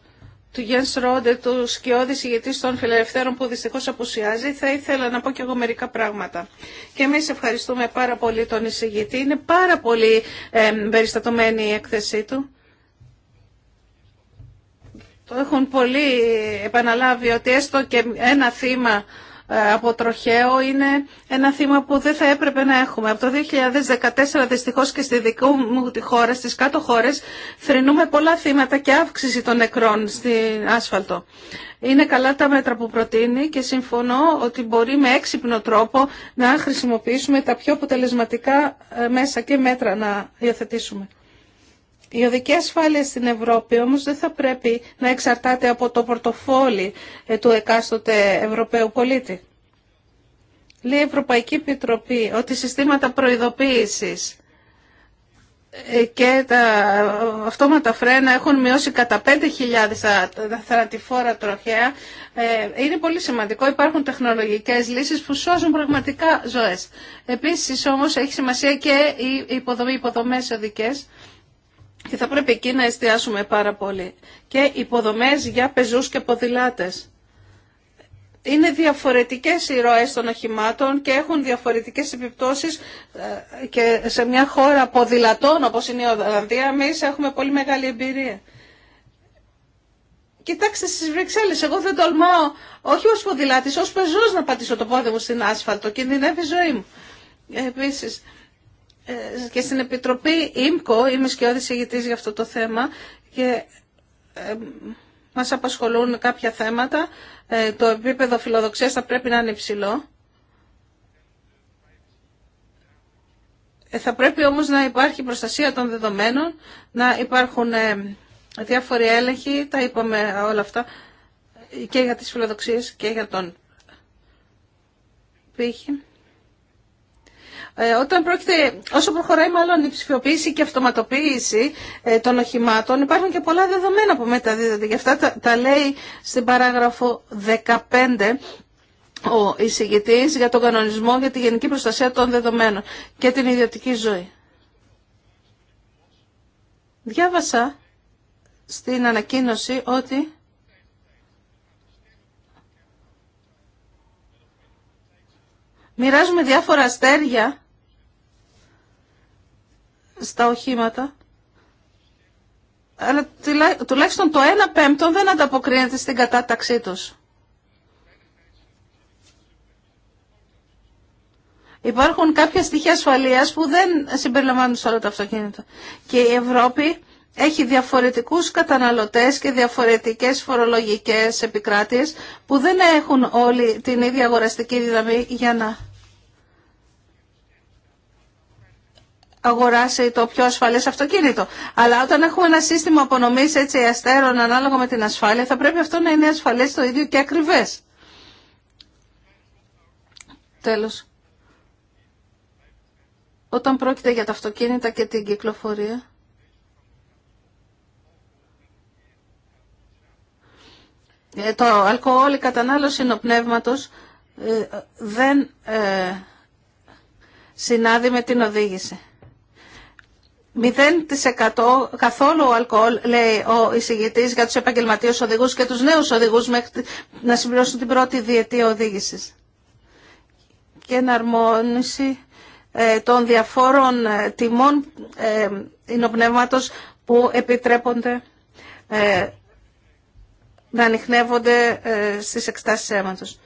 του Γιάννη Ρόντε, του σκιώδη ηγετή των φιλελευθέρων που δυστυχώ απουσιάζει, θα ήθελα να πω και εγώ μερικά πράγματα. Και εμεί ευχαριστούμε πάρα πολύ τον εισηγητή. Είναι πάρα πολύ ε, περιστατωμένη η έκθεσή του. Το έχουν πολλοί επαναλάβει ότι έστω και ένα θύμα ε, από τροχαίο είναι ένα θύμα που δεν θα έπρεπε να έχουμε. Από το 2014 δυστυχώς και στη δική μου τη χώρα, στις κάτω χώρες, θρυνούμε πολλά θύματα και αύξηση των νεκρών στην άσφαλτο. Είναι καλά τα μέτρα που προτείνει και συμφωνώ ότι μπορεί με έξυπνο τρόπο να χρησιμοποιήσουμε τα πιο αποτελεσματικά ε, μέσα και μέτρα να υιοθετήσουμε. Η οδική ασφάλεια στην Ευρώπη όμως δεν θα πρέπει να εξαρτάται από το πορτοφόλι ε, του εκάστοτε Ευρωπαίου πολίτη. Λέει η Ευρωπαϊκή Επιτροπή ότι συστήματα προειδοποίησης ε, και τα αυτόματα φρένα έχουν μειώσει κατά 5.000 τα θανατηφόρα τροχέα. Ε, είναι πολύ σημαντικό. Υπάρχουν τεχνολογικές λύσεις που σώζουν πραγματικά ζωές. Επίσης όμως έχει σημασία και οι υποδομές οδικές και θα πρέπει εκεί να εστιάσουμε πάρα πολύ. Και υποδομές για πεζούς και ποδηλάτες. Είναι διαφορετικές οι ροές των οχημάτων και έχουν διαφορετικές επιπτώσεις ε, και σε μια χώρα ποδηλατών όπως είναι η Ολλανδία εμεί έχουμε πολύ μεγάλη εμπειρία. Κοιτάξτε στις Βρυξέλλες, εγώ δεν τολμάω όχι ως ποδηλάτης, ως πεζός να πατήσω το πόδι μου στην άσφαλτο, κινδυνεύει η ζωή μου. Επίσης, και στην Επιτροπή ΙΜΚΟ, είμαι σκιώδης ηγητής για αυτό το θέμα και ε, μας απασχολούν κάποια θέματα. Ε, το επίπεδο φιλοδοξίας θα πρέπει να είναι υψηλό. Ε, θα πρέπει όμως να υπάρχει προστασία των δεδομένων, να υπάρχουν διάφοροι έλεγχοι, τα είπαμε όλα αυτά, και για τις φιλοδοξίες και για τον πύχη. Ε, όταν όσο προχωράει μάλλον η ψηφιοποίηση και η αυτοματοποίηση ε, των οχημάτων, υπάρχουν και πολλά δεδομένα που μεταδίδονται. Γι' αυτά τα, τα λέει στην παράγραφο 15 ο εισηγητής για τον κανονισμό για τη γενική προστασία των δεδομένων και την ιδιωτική ζωή. Διάβασα στην ανακοίνωση ότι μοιράζουμε διάφορα αστέρια στα οχήματα. Αλλά τουλάχιστον το 1 πέμπτο δεν ανταποκρίνεται στην κατάταξή τους. Υπάρχουν κάποια στοιχεία ασφαλείας που δεν συμπεριλαμβάνουν σε όλα τα αυτοκίνητα. Και η Ευρώπη έχει διαφορετικούς καταναλωτές και διαφορετικές φορολογικές επικράτειες που δεν έχουν όλοι την ίδια αγοραστική δύναμη για να αγοράσει το πιο ασφαλές αυτοκίνητο. Αλλά όταν έχουμε ένα σύστημα απονομής έτσι αστέρων ανάλογα με την ασφάλεια, θα πρέπει αυτό να είναι ασφαλές το ίδιο και ακριβές. Τέλος. Όταν πρόκειται για τα αυτοκίνητα και την κυκλοφορία... Ε, το αλκοόλ, η κατανάλωση νοπνεύματος ε, δεν ε, συνάδει με την οδήγηση. 0% καθόλου αλκοόλ, λέει ο εισηγητή για του επαγγελματίε οδηγού και του νέου οδηγού μέχρι να συμπληρώσουν την πρώτη διετία οδήγηση. Και εναρμόνιση ε, των διαφόρων ε, τιμών ε, που επιτρέπονται ε, να ανοιχνεύονται στι εξτάσεις αίματος.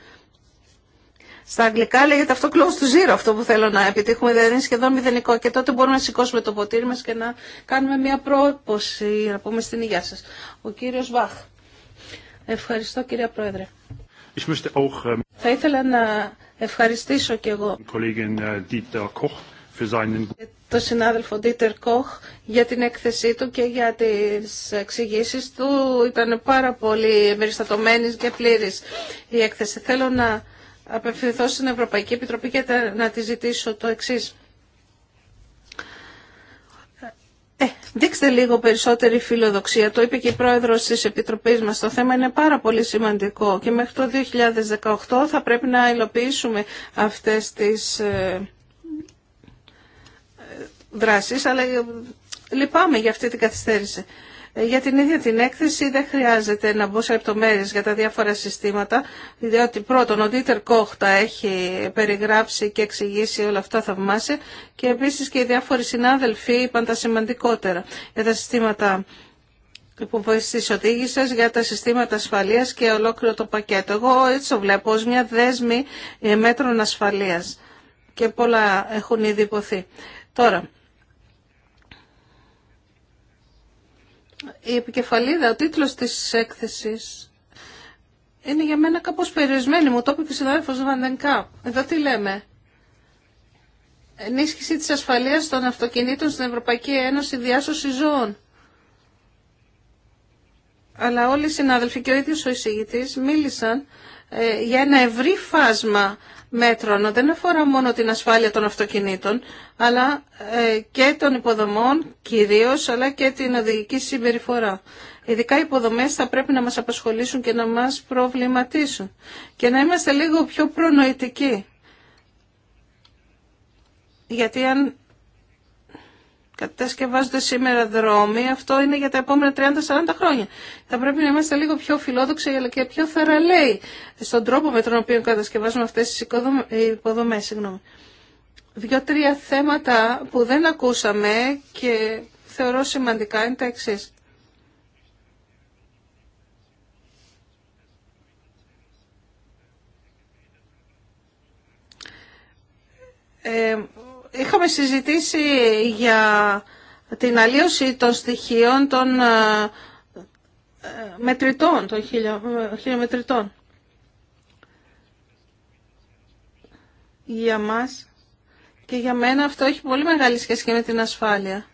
Στα αγγλικά λέγεται αυτό close to zero, αυτό που θέλω να επιτύχουμε, δηλαδή είναι σχεδόν μηδενικό. Και τότε μπορούμε να σηκώσουμε το ποτήρι μας και να κάνουμε μια πρόποση, να πούμε στην υγεία σας. Ο κύριος Βαχ. Ευχαριστώ κυρία Πρόεδρε. Ich ähm, Θα ήθελα να ευχαριστήσω äh, και εγώ τον συνάδελφο Ντίτερ Κοχ για την έκθεσή του και για τις εξηγήσεις του. Ήταν πάρα πολύ εμπεριστατωμένη και πλήρης η έκθεση. Θέλω να απευθυνθώ στην Ευρωπαϊκή Επιτροπή και να τη ζητήσω το εξή. Ε, δείξτε λίγο περισσότερη φιλοδοξία. Το είπε και η πρόεδρο τη Επιτροπή μα. Το θέμα είναι πάρα πολύ σημαντικό και μέχρι το 2018 θα πρέπει να υλοποιήσουμε αυτέ τι ε, ε, δράσει. Αλλά ε, λυπάμαι για αυτή την καθυστέρηση. Ε, για την ίδια την έκθεση δεν χρειάζεται να μπω σε λεπτομέρειε για τα διάφορα συστήματα, διότι πρώτον ο δίτερ Κόχ έχει περιγράψει και εξηγήσει όλα αυτά θαυμάσια και επίσης και οι διάφοροι συνάδελφοι είπαν τα σημαντικότερα για τα συστήματα τη οδήγηση για τα συστήματα ασφαλείας και ολόκληρο το πακέτο. Εγώ έτσι το βλέπω ως μια δέσμη ε, μέτρων ασφαλεία και πολλά έχουν ήδη υποθεί. Τώρα, η επικεφαλίδα, ο τίτλος της έκθεσης είναι για μένα κάπως περιορισμένη. Μου το είπε και ο συνάδελφος Βαντενκά. Εδώ τι λέμε. Ενίσχυση της ασφαλείας των αυτοκινήτων στην Ευρωπαϊκή Ένωση, διάσωση ζώων. Αλλά όλοι οι συνάδελφοι και ο ίδιος ο εισηγητής μίλησαν ε, για ένα ευρύ φάσμα μέτρων. Δεν αφορά μόνο την ασφάλεια των αυτοκινήτων, αλλά ε, και των υποδομών κυρίως, αλλά και την οδηγική συμπεριφορά. Ειδικά οι υποδομές θα πρέπει να μας απασχολήσουν και να μας προβληματίσουν και να είμαστε λίγο πιο προνοητικοί. Γιατί αν κατασκευάζονται σήμερα δρόμοι, αυτό είναι για τα επόμενα 30-40 χρόνια. Θα πρέπει να είμαστε λίγο πιο φιλόδοξοι αλλά και πιο θεραλέοι στον τρόπο με τον οποίο κατασκευάζουμε αυτές τις υποδομες Συγγνώμη. Δυο-τρία θέματα που δεν ακούσαμε και θεωρώ σημαντικά είναι τα εξή. Ε, Είχαμε συζητήσει για την αλλίωση των στοιχείων των ε, ε, μετρητών, των ε, χιλιομετρητών. Για μας και για μένα αυτό έχει πολύ μεγάλη σχέση και με την ασφάλεια.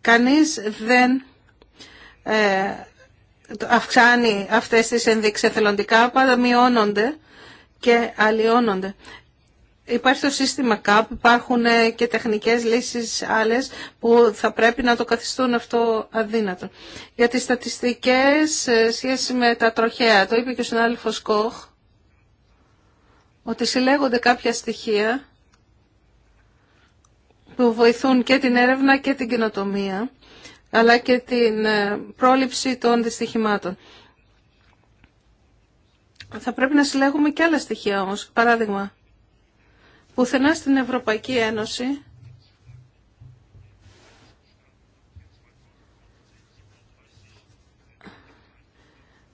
Κανείς δεν αυξάνει αυτές τις ενδείξεις εθελοντικά, πάντα μειώνονται και αλλοιώνονται. Υπάρχει το σύστημα ΚΑΠ, υπάρχουν ε, και τεχνικές λύσεις άλλες που θα πρέπει να το καθιστούν αυτό αδύνατο. Για τις στατιστικές ε, σχέση με τα τροχέα, το είπε και ο συνάδελφος Κοχ, ότι συλλέγονται κάποια στοιχεία που βοηθούν και την έρευνα και την κοινοτομία αλλά και την ε, πρόληψη των δυστυχημάτων. Θα πρέπει να συλλέγουμε και άλλα στοιχεία όμως. Παράδειγμα, πουθενά στην Ευρωπαϊκή Ένωση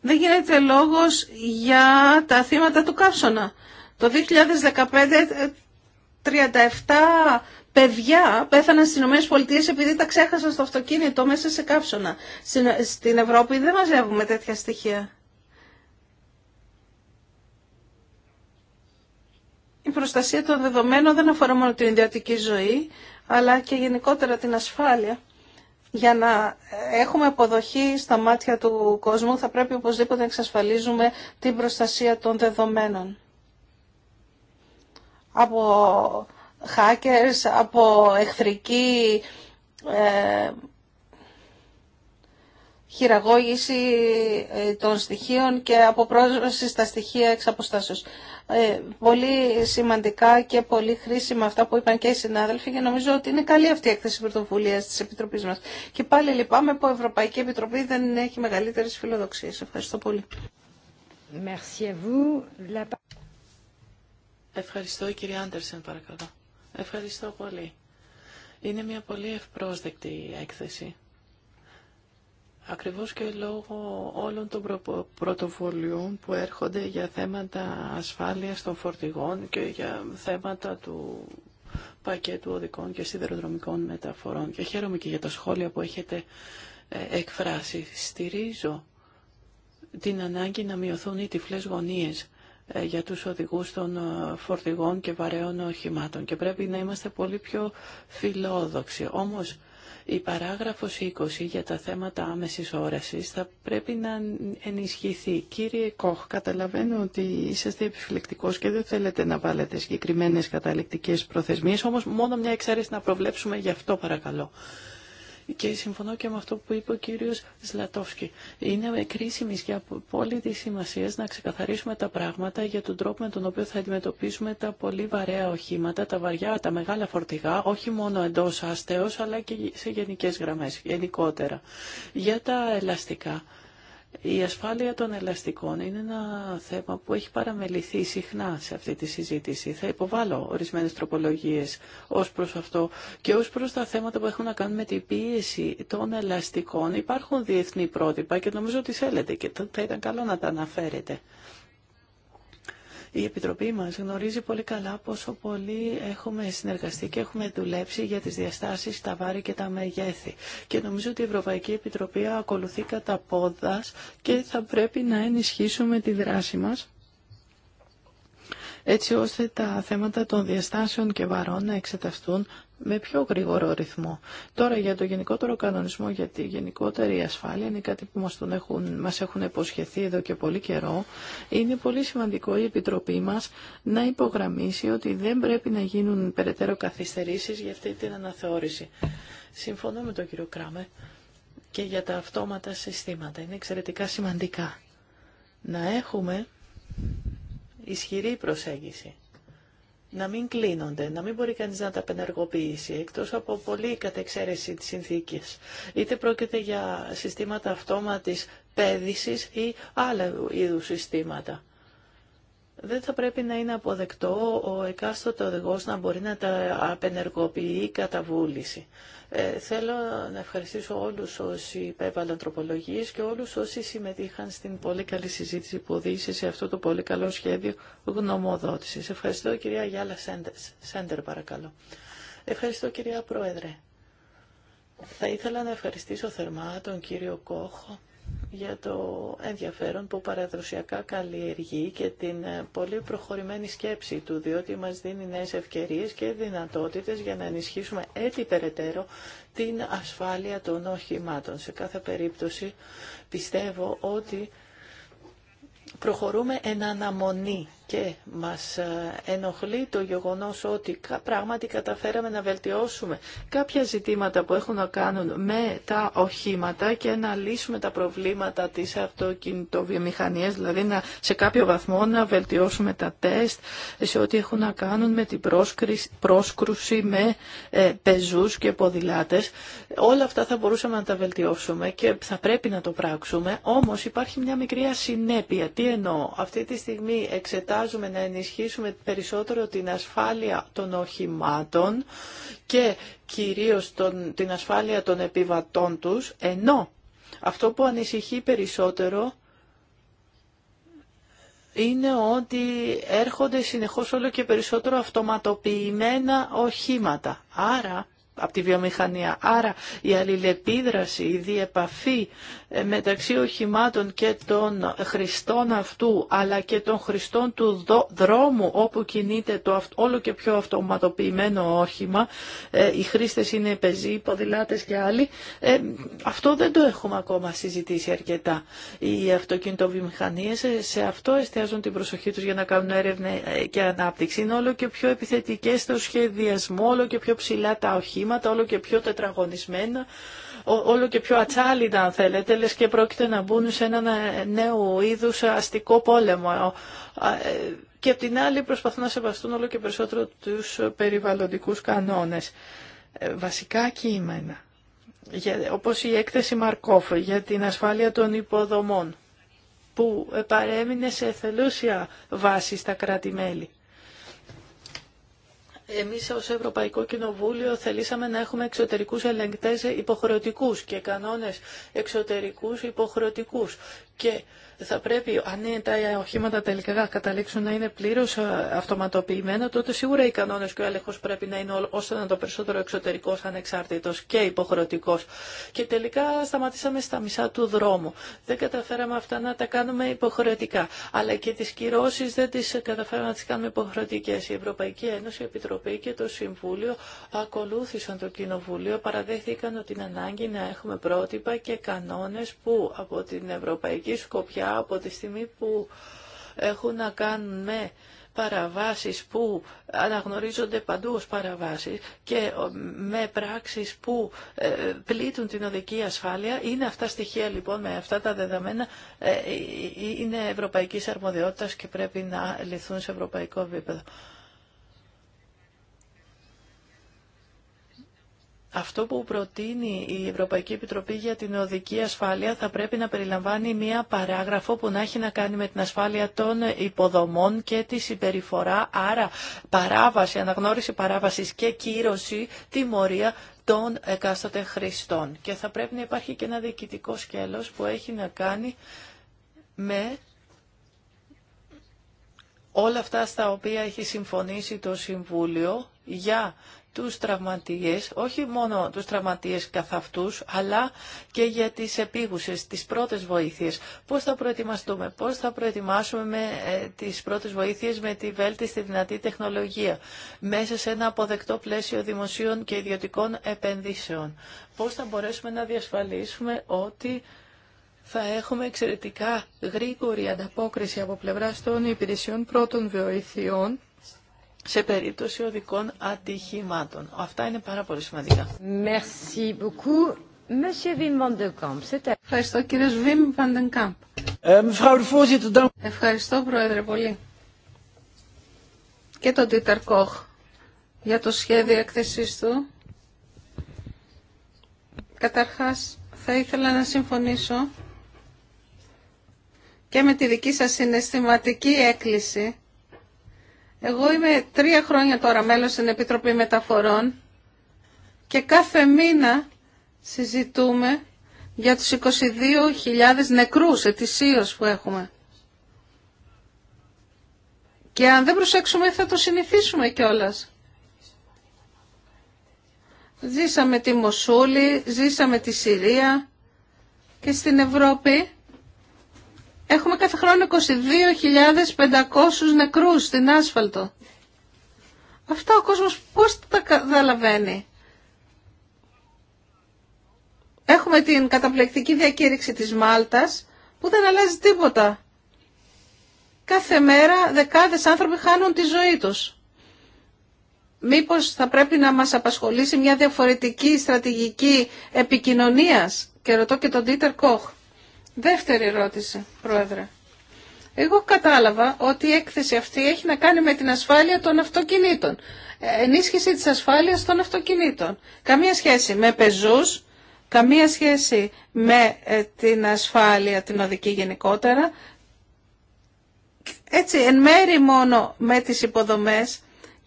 δεν γίνεται λόγος για τα θύματα του κάψωνα. Το 2015 37 Παιδιά πέθαναν στι Πολιτείε επειδή τα ξέχασαν στο αυτοκίνητο μέσα σε κάψωνα. Στην Ευρώπη δεν μαζεύουμε τέτοια στοιχεία. Η προστασία των δεδομένων δεν αφορά μόνο την ιδιωτική ζωή, αλλά και γενικότερα την ασφάλεια. Για να έχουμε αποδοχή στα μάτια του κόσμου θα πρέπει οπωσδήποτε να εξασφαλίζουμε την προστασία των δεδομένων. Από hackers, από εχθρική ε, χειραγώγηση ε, των στοιχείων και από πρόσβαση στα στοιχεία εξ αποστάσεως. Ε, πολύ σημαντικά και πολύ χρήσιμα αυτά που είπαν και οι συνάδελφοι και νομίζω ότι είναι καλή αυτή η έκθεση πρωτοβουλία τη Επιτροπής μα. Και πάλι λυπάμαι που η Ευρωπαϊκή Επιτροπή δεν έχει μεγαλύτερε φιλοδοξίε. Ευχαριστώ πολύ. Merci à vous. Ευχαριστώ, κύριε Άντερσεν, παρακαλώ. Ευχαριστώ πολύ. Είναι μια πολύ ευπρόσδεκτη έκθεση. Ακριβώς και λόγω όλων των πρωτοβολιών που έρχονται για θέματα ασφάλειας των φορτηγών και για θέματα του πακέτου οδικών και σιδεροδρομικών μεταφορών. Και χαίρομαι και για τα σχόλια που έχετε ε, εκφράσει. Στηρίζω την ανάγκη να μειωθούν οι τυφλές γωνίες ε, για τους οδηγούς των ε, φορτηγών και βαρέων οχημάτων και πρέπει να είμαστε πολύ πιο φιλόδοξοι. Όμως η παράγραφος 20 για τα θέματα άμεσης όρασης θα πρέπει να ενισχυθεί. Κύριε Κόχ, καταλαβαίνω ότι είσαστε επιφυλεκτικός και δεν θέλετε να βάλετε συγκεκριμένες καταληκτικές προθεσμίες, όμως μόνο μια εξαίρεση να προβλέψουμε γι' αυτό παρακαλώ και συμφωνώ και με αυτό που είπε ο κύριος Ζλατόφσκι. Είναι κρίσιμη και απόλυτη σημασία να ξεκαθαρίσουμε τα πράγματα για τον τρόπο με τον οποίο θα αντιμετωπίσουμε τα πολύ βαρέα οχήματα, τα βαριά, τα μεγάλα φορτηγά, όχι μόνο εντό άστεως αλλά και σε γενικές γραμμές γενικότερα. Για τα ελαστικά η ασφάλεια των ελαστικών είναι ένα θέμα που έχει παραμεληθεί συχνά σε αυτή τη συζήτηση. Θα υποβάλω ορισμένε τροπολογίε ω προ αυτό και ω προ τα θέματα που έχουν να κάνουν με την πίεση των ελαστικών. Υπάρχουν διεθνή πρότυπα και νομίζω ότι θέλετε και θα ήταν καλό να τα αναφέρετε. Η Επιτροπή μας γνωρίζει πολύ καλά πόσο πολύ έχουμε συνεργαστεί και έχουμε δουλέψει για τις διαστάσεις, τα βάρη και τα μεγέθη. Και νομίζω ότι η Ευρωπαϊκή Επιτροπή ακολουθεί κατά πόδας και θα πρέπει να ενισχύσουμε τη δράση μας έτσι ώστε τα θέματα των διαστάσεων και βαρών να εξεταστούν με πιο γρήγορο ρυθμό. Τώρα για το γενικότερο κανονισμό για τη γενικότερη ασφάλεια είναι κάτι που μας, τον έχουν, μας έχουν υποσχεθεί εδώ και πολύ καιρό. Είναι πολύ σημαντικό η Επιτροπή μας να υπογραμμίσει ότι δεν πρέπει να γίνουν περαιτέρω καθυστερήσεις για αυτή την αναθεώρηση. Συμφωνώ με τον κύριο Κράμε και για τα αυτόματα συστήματα. Είναι εξαιρετικά σημαντικά να έχουμε ισχυρή προσέγγιση. Να μην κλείνονται, να μην μπορεί κανείς να τα πενεργοποιήσει, εκτός από πολύ κατεξαίρεση της συνθήκης. Είτε πρόκειται για συστήματα αυτόματης πέδησης ή άλλα είδους συστήματα δεν θα πρέπει να είναι αποδεκτό ο εκάστοτε οδηγός να μπορεί να τα απενεργοποιεί κατά βούληση. Ε, θέλω να ευχαριστήσω όλους όσοι υπέβαλαν τροπολογίες και όλους όσοι συμμετείχαν στην πολύ καλή συζήτηση που οδήγησε σε αυτό το πολύ καλό σχέδιο γνωμοδότησης. Ευχαριστώ κυρία Γιάλα Σέντερ, Σέντερ παρακαλώ. Ευχαριστώ κυρία Πρόεδρε. Θα ήθελα να ευχαριστήσω θερμά τον κύριο Κόχο για το ενδιαφέρον που παραδοσιακά καλλιεργεί και την ε, πολύ προχωρημένη σκέψη του, διότι μας δίνει νέες ευκαιρίες και δυνατότητες για να ενισχύσουμε έτσι περαιτέρω την ασφάλεια των οχημάτων. Σε κάθε περίπτωση πιστεύω ότι προχωρούμε εν αναμονή και μας ε, ενοχλεί το γεγονός ότι πράγματι καταφέραμε να βελτιώσουμε κάποια ζητήματα που έχουν να κάνουν με τα οχήματα και να λύσουμε τα προβλήματα της αυτοκινητοβιομηχανίας, δηλαδή να, σε κάποιο βαθμό να βελτιώσουμε τα τεστ σε ό,τι έχουν να κάνουν με την πρόσκρουση με ε, πεζούς και ποδηλάτες. Όλα αυτά θα μπορούσαμε να τα βελτιώσουμε και θα πρέπει να το πράξουμε, όμως υπάρχει μια μικρή ασυνέπεια. Τι εννοώ, αυτή τη στιγμή εξετάζουμε εξετάζουμε να ενισχύσουμε περισσότερο την ασφάλεια των οχημάτων και κυρίως τον, την ασφάλεια των επιβατών τους, ενώ αυτό που ανησυχεί περισσότερο είναι ότι έρχονται συνεχώς όλο και περισσότερο αυτοματοποιημένα οχήματα. Άρα, από τη βιομηχανία. Άρα η αλληλεπίδραση, η διεπαφή ε, μεταξύ οχημάτων και των χρηστών αυτού αλλά και των χρηστών του δρόμου όπου κινείται το όλο και πιο αυτοματοποιημένο όχημα, ε, οι χρήστες είναι πεζοί, ποδηλάτες και άλλοι, ε, αυτό δεν το έχουμε ακόμα συζητήσει αρκετά. Οι αυτοκινητοβιομηχανίες σε αυτό εστιάζουν την προσοχή τους για να κάνουν έρευνα και ανάπτυξη. Είναι όλο και πιο επιθετικές στο σχεδιασμό, όλο και πιο ψηλά τα οχήματα, όλο και πιο τετραγωνισμένα όλο και πιο ατσάλιτα αν θέλετε, λες και πρόκειται να μπουν σε ένα ε, νέο είδους αστικό πόλεμο. Ε, και απ' την άλλη προσπαθούν να σεβαστούν όλο και περισσότερο τους περιβαλλοντικούς κανόνες. Ε, βασικά κείμενα, όπως η έκθεση Μαρκόφ για την ασφάλεια των υποδομών, που παρέμεινε σε θελούσια βάση στα κράτη-μέλη. Εμείς ως Ευρωπαϊκό Κοινοβούλιο θελήσαμε να έχουμε εξωτερικούς ελεγκτές υποχρεωτικούς και κανόνες εξωτερικούς υποχρεωτικούς. Και θα πρέπει, αν τα οχήματα τελικά καταλήξουν να είναι πλήρως ε, αυτοματοποιημένα, τότε σίγουρα οι κανόνες και ο έλεγχος πρέπει να είναι όσο να το περισσότερο εξωτερικός, ανεξάρτητος και υποχρεωτικός. Και τελικά σταματήσαμε στα μισά του δρόμου. Δεν καταφέραμε αυτά να τα κάνουμε υποχρεωτικά. Αλλά και τις κυρώσεις δεν τις καταφέραμε να τις κάνουμε υποχρεωτικές. Η Ευρωπαϊκή Ένωση, η Επιτροπή και το Συμβούλιο ακολούθησαν το Κοινοβούλιο, παραδέχθηκαν ότι ανάγκη να έχουμε πρότυπα και κανόνες που από την Ευρωπαϊκή Σκοπιά από τη στιγμή που έχουν να κάνουν με παραβάσεις που αναγνωρίζονται παντού ως παραβάσεις και ε, με πράξεις που ε, πλήττουν την οδική ασφάλεια. Είναι αυτά στοιχεία λοιπόν με αυτά τα δεδομένα ε, είναι ευρωπαϊκής αρμοδιότητας και πρέπει να λυθούν σε ευρωπαϊκό επίπεδο. Αυτό που προτείνει η Ευρωπαϊκή Επιτροπή για την Οδική Ασφάλεια θα πρέπει να περιλαμβάνει μία παράγραφο που να έχει να κάνει με την ασφάλεια των υποδομών και τη συμπεριφορά, άρα παράβαση, αναγνώριση παράβασης και κύρωση, τιμωρία των εκάστοτε χρηστών. Και θα πρέπει να υπάρχει και ένα διοικητικό σκέλος που έχει να κάνει με όλα αυτά στα οποία έχει συμφωνήσει το Συμβούλιο για τους τραυματίες, όχι μόνο τους τραυματίες καθ' αυτούς, αλλά και για τις επίγουσες, τις πρώτες βοήθειες. Πώς θα προετοιμαστούμε, πώς θα προετοιμάσουμε με, ε, τις πρώτες βοήθειες με τη βέλτιστη δυνατή τεχνολογία, μέσα σε ένα αποδεκτό πλαίσιο δημοσίων και ιδιωτικών επενδύσεων. Πώς θα μπορέσουμε να διασφαλίσουμε ότι θα έχουμε εξαιρετικά γρήγορη ανταπόκριση από πλευρά των υπηρεσιών πρώτων βοηθειών σε περίπτωση οδικών ατυχημάτων. Αυτά είναι πάρα πολύ σημαντικά. Merci beaucoup. Monsieur Wim van den Kamp, Ευχαριστώ κύριε Βίμ Βαντενκάμπ. Ευχαριστώ πρόεδρε πολύ. Και τον Τίτερ Κόχ για το σχέδιο έκθεσή του. Καταρχά θα ήθελα να συμφωνήσω και με τη δική σας συναισθηματική έκκληση εγώ είμαι τρία χρόνια τώρα μέλος στην Επιτροπή Μεταφορών και κάθε μήνα συζητούμε για τους 22.000 νεκρούς ετησίως που έχουμε. Και αν δεν προσέξουμε θα το συνηθίσουμε κιόλας. Ζήσαμε τη Μοσούλη, ζήσαμε τη Συρία και στην Ευρώπη Έχουμε κάθε χρόνο 22.500 νεκρούς στην άσφαλτο. Αυτά ο κόσμος πώς τα καταλαβαίνει. Έχουμε την καταπληκτική διακήρυξη της Μάλτας που δεν αλλάζει τίποτα. Κάθε μέρα δεκάδες άνθρωποι χάνουν τη ζωή τους. Μήπως θα πρέπει να μας απασχολήσει μια διαφορετική στρατηγική επικοινωνίας και ρωτώ και τον Τίτερ Κόχ. Δεύτερη ερώτηση, Πρόεδρε. Εγώ κατάλαβα ότι η έκθεση αυτή έχει να κάνει με την ασφάλεια των αυτοκινήτων. Ε, ενίσχυση της ασφάλειας των αυτοκινήτων. Καμία σχέση με πεζούς, καμία σχέση με ε, την ασφάλεια την οδική γενικότερα. Έτσι, εν μέρη μόνο με τις υποδομές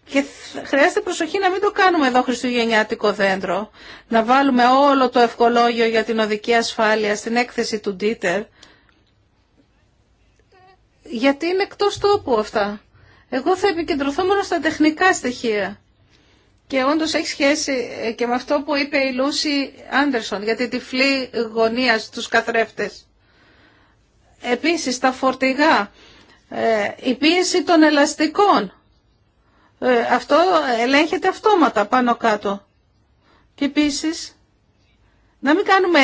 και χρειάζεται προσοχή να μην το κάνουμε εδώ χριστουγεννιάτικο δέντρο. Να βάλουμε όλο το ευκολόγιο για την οδική ασφάλεια στην έκθεση του Ντίτερ. Γιατί είναι εκτός τόπου αυτά. Εγώ θα επικεντρωθώ μόνο στα τεχνικά στοιχεία. Και όντω έχει σχέση ε, και με αυτό που είπε η Λούση Άντερσον για την τυφλή γωνία στους καθρέφτες. Επίσης τα φορτηγά, ε, η πίεση των ελαστικών ε, αυτό ελέγχεται αυτόματα πάνω κάτω. Και επίσης να μην κάνουμε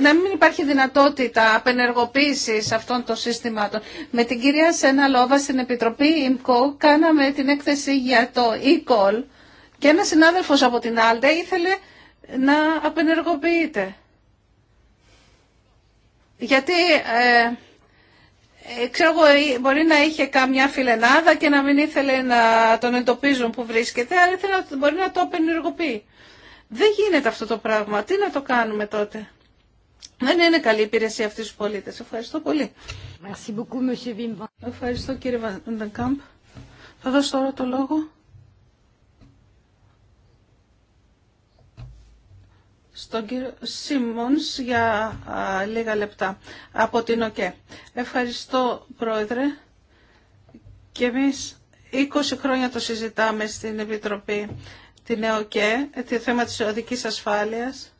να μην υπάρχει δυνατότητα απενεργοποίηση αυτών των συστημάτων. Με την κυρία Σένα Λόβα στην Επιτροπή ΙΜΚΟ κάναμε την έκθεση για το e-call και ένα συνάδελφος από την Άλτε ήθελε να απενεργοποιείται. Γιατί ε, ε, ξέρω εγώ, μπορεί να είχε καμιά φιλενάδα και να μην ήθελε να τον εντοπίζουν που βρίσκεται, αλλά ήθελε, μπορεί να το απενεργοποιεί. Δεν γίνεται αυτό το πράγμα. Τι να το κάνουμε τότε. Δεν είναι καλή υπηρεσία αυτή στους πολίτες. Ευχαριστώ πολύ. Ευχαριστώ κύριε Βαντεκάμπ. Θα δώσω τώρα το λόγο στον κύριο Σίμονς για λίγα λεπτά από την ΟΚΕ. Ευχαριστώ Πρόεδρε και εμείς 20 χρόνια το συζητάμε στην Επιτροπή την ΕΟΚΕ, το θέμα της οδικής ασφάλειας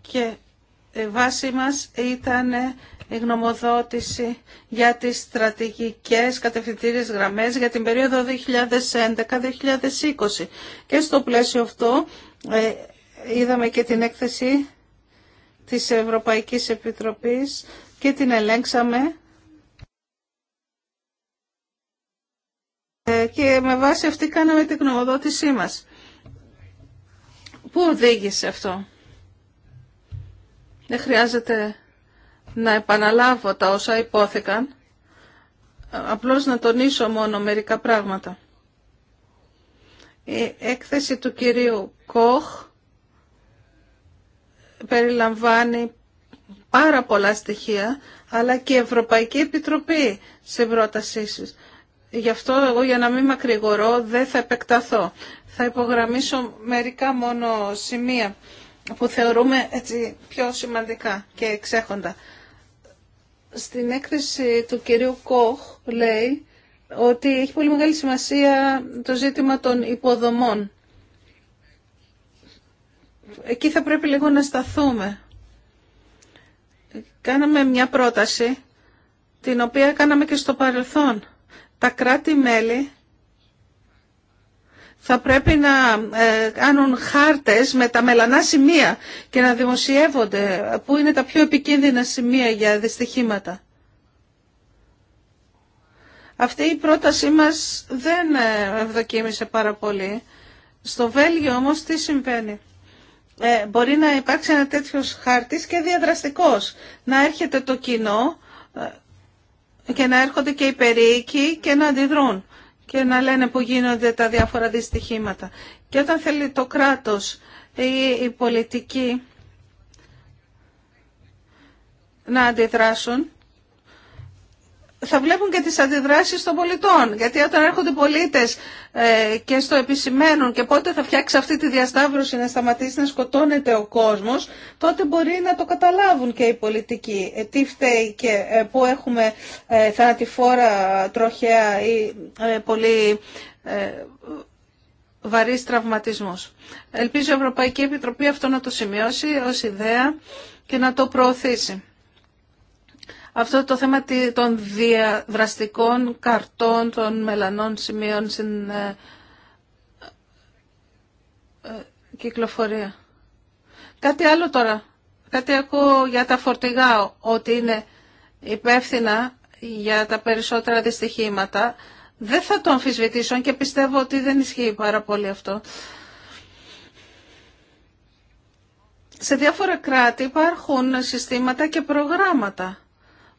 και η ε, βάση μας ήταν η γνωμοδότηση για τις στρατηγικές κατευθυντήριες γραμμές για την περίοδο 2011-2020. Και στο πλαίσιο αυτό ε, είδαμε και την έκθεση της Ευρωπαϊκής Επιτροπής και την ελέγξαμε. Ε, και με βάση αυτή κάναμε την γνωμοδότησή μας. Πού οδήγησε αυτό. Δεν χρειάζεται να επαναλάβω τα όσα υπόθηκαν. Απλώς να τονίσω μόνο μερικά πράγματα. Η έκθεση του κυρίου Κοχ περιλαμβάνει πάρα πολλά στοιχεία, αλλά και η Ευρωπαϊκή Επιτροπή σε πρότασή Γι' αυτό εγώ για να μην μακρηγορώ δεν θα επεκταθώ. Θα υπογραμμίσω μερικά μόνο σημεία που θεωρούμε έτσι πιο σημαντικά και εξέχοντα. Στην έκθεση του κυρίου Κοχ λέει ότι έχει πολύ μεγάλη σημασία το ζήτημα των υποδομών εκεί θα πρέπει λίγο να σταθούμε. Κάναμε μια πρόταση, την οποία κάναμε και στο παρελθόν. Τα κράτη-μέλη θα πρέπει να ε, κάνουν χάρτες με τα μελανά σημεία και να δημοσιεύονται που είναι τα πιο επικίνδυνα σημεία για δυστυχήματα. Αυτή η πρότασή μας δεν ε, ευδοκίμησε πάρα πολύ. Στο Βέλγιο όμως τι συμβαίνει ε, μπορεί να υπάρξει ένα τέτοιος χάρτης και διαδραστικός. Να έρχεται το κοινό ε, και να έρχονται και οι περίοικοι και να αντιδρούν και να λένε που γίνονται τα διάφορα δυστυχήματα. Και όταν θέλει το κράτος ή η πολιτική να αντιδράσουν, θα βλέπουν και τις αντιδράσεις των πολιτών. Γιατί όταν έρχονται οι πολίτες ε, και στο επισημαίνουν και πότε θα φτιάξει αυτή τη διασταύρωση να σταματήσει να σκοτώνεται ο κόσμος, τότε μπορεί να το καταλάβουν και οι πολιτικοί. Ε, τι φταίει και ε, πού έχουμε ε, θανατηφόρα τροχέα ή πολύ βαρύς τραυματισμούς. Ελπίζω η πολυ βαρυς τραυματισμος Επιτροπή αυτό να το σημειώσει ως ιδέα και να το προωθήσει αυτό το θέμα των διαδραστικών καρτών των μελανών σημείων στην ε, ε, κυκλοφορία. Κάτι άλλο τώρα. Κάτι ακούω για τα φορτηγά, ότι είναι υπεύθυνα για τα περισσότερα δυστυχήματα. Δεν θα το αμφισβητήσω και πιστεύω ότι δεν ισχύει πάρα πολύ αυτό. Σε διάφορα κράτη υπάρχουν συστήματα και προγράμματα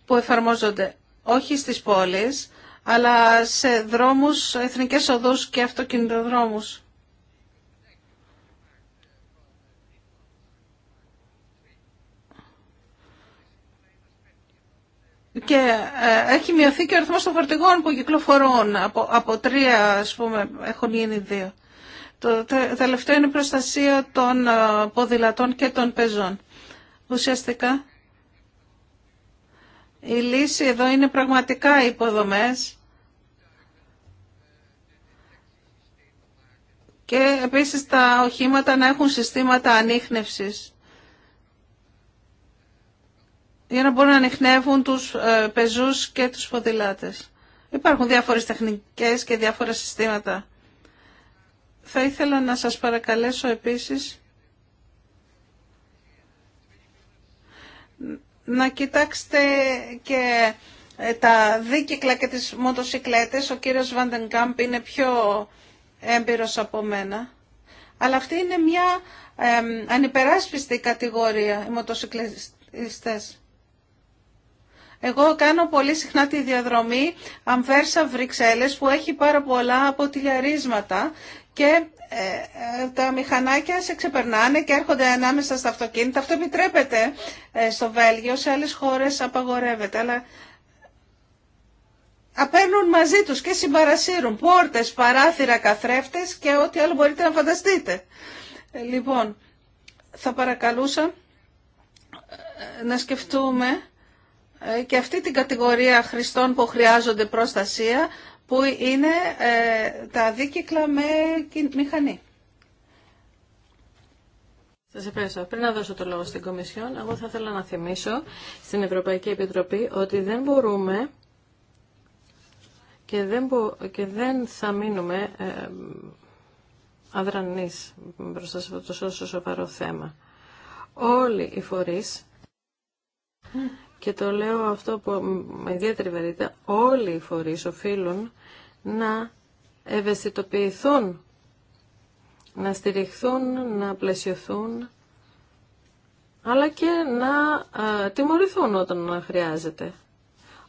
που εφαρμόζονται όχι στις πόλεις, αλλά σε δρόμους, εθνικές οδούς και αυτοκινητοδρόμους. Και ε, έχει μειωθεί και ο αριθμός των φορτηγών που κυκλοφορούν. Από, από τρία, ας πούμε, έχουν γίνει δύο. Το τελευταίο είναι η προστασία των ε, ποδηλατών και των πεζών. Ουσιαστικά η λύση εδώ είναι πραγματικά υποδομές και επίσης τα οχήματα να έχουν συστήματα ανείχνευσης για να μπορούν να ανοιχνεύουν τους ε, πεζούς και τους ποδηλάτες. Υπάρχουν διάφορες τεχνικές και διάφορα συστήματα. Θα ήθελα να σας παρακαλέσω επίσης να κοιτάξετε και ε, τα δίκυκλα και τις μοτοσικλέτες. Ο κύριος Βαντενκάμπ είναι πιο έμπειρος από μένα. Αλλά αυτή είναι μια ε, ανυπεράσπιστη κατηγορία, οι μοτοσικλετιστές. Εγώ κάνω πολύ συχνά τη διαδρομή Αμβέρσα Βρυξέλλες που έχει πάρα πολλά αποτυλιαρίσματα και ε, ε, τα μηχανάκια σε ξεπερνάνε και έρχονται ανάμεσα στα αυτοκίνητα. Αυτό επιτρέπεται ε, στο Βέλγιο, σε άλλες χώρες απαγορεύεται, αλλά απέρνουν μαζί τους και συμπαρασύρουν πόρτες, παράθυρα, καθρέφτες και ό,τι άλλο μπορείτε να φανταστείτε. Λοιπόν, θα παρακαλούσα να σκεφτούμε και αυτή την κατηγορία χρηστών που χρειάζονται προστασία, που είναι ε, τα δίκυκλα με μηχανή. Σα ευχαριστώ. Πριν να δώσω το λόγο στην Κομισιόν, εγώ θα ήθελα να θυμίσω στην Ευρωπαϊκή Επιτροπή ότι δεν μπορούμε και δεν, και δεν θα μείνουμε ε, αδρανείς μπροστά σε αυτό το τόσο σοβαρό θέμα. Όλοι οι φορείς, και το λέω αυτό που με ιδιαίτερη βαρύτητα, όλοι οι φορείς οφείλουν να ευαισθητοποιηθούν, να στηριχθούν, να πλαισιωθούν, αλλά και να τιμωρηθούν όταν χρειάζεται.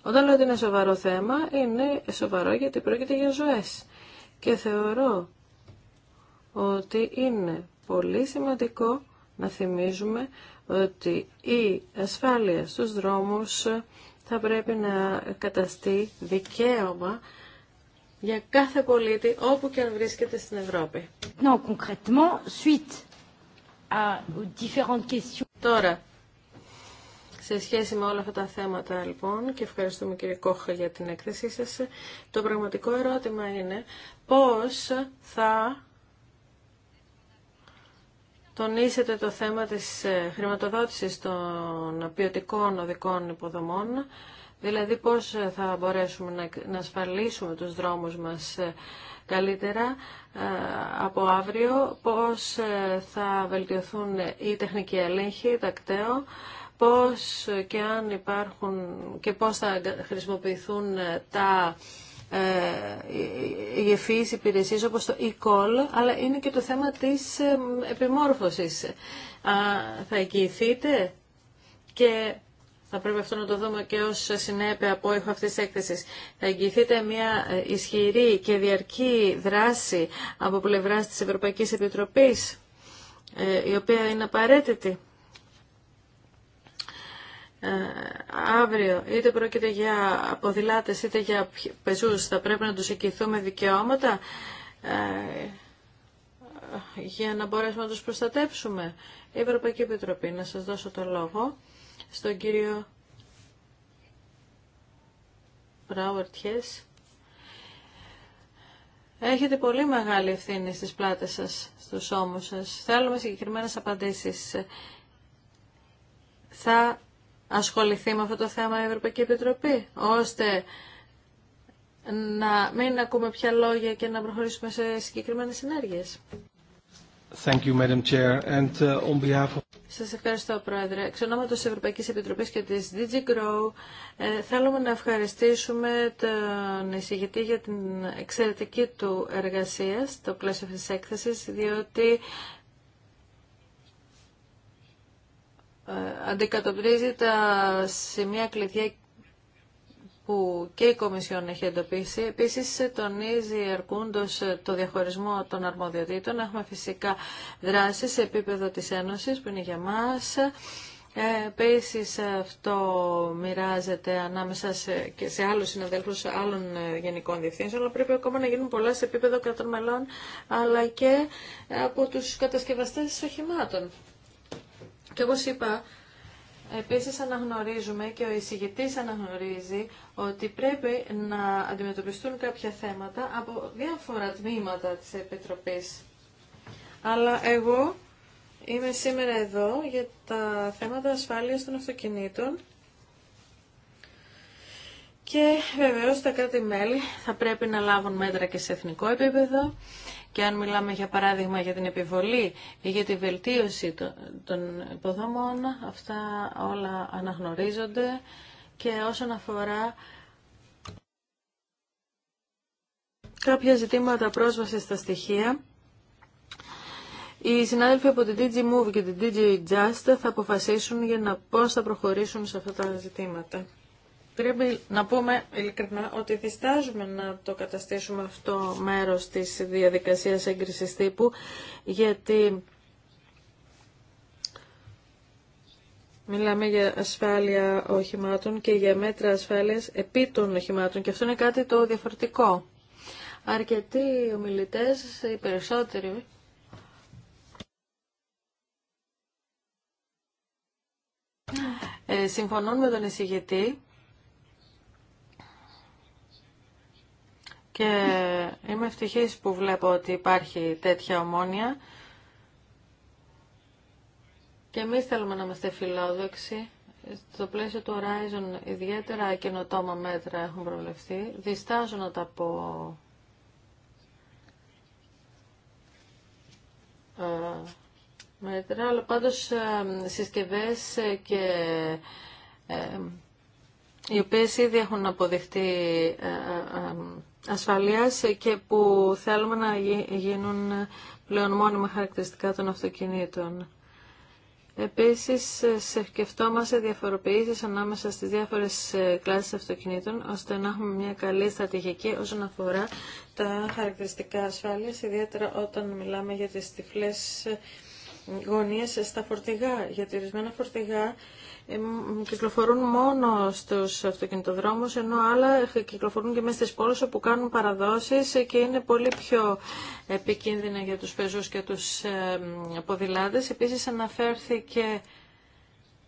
Όταν λέω ότι είναι σοβαρό θέμα, είναι σοβαρό γιατί πρόκειται για ζωές. Και θεωρώ ότι είναι πολύ σημαντικό να θυμίζουμε ότι η ασφάλεια στους δρόμους θα πρέπει να καταστεί δικαίωμα για κάθε πολίτη όπου και αν βρίσκεται στην Ευρώπη. Non, suite à Τώρα, σε σχέση με όλα αυτά τα θέματα λοιπόν, και ευχαριστούμε κύριε Κόχα για την έκθεσή σας, το πραγματικό ερώτημα είναι πώς θα τονίσετε το θέμα της ε, χρηματοδότησης των ποιοτικών οδικών υποδομών Δηλαδή πώς ε, θα μπορέσουμε να ασφαλίσουμε τους δρόμους μας ε, καλύτερα ε, από αύριο, πώς θα βελτιωθούν οι τεχνικοί ελέγχοι κταίω, πώς και αν υπάρχουν και πώς θα χρησιμοποιηθούν τα γεφείς υπηρεσίες όπως το e-call, αλλά είναι και το θέμα της επιμόρφωσης. Θα εγγυηθείτε και θα πρέπει αυτό να το δούμε και ω συνέπεια από έχω αυτής έκθεσης. Θα εγγυηθείτε μια ε, ισχυρή και διαρκή δράση από πλευράς της Ευρωπαϊκής Επιτροπής, ε, η οποία είναι απαραίτητη ε, αύριο είτε πρόκειται για αποδηλάτες είτε για πεζούς θα πρέπει να τους εγγυηθούμε δικαιώματα για να μπορέσουμε να τους προστατεύσουμε. Η Ευρωπαϊκή Επιτροπή, να σας δώσω το λόγο στον κύριο Ράουερτ Έχετε πολύ μεγάλη ευθύνη στις πλάτες σας, στους ώμους σας. Θέλουμε συγκεκριμένες απαντήσεις. Θα ασχοληθεί με αυτό το θέμα η Ευρωπαϊκή Επιτροπή, ώστε να μην ακούμε πια λόγια και να προχωρήσουμε σε συγκεκριμένες συνέργειες. Thank you, Madam Chair. And, uh, on σας ευχαριστώ, Πρόεδρε. Εξ ονόματος της Ευρωπαϊκής Επιτροπής και της DigiGrow ε, θέλουμε να ευχαριστήσουμε τον εισηγητή για την εξαιρετική του εργασία στο πλαίσιο αυτής της έκθεσης, διότι ε, αντικατοπτρίζει τα σημεία κλειδιά που και η Κομισιόν έχει εντοπίσει. Επίση τονίζει αρκούντος το διαχωρισμό των αρμοδιοτήτων. Έχουμε φυσικά δράσει σε επίπεδο τη Ένωση που είναι για μα. Ε, Επίση αυτό μοιράζεται ανάμεσα σε, και σε άλλου συναδέλφου άλλων ε, γενικών διευθύνσεων, αλλά πρέπει ακόμα να γίνουν πολλά σε επίπεδο κρατών μελών, αλλά και από του κατασκευαστέ οχημάτων. Και όπω είπα, Επίσης αναγνωρίζουμε και ο εισηγητής αναγνωρίζει ότι πρέπει να αντιμετωπιστούν κάποια θέματα από διάφορα τμήματα της Επιτροπής. Αλλά εγώ είμαι σήμερα εδώ για τα θέματα ασφάλειας των αυτοκινήτων και βεβαίως τα κράτη-μέλη θα πρέπει να λάβουν μέτρα και σε εθνικό επίπεδο και αν μιλάμε για παράδειγμα για την επιβολή ή για τη βελτίωση των υποδομών, αυτά όλα αναγνωρίζονται και όσον αφορά κάποια ζητήματα πρόσβασης στα στοιχεία, οι συνάδελφοι από την DG Move και την DG Just θα αποφασίσουν για να πώς θα προχωρήσουν σε αυτά τα ζητήματα. Πρέπει να πούμε ειλικρινά ότι διστάζουμε να το καταστήσουμε αυτό μέρος της διαδικασίας έγκρισης τύπου, γιατί Μιλάμε για ασφάλεια οχημάτων και για μέτρα ασφάλειας επί των οχημάτων και αυτό είναι κάτι το διαφορετικό. Αρκετοί ομιλητές, οι περισσότεροι, ε, συμφωνούν με τον εισηγητή και είμαι ευτυχής που βλέπω ότι υπάρχει τέτοια ομόνια και εμεί θέλουμε να είμαστε φιλόδοξοι. Στο πλαίσιο του Horizon ιδιαίτερα καινοτόμα μέτρα έχουν προβλεφθεί. Διστάζω να τα πω ε, μέτρα, αλλά πάντως ε, συσκευές και ε, οι οποίες ήδη έχουν αποδειχτεί ασφαλείας και που θέλουμε να γίνουν πλέον μόνιμα χαρακτηριστικά των αυτοκινήτων. Επίσης, σκεφτόμαστε διαφοροποιήσεις ανάμεσα στις διάφορες ε, κλάσεις αυτοκινήτων, ώστε να έχουμε μια καλή στρατηγική όσον αφορά τα χαρακτηριστικά ασφάλειας, ιδιαίτερα όταν μιλάμε για τις τυφλές ε, γωνίες στα φορτηγά. Για φορτηγά ε, κυκλοφορούν μόνο στους αυτοκινητοδρόμους ενώ άλλα κυκλοφορούν και μέσα στις πόλεις όπου κάνουν παραδόσεις και είναι πολύ πιο επικίνδυνα για τους πεζούς και τους ε, ποδηλάτες. Επίσης αναφέρθηκε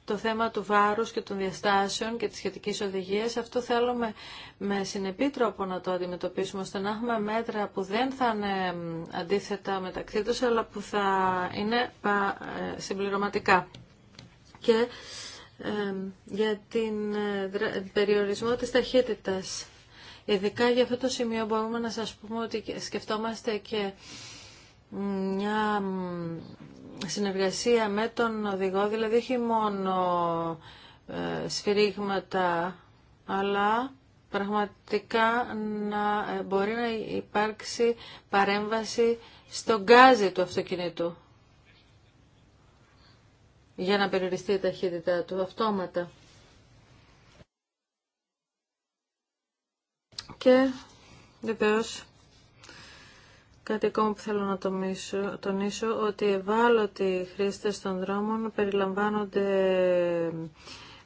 το θέμα του βάρους και των διαστάσεων και της σχετικής οδηγίας. Αυτό θέλουμε με συνεπή τρόπο να το αντιμετωπίσουμε, ώστε να έχουμε μέτρα που δεν θα είναι αντίθετα μεταξύ τους, αλλά που θα είναι ε, συμπληρωματικά. Και για την ε, περιορισμό της ταχύτητας. Ειδικά για αυτό το σημείο μπορούμε να σας πούμε ότι σκεφτόμαστε και μια συνεργασία με τον οδηγό, δηλαδή όχι μόνο ε, σφυρίγματα, αλλά πραγματικά να ε, μπορεί να υπάρξει παρέμβαση στον γκάζι του αυτοκινήτου για να περιοριστεί η ταχύτητά του αυτόματα. Και βεβαίω κάτι ακόμα που θέλω να τονίσω, ότι οι ευάλωτοι χρήστες των δρόμων περιλαμβάνονται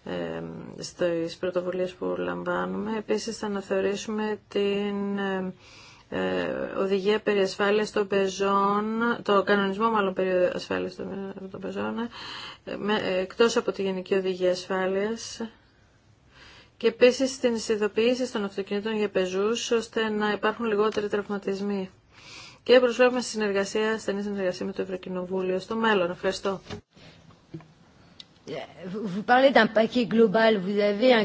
ε, στις πρωτοβουλίες που λαμβάνουμε. Επίσης θα αναθεωρήσουμε την ε, ε, οδηγία περί ασφάλειας των πεζών, το κανονισμό μάλλον περί ασφάλειας των πεζών, ε, ε, εκτός από τη Γενική Οδηγία Ασφάλειας. Και επίση την ειδοποιήσει των αυτοκινήτων για πεζούς ώστε να υπάρχουν λιγότεροι τραυματισμοί. Και προσβλέπουμε συνεργασία, στενή συνεργασία με το Ευρωκοινοβούλιο στο μέλλον. Ευχαριστώ. Vous parlez d'un paquet global. Vous avez un...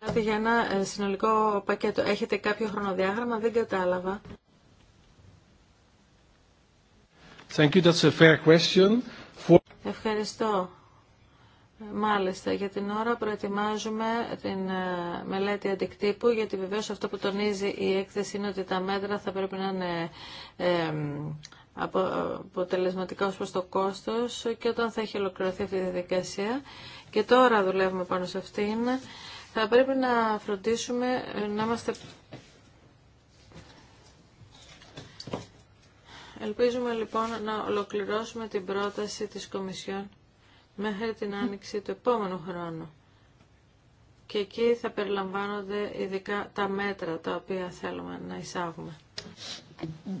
Κάτι για ένα ε, συνολικό πακέτο. Έχετε κάποιο χρονοδιάγραμμα, δεν κατάλαβα. Thank you. That's a fair question. Ευχαριστώ. Μάλιστα, για την ώρα προετοιμάζουμε την ε, μελέτη αντικτύπου, γιατί βεβαίω αυτό που τονίζει η έκθεση είναι ότι τα μέτρα θα πρέπει να είναι αποτελεσματικά ως προς το κόστος και όταν θα έχει ολοκληρωθεί αυτή η διαδικασία. Και τώρα δουλεύουμε πάνω σε αυτήν θα πρέπει να φροντίσουμε ε, να είμαστε Ελπίζουμε λοιπόν να ολοκληρώσουμε την πρόταση της Κομισιόν μέχρι την άνοιξη του επόμενου χρόνου. Και εκεί θα περιλαμβάνονται ειδικά τα μέτρα τα οποία θέλουμε να εισάγουμε.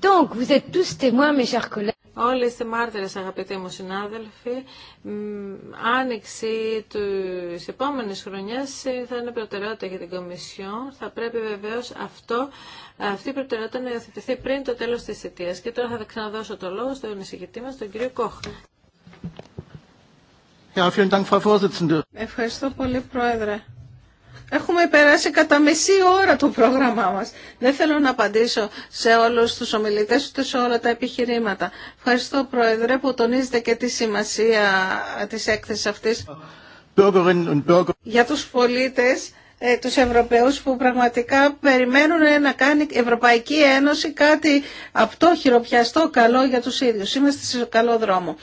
Donc, vous êtes tous témoins, Όλοι είστε μάρτυρες αγαπητοί μου συνάδελφοι. Άνοιξη της επόμενης χρονιάς θα είναι προτεραιότητα για την Κομισιό. Θα πρέπει βεβαίως αυτό, αυτή η προτεραιότητα να υιοθετηθεί πριν το τέλος της θητείας. Και τώρα θα ξαναδώσω το λόγο στον εισηγητή μας, τον κύριο Κόχ. Ευχαριστώ πολύ, Πρόεδρε. Έχουμε περάσει κατά μισή ώρα το πρόγραμμά μας. Δεν θέλω να απαντήσω σε όλους τους ομιλητές, ούτε σε όλα τα επιχειρήματα. Ευχαριστώ, Πρόεδρε, που τονίζετε και τη σημασία της έκθεσης αυτής για τους πολίτες, ε, τους Ευρωπαίους που πραγματικά περιμένουν να κάνει η Ευρωπαϊκή Ένωση κάτι απτό, χειροπιαστό, καλό για τους ίδιους. Είμαστε σε καλό δρόμο.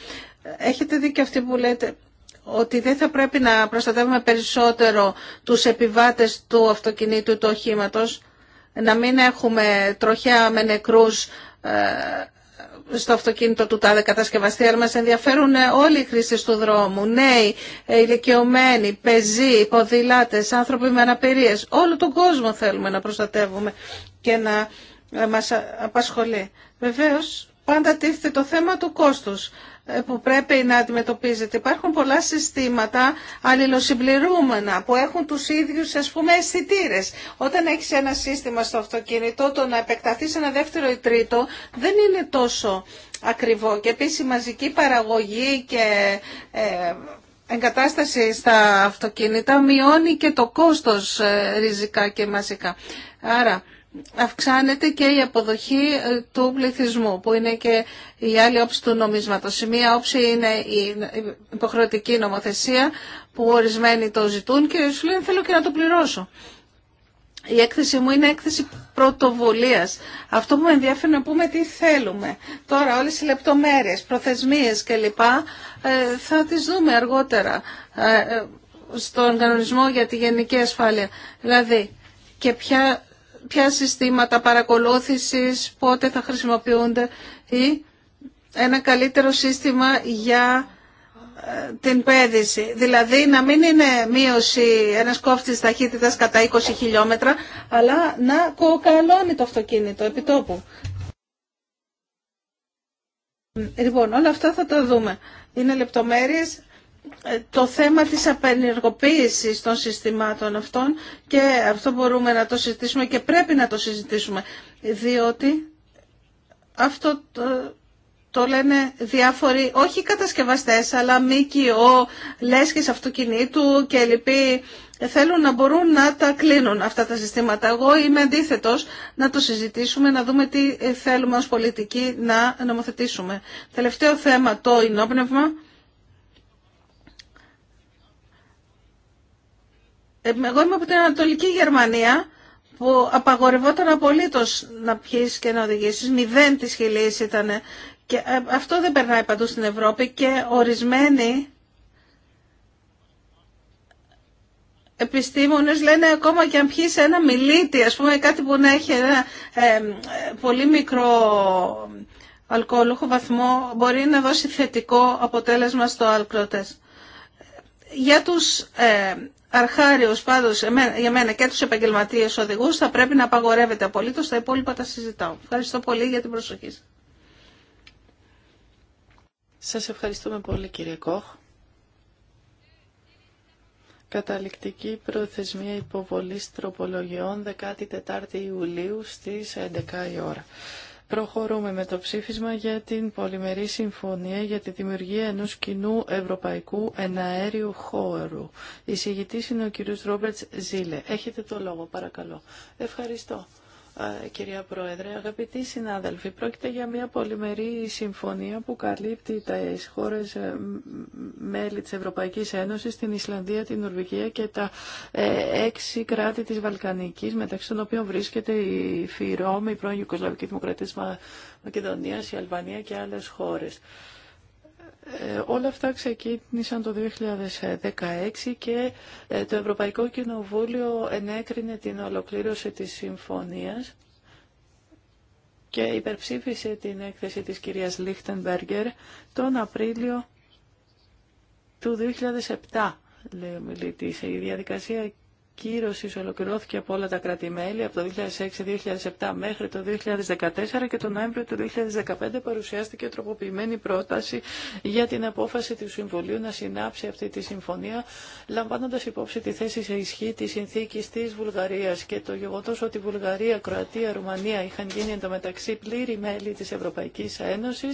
Έχετε δει και αυτή που λέτε ότι δεν θα πρέπει να προστατεύουμε περισσότερο τους επιβάτες του αυτοκινήτου του οχήματο, να μην έχουμε τροχιά με νεκρούς ε, στο αυτοκίνητο του τάδε κατασκευαστή, αλλά μας ενδιαφέρουν όλοι οι χρήστες του δρόμου, νέοι, ε, ηλικιωμένοι, πεζοί, ποδηλάτες, άνθρωποι με αναπηρίες. Όλο τον κόσμο θέλουμε να προστατεύουμε και να ε, μας απασχολεί. Βεβαίως, πάντα τίθεται το θέμα του κόστους. Ε, που πρέπει να αντιμετωπίζεται. Υπάρχουν πολλά συστήματα αλληλοσυμπληρούμενα που έχουν τους ίδιους ας πούμε αισθητήρε. Όταν έχεις ένα σύστημα στο αυτοκίνητο το να επεκταθεί σε ένα δεύτερο ή τρίτο δεν είναι τόσο ακριβό και επίσης η μαζική παραγωγή και ε, εγκατάσταση στα αυτοκίνητα μειώνει και το κόστος ε, ριζικά και μαζικά. Άρα αυξάνεται και η αποδοχή ε, του πληθυσμού, που είναι και η άλλη όψη του νομίσματος. Η μία όψη είναι η υποχρεωτική νομοθεσία, που ορισμένοι το ζητούν και σου λένε θέλω και να το πληρώσω. Η έκθεση μου είναι έκθεση πρωτοβουλία. Αυτό που με ενδιαφέρει να πούμε τι θέλουμε. Τώρα όλες οι λεπτομέρειες, προθεσμίες κλπ. Ε, θα τις δούμε αργότερα ε, στον κανονισμό για τη γενική ασφάλεια. Δηλαδή, και ποια ποια συστήματα παρακολούθησης, πότε θα χρησιμοποιούνται ή ένα καλύτερο σύστημα για ε, την πέδηση. Δηλαδή να μην είναι μείωση ένας κόφτης ταχύτητας κατά 20 χιλιόμετρα, αλλά να κοκαλώνει το αυτοκίνητο επιτόπου. Λοιπόν, όλα αυτά θα τα δούμε. Είναι λεπτομέρειες το θέμα της απενεργοποίησης των συστημάτων αυτών και αυτό μπορούμε να το συζητήσουμε και πρέπει να το συζητήσουμε διότι αυτό το, λένε διάφοροι, όχι κατασκευαστές, αλλά ΜΚΟ, λέσχες αυτοκινήτου και λοιποί, θέλουν να μπορούν να τα κλείνουν αυτά τα συστήματα. Εγώ είμαι αντίθετος να το συζητήσουμε, να δούμε τι θέλουμε ως πολιτικοί να νομοθετήσουμε. Τελευταίο θέμα, το ενόπνευμα. Ε, εγώ είμαι από την Ανατολική Γερμανία που απαγορευόταν απολύτως να πιείς και να οδηγήσεις. Μηδέν της χιλής ήταν. Και ε, αυτό δεν περνάει παντού στην Ευρώπη και ορισμένοι επιστήμονες λένε ακόμα και αν πιείς ένα μιλίτι, ας πούμε κάτι που να έχει ένα ε, πολύ μικρό αλκοόλουχο βαθμό, μπορεί να δώσει θετικό αποτέλεσμα στο αλκρότες. Για τους αρχάριος πάντως για μένα και τους επαγγελματίες οδηγούς θα πρέπει να απαγορεύεται απολύτως, τα υπόλοιπα τα συζητάω. Ευχαριστώ πολύ για την προσοχή σας. Σας ευχαριστούμε πολύ κύριε Κόχ. Καταληκτική προθεσμία υποβολής τροπολογιών 14 Ιουλίου στις 11 η ώρα. Προχωρούμε με το ψήφισμα για την Πολυμερή Συμφωνία για τη δημιουργία ενός κοινού ευρωπαϊκού εναέριου χώρου. Η συγητής είναι ο κύριος Ρόμπερτς Ζήλε. Έχετε το λόγο, παρακαλώ. Ευχαριστώ. Ε, κυρία Πρόεδρε. Αγαπητοί συνάδελφοι, πρόκειται για μια πολυμερή συμφωνία που καλύπτει τα χώρες ε, μέλη της Ευρωπαϊκής Ένωσης, την Ισλανδία, την Νορβηγία και τα ε, έξι κράτη της Βαλκανικής, μεταξύ των οποίων βρίσκεται η Φιρόμη, η πρώην Ιουκοσλαβική Δημοκρατία της Μακεδονίας, η Αλβανία και άλλες χώρες. Ε, όλα αυτά ξεκίνησαν το 2016 και ε, το Ευρωπαϊκό Κοινοβούλιο ενέκρινε την ολοκλήρωση της συμφωνίας και υπερψήφισε την έκθεση της κυρίας Λίχτενμπέργκερ τον Απρίλιο του 2007, λέει μιλητής. Η διαδικασία κύρωσης ολοκληρώθηκε από όλα τα κράτη-μέλη από το 2006-2007 μέχρι το 2014 και τον Νοέμβριο του 2015 παρουσιάστηκε τροποποιημένη πρόταση για την απόφαση του Συμβουλίου να συνάψει αυτή τη συμφωνία λαμβάνοντα υπόψη τη θέση σε ισχύ τη συνθήκη τη Βουλγαρία και το γεγονό ότι Βουλγαρία, Κροατία, Ρουμανία είχαν γίνει εντωμεταξύ πλήρη μέλη τη Ευρωπαϊκή Ένωση,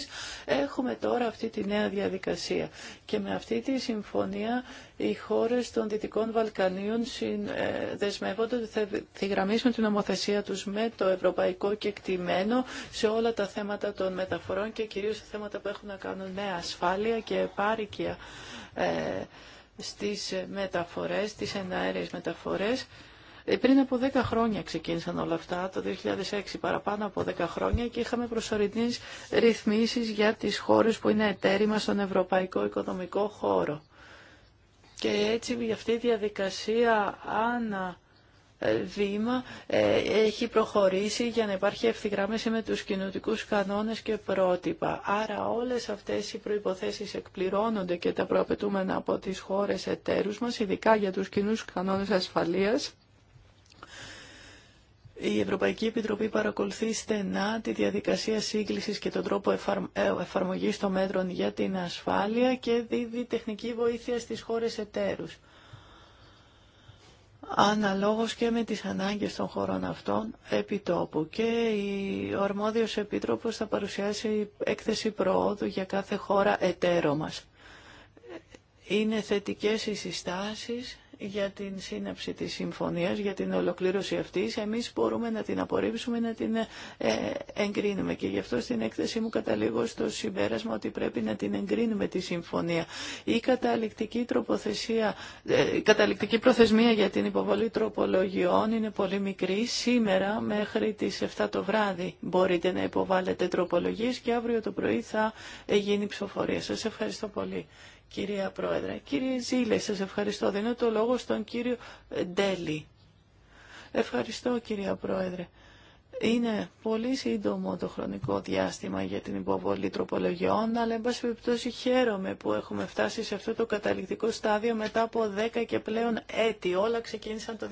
έχουμε τώρα αυτή τη νέα διαδικασία και με αυτή τη συμφωνία οι χώρες των Δυτικών Βαλκανίων ε, δεσμεύονται ότι θα διγραμμίσουν την ομοθεσία τους με το ευρωπαϊκό κεκτημένο σε όλα τα θέματα των μεταφορών και κυρίως σε θέματα που έχουν να κάνουν με ασφάλεια και επάρκεια ε, στις μεταφορές, στις εναέρειες μεταφορές. Ε, πριν από 10 χρόνια ξεκίνησαν όλα αυτά, το 2006 παραπάνω από 10 χρόνια και είχαμε προσωρινείς ρυθμίσεις για τις χώρες που είναι εταίρημα στον ευρωπαϊκό οικονομικό χώρο. Και έτσι αυτή η διαδικασία άνα ε, βήμα ε, έχει προχωρήσει για να υπάρχει ευθυγράμμιση με τους κοινωτικούς κανόνες και πρότυπα. Άρα όλες αυτές οι προϋποθέσεις εκπληρώνονται και τα προαπαιτούμενα από τις χώρες εταίρους μας, ειδικά για τους κοινούς κανόνες ασφαλείας. Η Ευρωπαϊκή Επιτροπή παρακολουθεί στενά τη διαδικασία σύγκλησης και τον τρόπο ε, εφαρμογής των μέτρων για την ασφάλεια και δίδει τεχνική βοήθεια στις χώρες εταίρους. Αναλόγως και με τις ανάγκες των χωρών αυτών επιτόπου και ο αρμόδιος επίτροπος θα παρουσιάσει έκθεση προόδου για κάθε χώρα εταίρο μας. Είναι θετικές οι συστάσεις για την σύναψη της συμφωνίας, για την ολοκλήρωση αυτής. Εμείς μπορούμε να την απορρίψουμε, να την ε, εγκρίνουμε και γι' αυτό στην έκθεσή μου καταλήγω στο συμπέρασμα ότι πρέπει να την εγκρίνουμε τη συμφωνία. Η καταληκτική, τροποθεσία, ε, καταληκτική προθεσμία για την υποβολή τροπολογιών είναι πολύ μικρή. Σήμερα μέχρι τις 7 το βράδυ μπορείτε να υποβάλλετε τροπολογίες και αύριο το πρωί θα γίνει ψηφοφορία. Σας ευχαριστώ πολύ κυρία Πρόεδρε. Κύριε Ζήλε, σας ευχαριστώ. Δίνω το λόγο στον κύριο Ντέλη. Ευχαριστώ, κυρία Πρόεδρε. Είναι πολύ σύντομο το χρονικό διάστημα για την υποβολή τροπολογιών, αλλά εν πάση περιπτώσει χαίρομαι που έχουμε φτάσει σε αυτό το καταληκτικό στάδιο μετά από δέκα και πλέον έτη. Όλα ξεκίνησαν το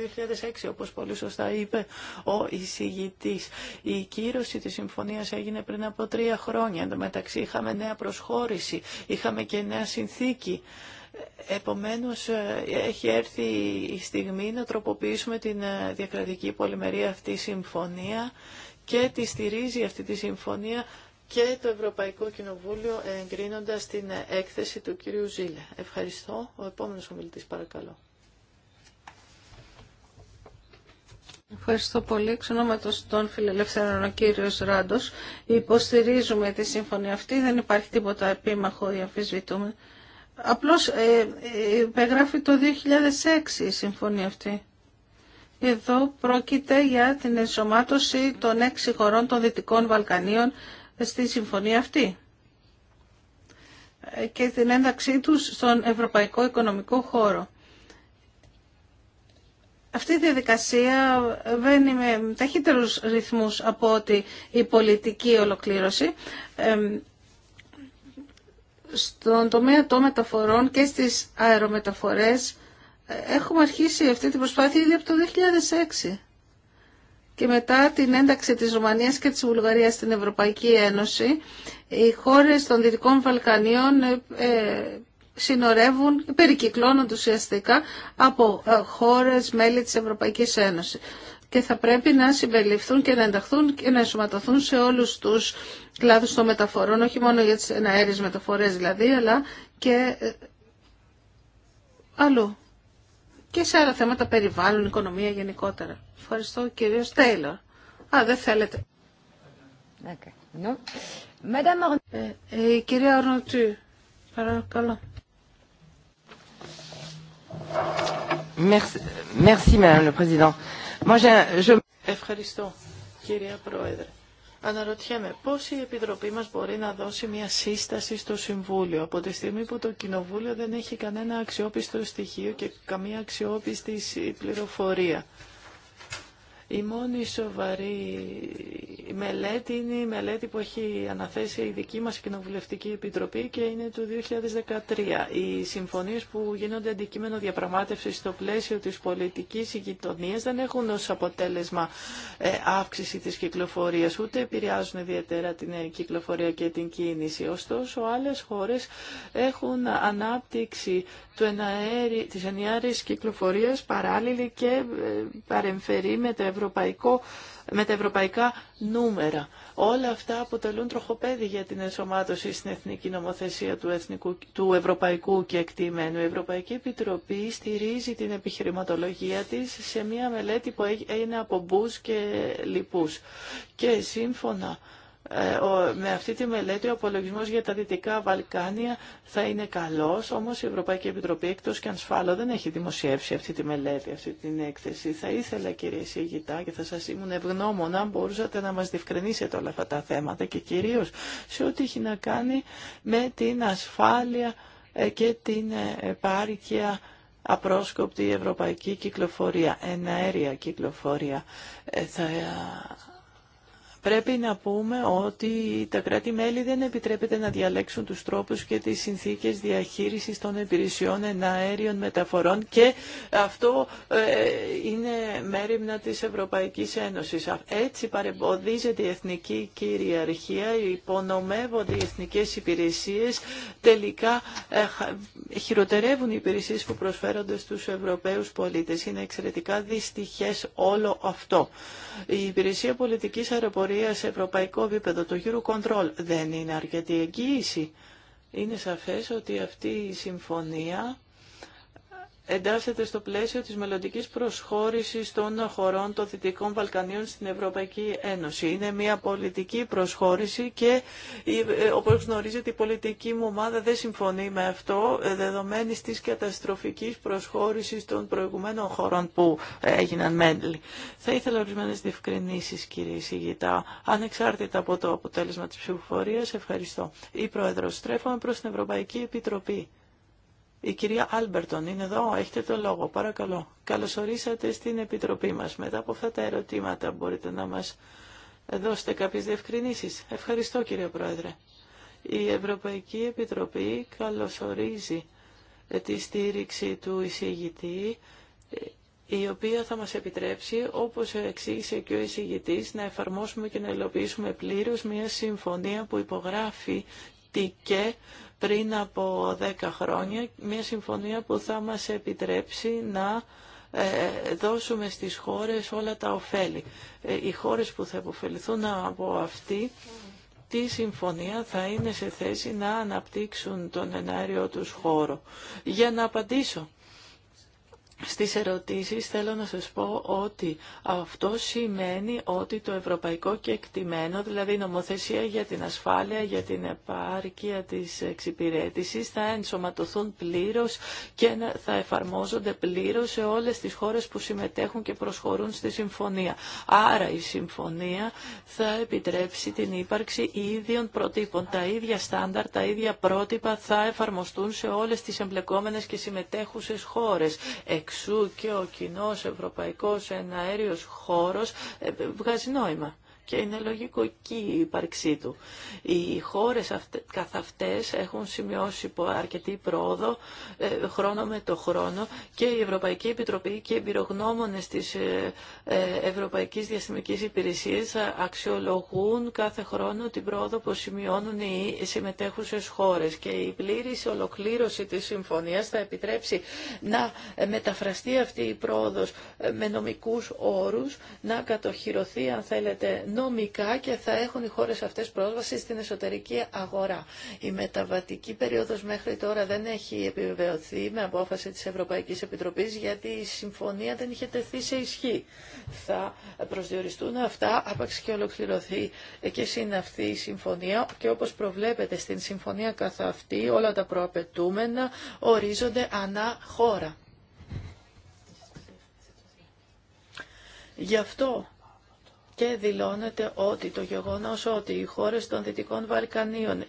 2006, όπως πολύ σωστά είπε ο εισηγητής. Η κύρωση της συμφωνίας έγινε πριν από τρία χρόνια. Εν τω μεταξύ είχαμε νέα προσχώρηση, είχαμε και νέα συνθήκη Επομένως, ε, έχει έρθει η στιγμή να τροποποιήσουμε την ε, διακρατική πολυμερία αυτή συμφωνία και τη στηρίζει αυτή τη συμφωνία και το Ευρωπαϊκό Κοινοβούλιο εγκρίνοντας την ε, έκθεση του κυρίου Ζήλε. Ευχαριστώ. Ο επόμενος ομιλητής παρακαλώ. Ευχαριστώ πολύ. Εξ των φιλελευθερών ο κύριος Ράντος. Υποστηρίζουμε τη συμφωνία αυτή. Δεν υπάρχει τίποτα επίμαχο ή αμφισβητούμενο. Απλώς ε, ε, υπεγράφει το 2006 η συμφωνία αυτή. Εδώ πρόκειται για την ενσωμάτωση των έξι χωρών των Δυτικών Βαλκανίων στη συμφωνία αυτή ε, και την ένταξή τους στον Ευρωπαϊκό Οικονομικό Χώρο. Αυτή η διαδικασία βαίνει με ταχύτερους ρυθμούς από ότι η πολιτική ολοκλήρωση. Ε, στον τομέα των μεταφορών και στις αερομεταφορές ε, έχουμε αρχίσει αυτή την προσπάθεια ήδη από το 2006 και μετά την ένταξη της Ρουμανίας και της Βουλγαρίας στην Ευρωπαϊκή Ένωση οι χώρες των Δυτικών Βαλκανίων ε, ε συνορεύουν, περικυκλώνονται ουσιαστικά από ε, χώρες μέλη της Ευρωπαϊκής Ένωσης και θα πρέπει να συμπεριληφθούν και να ενταχθούν και να ενσωματωθούν σε όλους τους κλάδους των μεταφορών, όχι μόνο για τις εναέρειες μεταφορές δηλαδή, αλλά και ε, αλλού. Και σε άλλα θέματα περιβάλλον, οικονομία γενικότερα. Ευχαριστώ κύριο Στέιλορ. Α, δεν θέλετε. Okay. No. Madame... Ε, ε, κυρία Ορνοτού, παρακαλώ. Merci, merci, Madame Ευχαριστώ, κυρία Πρόεδρε. Αναρωτιέμαι πώς η Επιτροπή μας μπορεί να δώσει μια σύσταση στο Συμβούλιο από τη στιγμή που το Κοινοβούλιο δεν έχει κανένα αξιόπιστο στοιχείο και καμία αξιόπιστη πληροφορία. Η μόνη σοβαρή μελέτη είναι η μελέτη που έχει αναθέσει η δική μας Κοινοβουλευτική Επιτροπή και είναι του 2013. Οι συμφωνίες που γίνονται αντικείμενο διαπραγμάτευσης στο πλαίσιο της πολιτικής γειτονίας δεν έχουν ως αποτέλεσμα ε, αύξηση της κυκλοφορίας, ούτε επηρεάζουν ιδιαίτερα την ε, κυκλοφορία και την κίνηση. Ωστόσο, άλλες χώρες έχουν ανάπτυξη του εναέρι, της ενιάρης κυκλοφορίας παράλληλη και ε, παρεμφερή με τα ευρωπαϊκό, με τα ευρωπαϊκά νούμερα. Όλα αυτά αποτελούν τροχοπέδι για την ενσωμάτωση στην εθνική νομοθεσία του, εθνικού, του ευρωπαϊκού και εκτιμένου. Η Ευρωπαϊκή Επιτροπή στηρίζει την επιχειρηματολογία της σε μια μελέτη που έγινε από μπούς και λοιπούς. Και σύμφωνα ε, με αυτή τη μελέτη ο απολογισμό για τα Δυτικά Βαλκάνια θα είναι καλό, όμω η Ευρωπαϊκή Επιτροπή εκτό και αν σφάλω δεν έχει δημοσιεύσει αυτή τη μελέτη, αυτή την έκθεση. Θα ήθελα κύριε Σιγητά και θα σα ήμουν ευγνώμων αν μπορούσατε να μα διευκρινίσετε όλα αυτά τα θέματα και κυρίω σε ό,τι έχει να κάνει με την ασφάλεια ε, και την ε, επάρκεια απρόσκοπτη ευρωπαϊκή κυκλοφορία, εναέρια κυκλοφορία. Θα Πρέπει να πούμε ότι τα κράτη-μέλη δεν επιτρέπεται να διαλέξουν τους τρόπους και τις συνθήκες διαχείρισης των υπηρεσιών εναέριων μεταφορών και αυτό ε, είναι μέρημνα της Ευρωπαϊκής Ένωσης. Έτσι παρεμποδίζεται η εθνική κυριαρχία, υπονομεύονται οι εθνικές υπηρεσίες, τελικά ε, χειροτερεύουν οι υπηρεσίες που προσφέρονται στους Ευρωπαίους πολίτες. Είναι εξαιρετικά δυστυχές όλο αυτό. Η υπηρεσία πολιτικής αεροπορίας πρωτοβουλία σε ευρωπαϊκό επίπεδο, το control δεν είναι αρκετή εγγύηση. Είναι σαφές ότι αυτή η συμφωνία εντάσσεται στο πλαίσιο της μελλοντική προσχώρησης των χωρών των Δυτικών Βαλκανίων στην Ευρωπαϊκή Ένωση. Είναι μια πολιτική προσχώρηση και ε, όπως γνωρίζετε η πολιτική μου ομάδα δεν συμφωνεί με αυτό ε, δεδομένη της καταστροφικής προσχώρησης των προηγουμένων χωρών που έγιναν μέλη. Θα ήθελα ορισμένε διευκρινήσεις κύριε Σιγητά, ανεξάρτητα από το αποτέλεσμα της ψηφοφορίας. Ευχαριστώ. Η Πρόεδρος, στρέφομαι προς την Ευρωπαϊκή Επιτροπή. Η κυρία Άλμπερτον είναι εδώ, έχετε το λόγο, παρακαλώ. Καλωσορίσατε στην Επιτροπή μας. Μετά από αυτά τα ερωτήματα μπορείτε να μας δώσετε κάποιες διευκρινήσεις. Ευχαριστώ κύριε Πρόεδρε. Η Ευρωπαϊκή Επιτροπή καλωσορίζει ε, τη στήριξη του εισηγητή η οποία θα μας επιτρέψει, όπως εξήγησε και ο εισηγητής, να εφαρμόσουμε και να υλοποιήσουμε πλήρως μια συμφωνία που υπογράφει και πριν από 10 χρόνια, μια συμφωνία που θα μας επιτρέψει να ε, δώσουμε στις χώρες όλα τα ωφέλη. Ε, οι χώρες που θα υποφεληθούν από αυτή τη συμφωνία θα είναι σε θέση να αναπτύξουν τον ενάριο τους χώρο. Για να απαντήσω στις ερωτήσεις θέλω να σας πω ότι αυτό σημαίνει ότι το ευρωπαϊκό κεκτημένο, δηλαδή η νομοθεσία για την ασφάλεια, για την επάρκεια της εξυπηρέτησης, θα ενσωματωθούν πλήρως και θα εφαρμόζονται πλήρως σε όλες τις χώρες που συμμετέχουν και προσχωρούν στη συμφωνία. Άρα η συμφωνία θα επιτρέψει την ύπαρξη ίδιων προτύπων. Τα ίδια στάνταρ, τα ίδια πρότυπα θα εφαρμοστούν σε όλες τις εμπλεκόμενες και συμμετέχουσες χώρες εξού και ο κοινός ευρωπαϊκός εναέριος χώρος ε, βγάζει νόημα και είναι λογικό εκεί η ύπαρξή του. Οι χώρες αυτε, καθ' αυτές έχουν σημειώσει αρκετή πρόοδο ε, χρόνο με το χρόνο και η Ευρωπαϊκή Επιτροπή και οι εμπειρογνώμονες της ε, ε, Ευρωπαϊκής Διαστημικής Υπηρεσίας αξιολογούν κάθε χρόνο την πρόοδο που σημειώνουν οι συμμετέχουσες χώρες και η πλήρης ολοκλήρωση της συμφωνίας θα επιτρέψει να μεταφραστεί αυτή η πρόοδος ε, με νομικούς όρους, να κατοχυρωθεί αν θέλετε νομικά και θα έχουν οι χώρες αυτές πρόσβαση στην εσωτερική αγορά. Η μεταβατική περίοδος μέχρι τώρα δεν έχει επιβεβαιωθεί με απόφαση της Ευρωπαϊκής Επιτροπής γιατί η συμφωνία δεν είχε τεθεί σε ισχύ. Θα προσδιοριστούν αυτά άπαξ και ολοκληρωθεί και συναυθεί η συμφωνία και όπως προβλέπεται στην συμφωνία καθ' αυτή όλα τα προαπαιτούμενα ορίζονται ανά χώρα. Γι' αυτό και δηλώνεται ότι το γεγονός ότι οι χώρες των Δυτικών Βαλκανίων ε,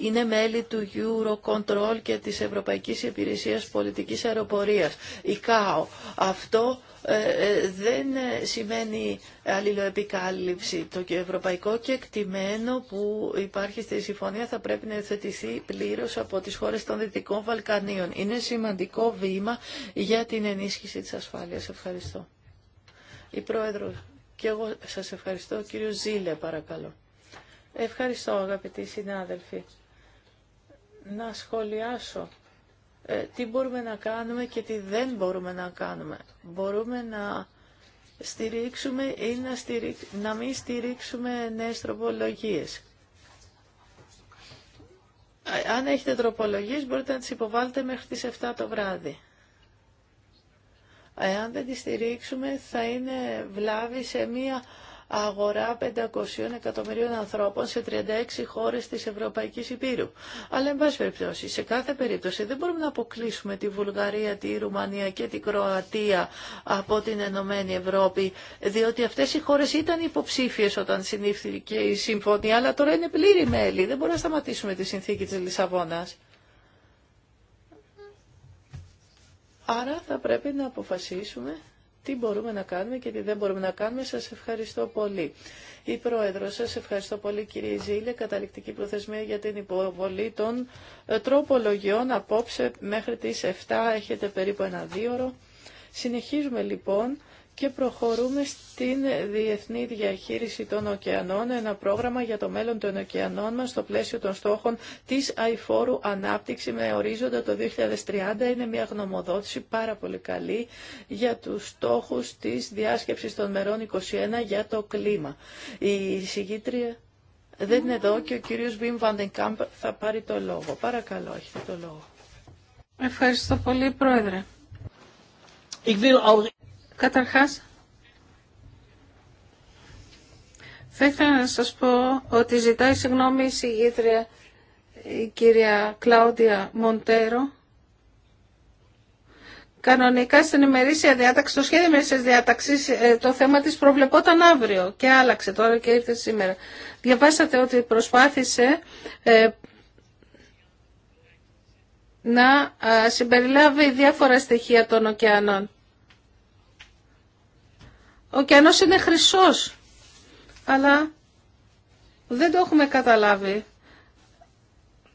είναι, μέλη του Eurocontrol και της Ευρωπαϊκής Υπηρεσίας Πολιτικής Αεροπορίας, η ΚΑΟ, αυτό ε, ε, δεν σημαίνει αλληλοεπικάλυψη. Το και ευρωπαϊκό κεκτημένο που υπάρχει στη συμφωνία θα πρέπει να εθετηθεί πλήρω από τις χώρες των Δυτικών Βαλκανίων. Είναι σημαντικό βήμα για την ενίσχυση της ασφάλειας. Ευχαριστώ. Η Πρόεδρο και εγώ σας ευχαριστώ. Κύριο Ζήλε παρακαλώ. Ευχαριστώ αγαπητοί συνάδελφοι. Να σχολιάσω ε, τι μπορούμε να κάνουμε και τι δεν μπορούμε να κάνουμε. Μπορούμε να στηρίξουμε ή να, στηρίξ, να μην στηρίξουμε νέες τροπολογίες. Αν έχετε τροπολογίες μπορείτε να τις υποβάλλετε μέχρι τις 7 το βράδυ. Εάν δεν τη στηρίξουμε θα είναι βλάβη σε μία αγορά 500 εκατομμυρίων ανθρώπων σε 36 χώρες της Ευρωπαϊκής Υπήρου. Αλλά, εν πάση περιπτώσει, σε κάθε περίπτωση δεν μπορούμε να αποκλείσουμε τη Βουλγαρία, τη Ρουμανία και την Κροατία από την Ενωμένη Ευρώπη, διότι αυτές οι χώρες ήταν υποψήφιες όταν συνήφθηκε η συμφωνία, αλλά τώρα είναι πλήρη μέλη. Δεν μπορούμε να σταματήσουμε τη συνθήκη της Λισαβόνας. Άρα θα πρέπει να αποφασίσουμε τι μπορούμε να κάνουμε και τι δεν μπορούμε να κάνουμε. Σας ευχαριστώ πολύ. Η Πρόεδρο, σας ευχαριστώ πολύ κύριε Ζήλια. Καταληκτική προθεσμία για την υποβολή των ε, τροπολογιών. Απόψε μέχρι τις 7 έχετε περίπου ένα δίωρο. Συνεχίζουμε λοιπόν και προχωρούμε στην διεθνή διαχείριση των Οκεανών, ένα πρόγραμμα για το μέλλον των ωκεανών μας στο πλαίσιο των στόχων της αηφόρου ανάπτυξη με ορίζοντα το 2030. Είναι μια γνωμοδότηση πάρα πολύ καλή για τους στόχους της διάσκεψης των μερών 21 για το κλίμα. Η συγκήτρια δεν είναι εδώ και ο κύριος Βιμ Βαντενκάμπ θα πάρει το λόγο. Παρακαλώ, έχετε το λόγο. Ευχαριστώ πολύ, Πρόεδρε. Καταρχάς, θα ήθελα να σας πω ότι ζητάει συγγνώμη η συγγήτρια η κυρία Κλάουδια Μοντέρο. Κανονικά στην ημερήσια διάταξη, το σχέδιο ημερήσιας διάταξης, ε, το θέμα της προβλεπόταν αύριο και άλλαξε τώρα και ήρθε σήμερα. Διαβάσατε ότι προσπάθησε ε, να συμπεριλάβει διάφορα στοιχεία των ωκεανών. Ο ωκεανός είναι χρυσός, αλλά δεν το έχουμε καταλάβει.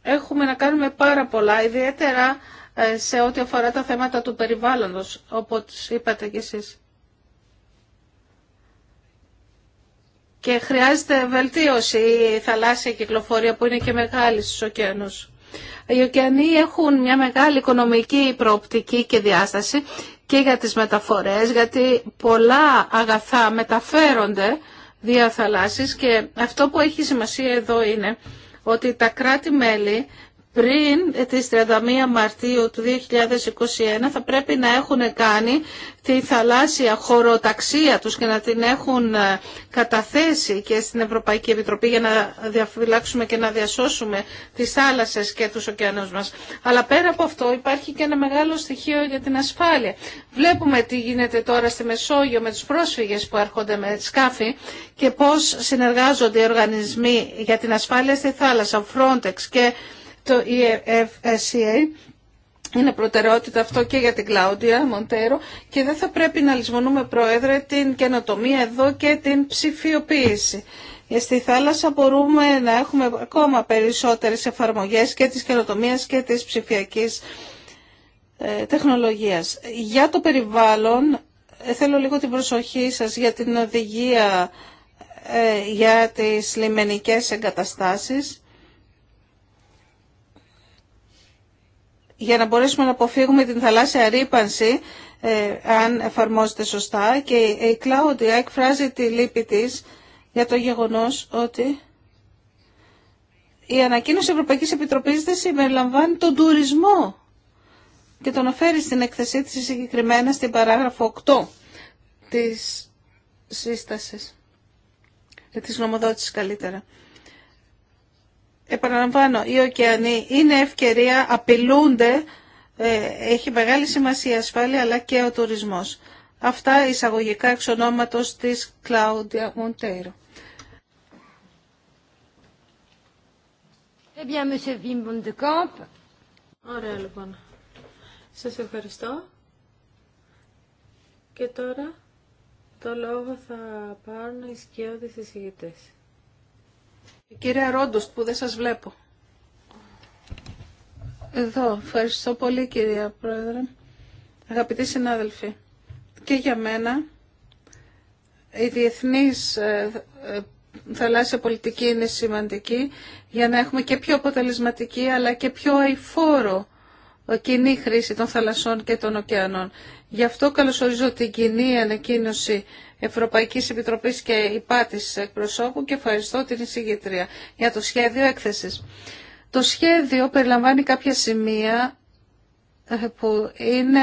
Έχουμε να κάνουμε πάρα πολλά, ιδιαίτερα ε, σε ό,τι αφορά τα θέματα του περιβάλλοντος, όπως είπατε κι εσείς. Και χρειάζεται βελτίωση η θαλάσσια κυκλοφορία που είναι και μεγάλη στους ωκεανούς. Οι ωκεανοί έχουν μια μεγάλη οικονομική προοπτική και διάσταση και για τις μεταφορές, γιατί πολλά αγαθά μεταφέρονται δια θαλάσσης και αυτό που έχει σημασία εδώ είναι ότι τα κράτη-μέλη πριν ε, τις 31 Μαρτίου του 2021 θα πρέπει να έχουν κάνει τη θαλάσσια χωροταξία τους και να την έχουν ε, καταθέσει και στην Ευρωπαϊκή Επιτροπή για να διαφυλάξουμε και να διασώσουμε τις θάλασσες και τους ωκεανούς μας. Αλλά πέρα από αυτό υπάρχει και ένα μεγάλο στοιχείο για την ασφάλεια. Βλέπουμε τι γίνεται τώρα στη Μεσόγειο με τους πρόσφυγες που έρχονται με σκάφη και πώς συνεργάζονται οι οργανισμοί για την ασφάλεια στη θάλασσα, Frontex και το EFSEA Είναι προτεραιότητα αυτό και για την Κλάουντια Μοντέρο και δεν θα πρέπει να λησμονούμε, Πρόεδρε, την καινοτομία εδώ και την ψηφιοποίηση. Στη θάλασσα μπορούμε να έχουμε ακόμα περισσότερες εφαρμογές και της καινοτομία και της ψηφιακής ε, τεχνολογίας. Για το περιβάλλον, ε, θέλω λίγο την προσοχή σας για την οδηγία ε, για τις λιμενικές εγκαταστάσεις για να μπορέσουμε να αποφύγουμε την θαλάσσια ρήπανση ε, αν εφαρμόζεται σωστά και η Κλάουδια εκφράζει τη λύπη της για το γεγονός ότι η ανακοίνωση Ευρωπαϊκής Επιτροπής δεν συμπεριλαμβάνει τον τουρισμό και τον αφαίρει στην εκθεσή της συγκεκριμένα στην παράγραφο 8 της σύστασης, ε, της νομοδότησης καλύτερα. Επαναλαμβάνω, οι ωκεανοί είναι ευκαιρία, απειλούνται, ε, έχει μεγάλη σημασία η ασφάλεια αλλά και ο τουρισμός. Αυτά εισαγωγικά εξ ονόματος της Κλάουντια Μοντέιρο. Ε, Ωραία, λοιπόν. Σας ευχαριστώ. Και τώρα το λόγο θα πάρουν οι σκιώδεις εισηγητές. Η κυρία που δεν σας βλέπω. Εδώ. Ευχαριστώ πολύ κυρία Πρόεδρε. Αγαπητοί συνάδελφοι. Και για μένα η διεθνής ε, ε, θαλάσσια πολιτική είναι σημαντική για να έχουμε και πιο αποτελεσματική αλλά και πιο αηφόρο ε, κοινή χρήση των θαλασσών και των ωκεανών. Γι' αυτό καλωσορίζω την κοινή ανακοίνωση Ευρωπαϊκής Επιτροπής και υπάτης εκπροσώπου και ευχαριστώ την εισηγήτρια για το σχέδιο έκθεσης. Το σχέδιο περιλαμβάνει κάποια σημεία ε, που είναι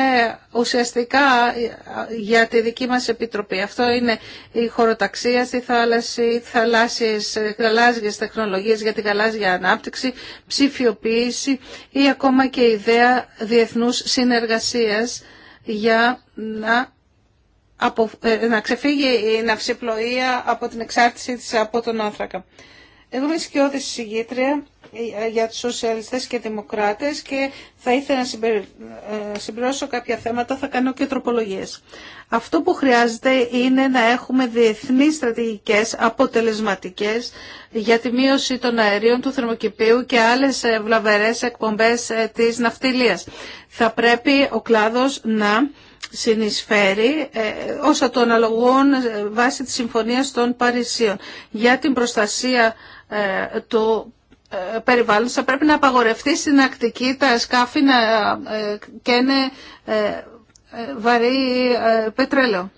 ουσιαστικά ε, για τη δική μας επιτροπή. Αυτό είναι η χωροταξία στη θάλασσα, οι θαλάσσιες, ε, γαλάζιες τεχνολογίες για την γαλάζια ανάπτυξη, ψηφιοποίηση ή ακόμα και ιδέα διεθνούς συνεργασίας για να, απο... Ε, να ξεφύγει η ναυσιπλοεία από την εξάρτησή της από τον άνθρακα. Εγώ είμαι σκιώδης συγγήτρια ε, για τους σοσιαλιστές και δημοκράτες και θα ήθελα να ε, συμπληρώσω κάποια θέματα, θα κάνω και τροπολογίες. Αυτό που χρειάζεται είναι να έχουμε διεθνείς στρατηγικές αποτελεσματικές για τη μείωση των αερίων του θερμοκηπίου και άλλες ε, βλαβερές εκπομπές της ναυτιλίας. Θα πρέπει ο κλάδος να συνεισφέρει όσα το αναλογούν βάσει της Συμφωνίας των Παρισίων για την προστασία του ε, περιβάλλον θα πρέπει να απαγορευτεί στην ακτική τα σκάφη να ε, καίνε ε, βαρύ πετρέλαιο.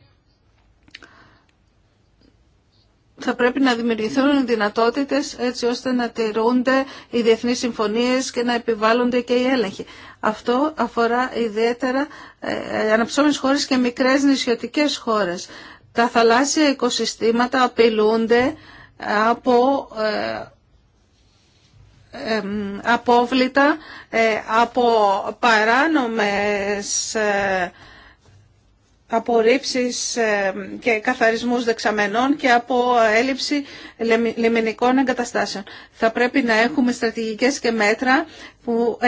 θα πρέπει να δημιουργηθούν δυνατότητες έτσι ώστε να τηρούνται οι διεθνείς συμφωνίες και να επιβάλλονται και οι έλεγχοι. Αυτό αφορά ιδιαίτερα ε, αναψώμενες χώρες και μικρές νησιωτικές χώρες. Τα θαλάσσια οικοσυστήματα απειλούνται από απόβλητα ε, από παράνομες ε, απορρίψεις ε, και καθαρισμούς δεξαμενών και από έλλειψη λιμενικών εγκαταστάσεων. Θα πρέπει να έχουμε στρατηγικές και μέτρα που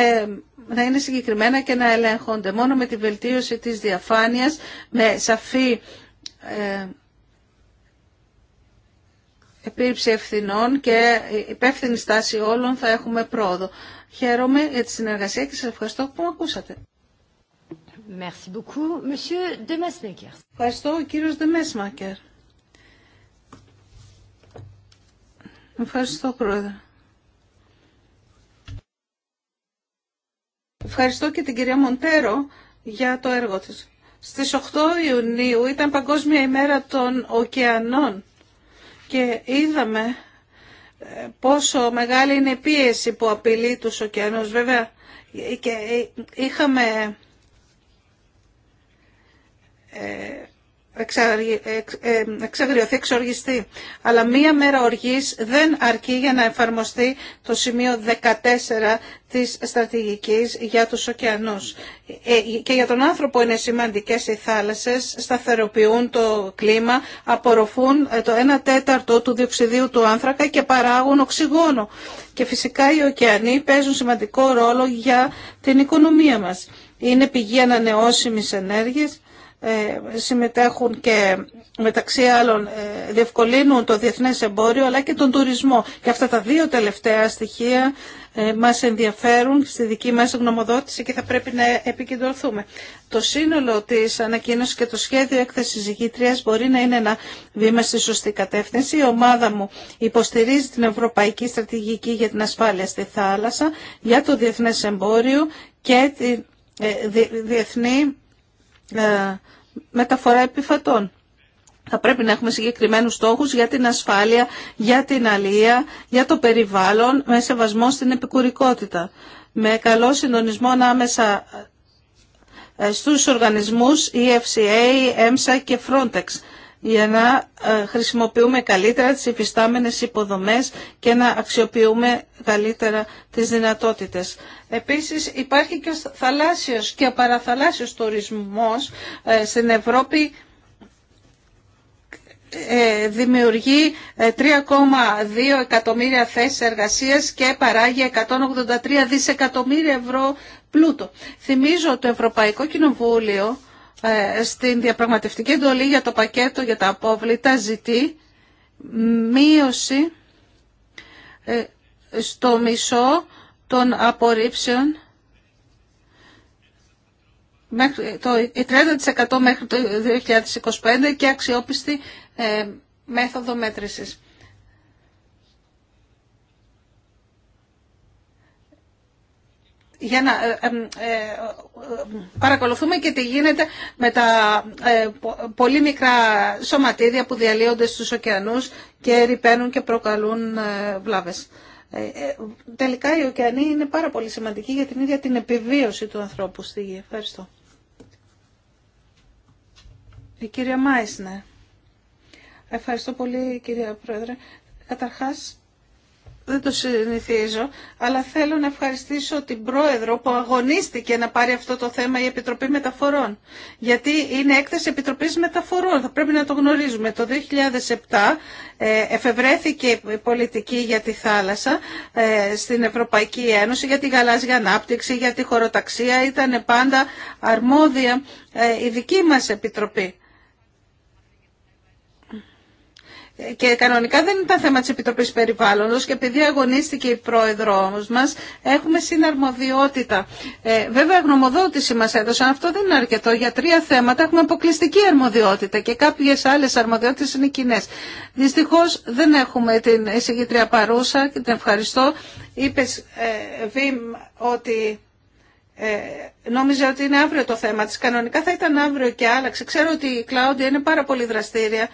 να είναι συγκεκριμένα και να ελέγχονται. Μόνο με τη βελτίωση της διαφάνειας, με σαφή επίρρηψη ευθυνών και υπεύθυνη στάση όλων θα έχουμε πρόοδο. Χαίρομαι για τη συνεργασία και σας ευχαριστώ που με ακούσατε. Ευχαριστώ, ο κύριος Δεμέσμακερ. Ευχαριστώ, Πρόεδρε. Ευχαριστώ και την κυρία Μοντέρο για το έργο της. Στις 8 Ιουνίου ήταν Παγκόσμια ημέρα των ωκεανών και είδαμε ε, πόσο μεγάλη είναι η πίεση που απειλεί τους ωκεανούς. Βέβαια ε, και ε, είχαμε ε, εξαγριωθεί, εξοργιστεί. Αλλά μία μέρα οργής δεν αρκεί για να εφαρμοστεί το σημείο 14 της στρατηγικής για τους ωκεανούς. Ε, και για τον άνθρωπο είναι σημαντικές οι θάλασσες, σταθεροποιούν το κλίμα, απορροφούν ε, το 1 τέταρτο του διοξιδίου του άνθρακα και παράγουν οξυγόνο. Και φυσικά οι ωκεανοί παίζουν σημαντικό ρόλο για την οικονομία μας. Είναι πηγή ανανεώσιμης ενέργειας ε, συμμετέχουν και μεταξύ άλλων ε, διευκολύνουν το διεθνές εμπόριο αλλά και τον τουρισμό. Και αυτά τα δύο τελευταία στοιχεία ε, μας ενδιαφέρουν στη δική μας γνωμοδότηση και θα πρέπει να επικεντρωθούμε. Το σύνολο της ανακοίνωσης και το σχέδιο έκθεσης ζυγήτριας μπορεί να είναι ένα βήμα στη σωστή κατεύθυνση. Η ομάδα μου υποστηρίζει την Ευρωπαϊκή Στρατηγική για την Ασφάλεια στη Θάλασσα, για το διεθνές εμπόριο και τη διεθνή ε, μεταφορά επιφατών. Θα πρέπει να έχουμε συγκεκριμένους στόχους για την ασφάλεια, για την αλεία, για το περιβάλλον, με σεβασμό στην επικουρικότητα. Με καλό συντονισμό ανάμεσα ε, στους οργανισμούς EFCA, EMSA και Frontex για να ε, χρησιμοποιούμε καλύτερα τις υφιστάμενες υποδομές και να αξιοποιούμε καλύτερα τις δυνατότητες. Επίσης υπάρχει και ο θαλάσσιος και παραθαλάσσιος τουρισμός ε, στην Ευρώπη ε, δημιουργεί 3,2 εκατομμύρια θέσεις εργασίας και παράγει 183 δισεκατομμύρια ευρώ πλούτο. Θυμίζω το Ευρωπαϊκό Κοινοβούλιο ε, στην διαπραγματευτική εντολή για το πακέτο για τα απόβλητα ζητεί μείωση ε, στο μισό των απορρίψεων μέχρι το 30% μέχρι το 2025 και αξιόπιστη ε, μέθοδο μέτρησης. για να παρακολουθούμε και τι γίνεται με τα ε, πολύ μικρά σωματίδια που διαλύονται στους ωκεανούς και ρηπαίνουν και προκαλούν ε, βλάβες. Ε, τελικά οι ωκεανοί είναι πάρα πολύ σημαντικοί για την ίδια την επιβίωση του ανθρώπου στη γη. Ευχαριστώ. Η κυρία Μάισνε. Ευχαριστώ πολύ κυρία Πρόεδρε. Καταρχάς δεν το συνηθίζω, αλλά θέλω να ευχαριστήσω την Πρόεδρο που αγωνίστηκε να πάρει αυτό το θέμα η Επιτροπή Μεταφορών. Γιατί είναι έκθεση Επιτροπής Μεταφορών, θα πρέπει να το γνωρίζουμε. Το 2007 ε, εφευρέθηκε η πολιτική για τη θάλασσα ε, στην Ευρωπαϊκή Ένωση, για τη γαλάζια ανάπτυξη, για τη χωροταξία. Ήταν πάντα αρμόδια ε, η δική μας Επιτροπή. και κανονικά δεν ήταν θέμα τη Επιτροπή Περιβάλλοντος και επειδή αγωνίστηκε η πρόεδρό μας έχουμε συναρμοδιότητα. Ε, βέβαια γνωμοδότηση μα έδωσαν, αυτό δεν είναι αρκετό. Για τρία θέματα έχουμε αποκλειστική αρμοδιότητα και κάποιε άλλε αρμοδιότητε είναι κοινέ. Δυστυχώ δεν έχουμε την εισηγήτρια παρούσα και την ευχαριστώ. Είπε ε, ότι... Ε, νόμιζε ότι είναι αύριο το θέμα της. Κανονικά θα ήταν αύριο και άλλαξε. Ξέρω ότι η Κλάουντια είναι πάρα πολύ δραστήρια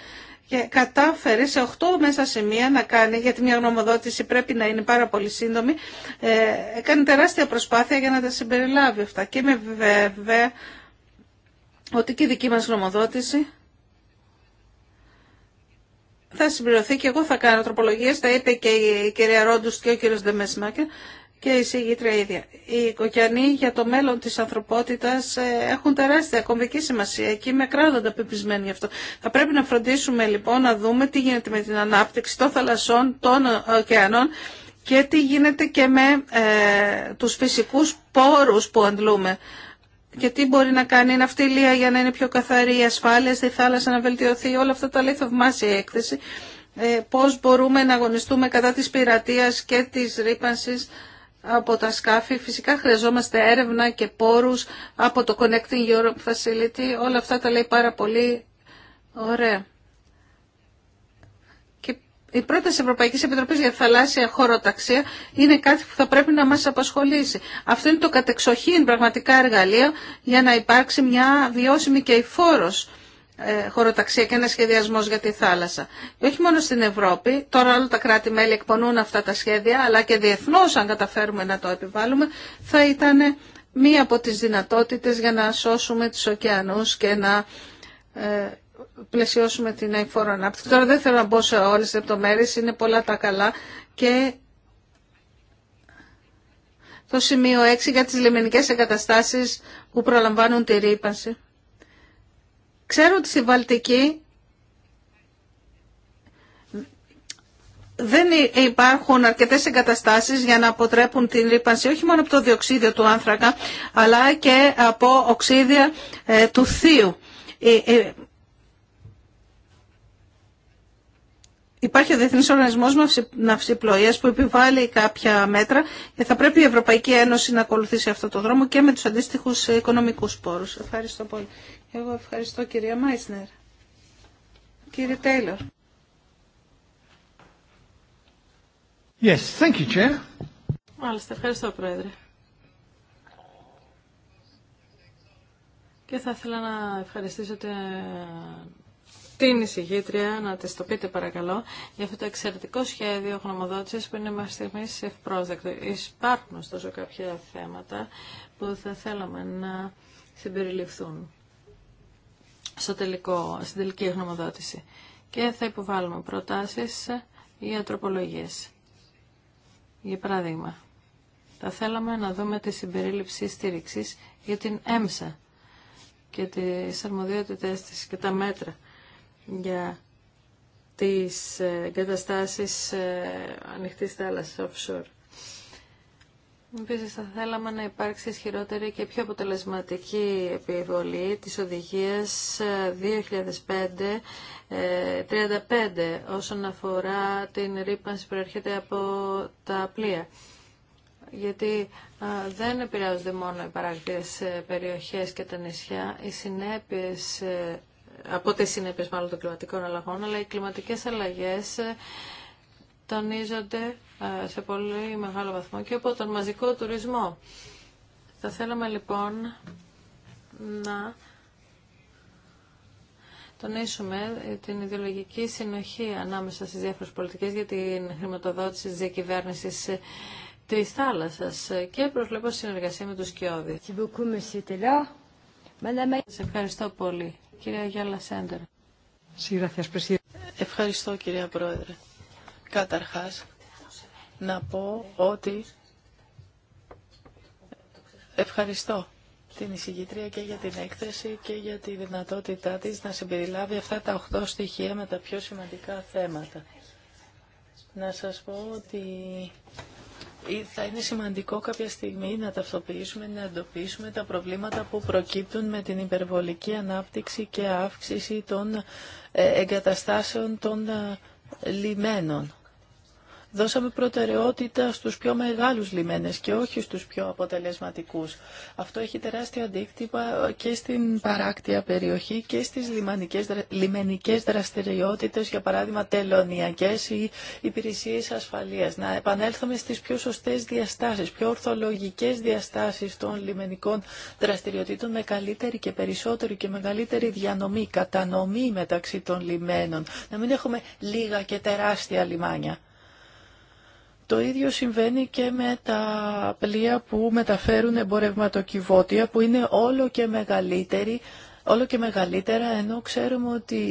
και κατάφερε σε 8 μέσα σημεία να κάνει, γιατί μια γνωμοδότηση πρέπει να είναι πάρα πολύ σύντομη, ε, έκανε τεράστια προσπάθεια για να τα συμπεριλάβει αυτά. Και είμαι βέβαια ότι και η δική μας γνωμοδότηση θα συμπληρωθεί και εγώ θα κάνω τροπολογίες, τα είπε και η κυρία Ρόντουστ και ο κύριος Δεμέσμακερ, και η συγγήτρια ίδια. Οι οικοκιανοί για το μέλλον της ανθρωπότητας ε, έχουν τεράστια κομβική σημασία και είμαι κράτοντα πεπισμένη γι' αυτό. Θα πρέπει να φροντίσουμε λοιπόν να δούμε τι γίνεται με την ανάπτυξη των θαλασσών, των ε, ωκεανών και τι γίνεται και με ε, τους φυσικούς πόρους που αντλούμε. Και τι μπορεί να κάνει η ναυτιλία για να είναι πιο καθαρή, η ασφάλεια στη θάλασσα να βελτιωθεί, όλα αυτά τα λέει θαυμάσια η έκθεση. Ε, μπορούμε να αγωνιστούμε κατά τη πειρατεία και τη ρήπανσης από τα σκάφη. Φυσικά χρειαζόμαστε έρευνα και πόρους από το Connecting Europe Facility. Όλα αυτά τα λέει πάρα πολύ ωραία. Και η πρόταση Ευρωπαϊκής Επιτροπής για θαλάσσια χωροταξία είναι κάτι που θα πρέπει να μας απασχολήσει. Αυτό είναι το κατεξοχήν πραγματικά εργαλείο για να υπάρξει μια βιώσιμη και υφόρος ε, χωροταξία και ένα σχεδιασμό για τη θάλασσα. όχι μόνο στην Ευρώπη, τώρα όλα τα κράτη-μέλη εκπονούν αυτά τα σχέδια, αλλά και διεθνώ, αν καταφέρουμε να το επιβάλλουμε, θα ήταν μία από τι δυνατότητε για να σώσουμε του ωκεανού και να ε, πλαισιώσουμε την αηφόρο ανάπτυξη. Τώρα δεν θέλω να μπω σε όλε τι λεπτομέρειε, είναι πολλά τα καλά και το σημείο 6 για τις λιμενικές εγκαταστάσεις που προλαμβάνουν τη ρήπανση. Ξέρω ότι στη Βαλτική δεν υπάρχουν αρκετές εγκαταστάσεις για να αποτρέπουν την ρήπανση όχι μόνο από το διοξίδιο του άνθρακα αλλά και από οξύδια ε, του θείου. Ε, ε, υπάρχει ο Διεθνής Οργανισμός Ναυσιπλοείας που επιβάλλει κάποια μέτρα και θα πρέπει η Ευρωπαϊκή Ένωση να ακολουθήσει αυτό το δρόμο και με τους αντίστοιχους οικονομικούς πόρους. Ευχαριστώ πολύ. Εγώ ευχαριστώ κυρία Μάισνερ. Κύριε Τέιλορ. Yes, thank you, Chair. Μάλιστα, ευχαριστώ Πρόεδρε. Και θα ήθελα να ευχαριστήσω την εισηγήτρια, να τη το πείτε παρακαλώ, για αυτό το εξαιρετικό σχέδιο γνωμοδότησης που είναι μέχρι στιγμή ευπρόσδεκτο. Υπάρχουν ωστόσο κάποια θέματα που θα θέλαμε να συμπεριληφθούν στο τελικό, στην τελική γνωμοδότηση και θα υποβάλουμε προτάσεις ή τροπολογίες. Για παράδειγμα, θα θέλαμε να δούμε τη συμπερίληψη στήριξη για την ΕΜΣΑ και τις αρμοδιότητες της και τα μέτρα για τις ε, εγκαταστάσεις ε, ανοιχτής θάλασσας offshore. Επίσης θα θέλαμε να υπάρξει ισχυρότερη και πιο αποτελεσματική επιβολή της οδηγίας 2005 ε, 35 ε, όσον αφορά την ρήπανση που προέρχεται από τα πλοία. Γιατί ε, δεν επηρεάζονται μόνο οι παράκτητες περιοχές και τα νησιά, οι συνέπειες, από τις συνέπειες μάλλον των κλιματικών αλλαγών, αλλά οι κλιματικές αλλαγές τονίζονται ε, σε πολύ μεγάλο βαθμό και από τον μαζικό τουρισμό. Θα θέλαμε λοιπόν να τονίσουμε την ιδεολογική συνοχή ανάμεσα στις διάφορες πολιτικές για την χρηματοδότηση της διακυβέρνησης ε, της θάλασσας και προσβλέπω συνεργασία με τους Κιώδη. Σας ευχαριστώ πολύ. Κυρία Γιάλα Σέντερ. Ευχαριστώ κυρία Πρόεδρε. Καταρχάς, να πω ότι ευχαριστώ την εισηγητρία και για την έκθεση και για τη δυνατότητά της να συμπεριλάβει αυτά τα οχτώ στοιχεία με τα πιο σημαντικά θέματα. Να σας πω ότι θα είναι σημαντικό κάποια στιγμή να ταυτοποιήσουμε, να εντοπίσουμε τα προβλήματα που προκύπτουν με την υπερβολική ανάπτυξη και αύξηση των ε, εγκαταστάσεων των ε, λιμένων. Δώσαμε προτεραιότητα στους πιο μεγάλους λιμένες και όχι στους πιο αποτελεσματικούς. Αυτό έχει τεράστια αντίκτυπα και στην παράκτια περιοχή και στις λιμανικές, λιμενικές δραστηριότητες, για παράδειγμα τελωνιακές ή υπηρεσίες ασφαλείας. Να επανέλθουμε στις πιο σωστές διαστάσεις, πιο ορθολογικές διαστάσεις των λιμενικών δραστηριοτήτων με καλύτερη και περισσότερη και μεγαλύτερη διανομή, κατανομή μεταξύ των λιμένων. Να μην έχουμε λίγα και τεράστια λιμάνια. Το ίδιο συμβαίνει και με τα πλοία που μεταφέρουν εμπορευματοκιβώτια που είναι όλο και μεγαλύτερη, όλο και μεγαλύτερα ενώ ξέρουμε ότι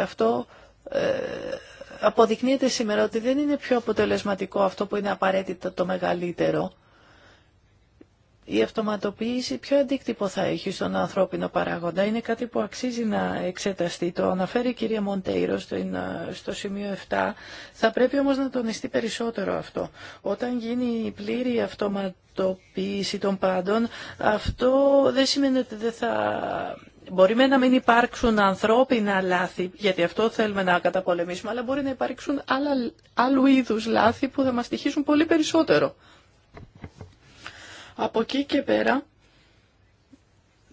αυτό ε, αποδεικνύεται σήμερα ότι δεν είναι πιο αποτελεσματικό αυτό που είναι απαραίτητο το μεγαλύτερο η αυτοματοποίηση ποιο αντίκτυπο θα έχει στον ανθρώπινο παράγοντα. Είναι κάτι που αξίζει να εξεταστεί. Το αναφέρει η κυρία Μοντέιρο στο σημείο 7. Θα πρέπει όμως να τονιστεί περισσότερο αυτό. Όταν γίνει η πλήρη αυτοματοποίηση των πάντων, αυτό δεν σημαίνει ότι δεν θα Μπορεί να μην υπάρξουν ανθρώπινα λάθη, γιατί αυτό θέλουμε να καταπολεμήσουμε, αλλά μπορεί να υπάρξουν άλλα, άλλου είδους λάθη που θα μας στοιχίσουν πολύ περισσότερο. Από εκεί και πέρα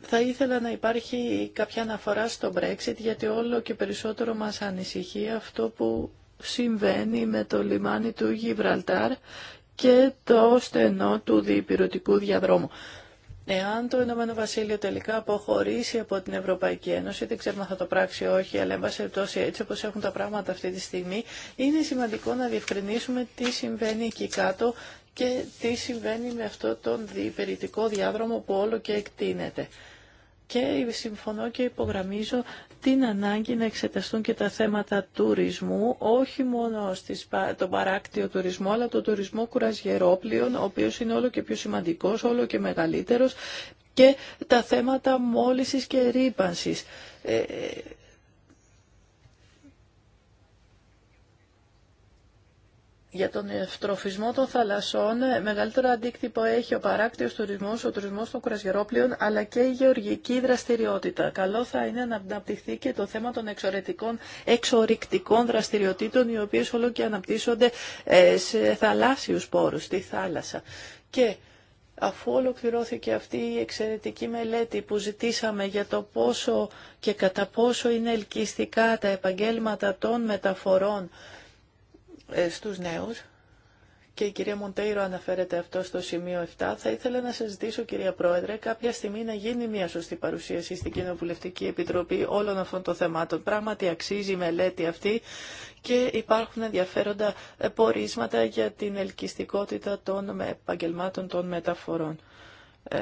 θα ήθελα να υπάρχει κάποια αναφορά στο Brexit γιατί όλο και περισσότερο μας ανησυχεί αυτό που συμβαίνει με το λιμάνι του Γιβραλτάρ και το στενό του διπυρωτικού διαδρόμου. Εάν το Ηνωμένο Βασίλειο τελικά αποχωρήσει από την Ευρωπαϊκή Ένωση, δεν ξέρουμε αν θα το πράξει ή όχι, αλλά εν πάση έτσι όπω έχουν τα πράγματα αυτή τη στιγμή, είναι σημαντικό να διευκρινίσουμε τι συμβαίνει εκεί κάτω, και τι συμβαίνει με αυτό τον διπεριτικό διάδρομο που όλο και εκτείνεται. Και συμφωνώ και υπογραμμίζω την ανάγκη να εξεταστούν και τα θέματα τουρισμού, όχι μόνο στις, τον παράκτιο τουρισμό, αλλά τον τουρισμό κουρασγερόπλιων, ο οποίος είναι όλο και πιο σημαντικός, όλο και μεγαλύτερος, και τα θέματα μόλυσης και ρήπανσης. Ε, ε, για τον ευτροφισμό των θαλασσών μεγαλύτερο αντίκτυπο έχει ο παράκτιος τουρισμός, ο τουρισμός των κουρασγερόπλειων, αλλά και η γεωργική δραστηριότητα. Καλό θα είναι να αναπτυχθεί και το θέμα των εξορρυκτικών δραστηριοτήτων οι οποίες όλο και αναπτύσσονται ε, σε θαλάσσιους πόρους, στη θάλασσα. Και αφού ολοκληρώθηκε αυτή η εξαιρετική μελέτη που ζητήσαμε για το πόσο και κατά πόσο είναι ελκυστικά τα επαγγέλματα των μεταφορών ε, στους νέους και η κυρία Μοντέιρο αναφέρεται αυτό στο σημείο 7. Θα ήθελα να σας ζητήσω, κυρία Πρόεδρε, κάποια στιγμή να γίνει μια σωστή παρουσίαση στην Κοινοβουλευτική Επιτροπή όλων αυτών των θεμάτων. Πράγματι αξίζει η μελέτη αυτή και υπάρχουν ενδιαφέροντα πορίσματα για την ελκυστικότητα των επαγγελμάτων των μεταφορών. Ε,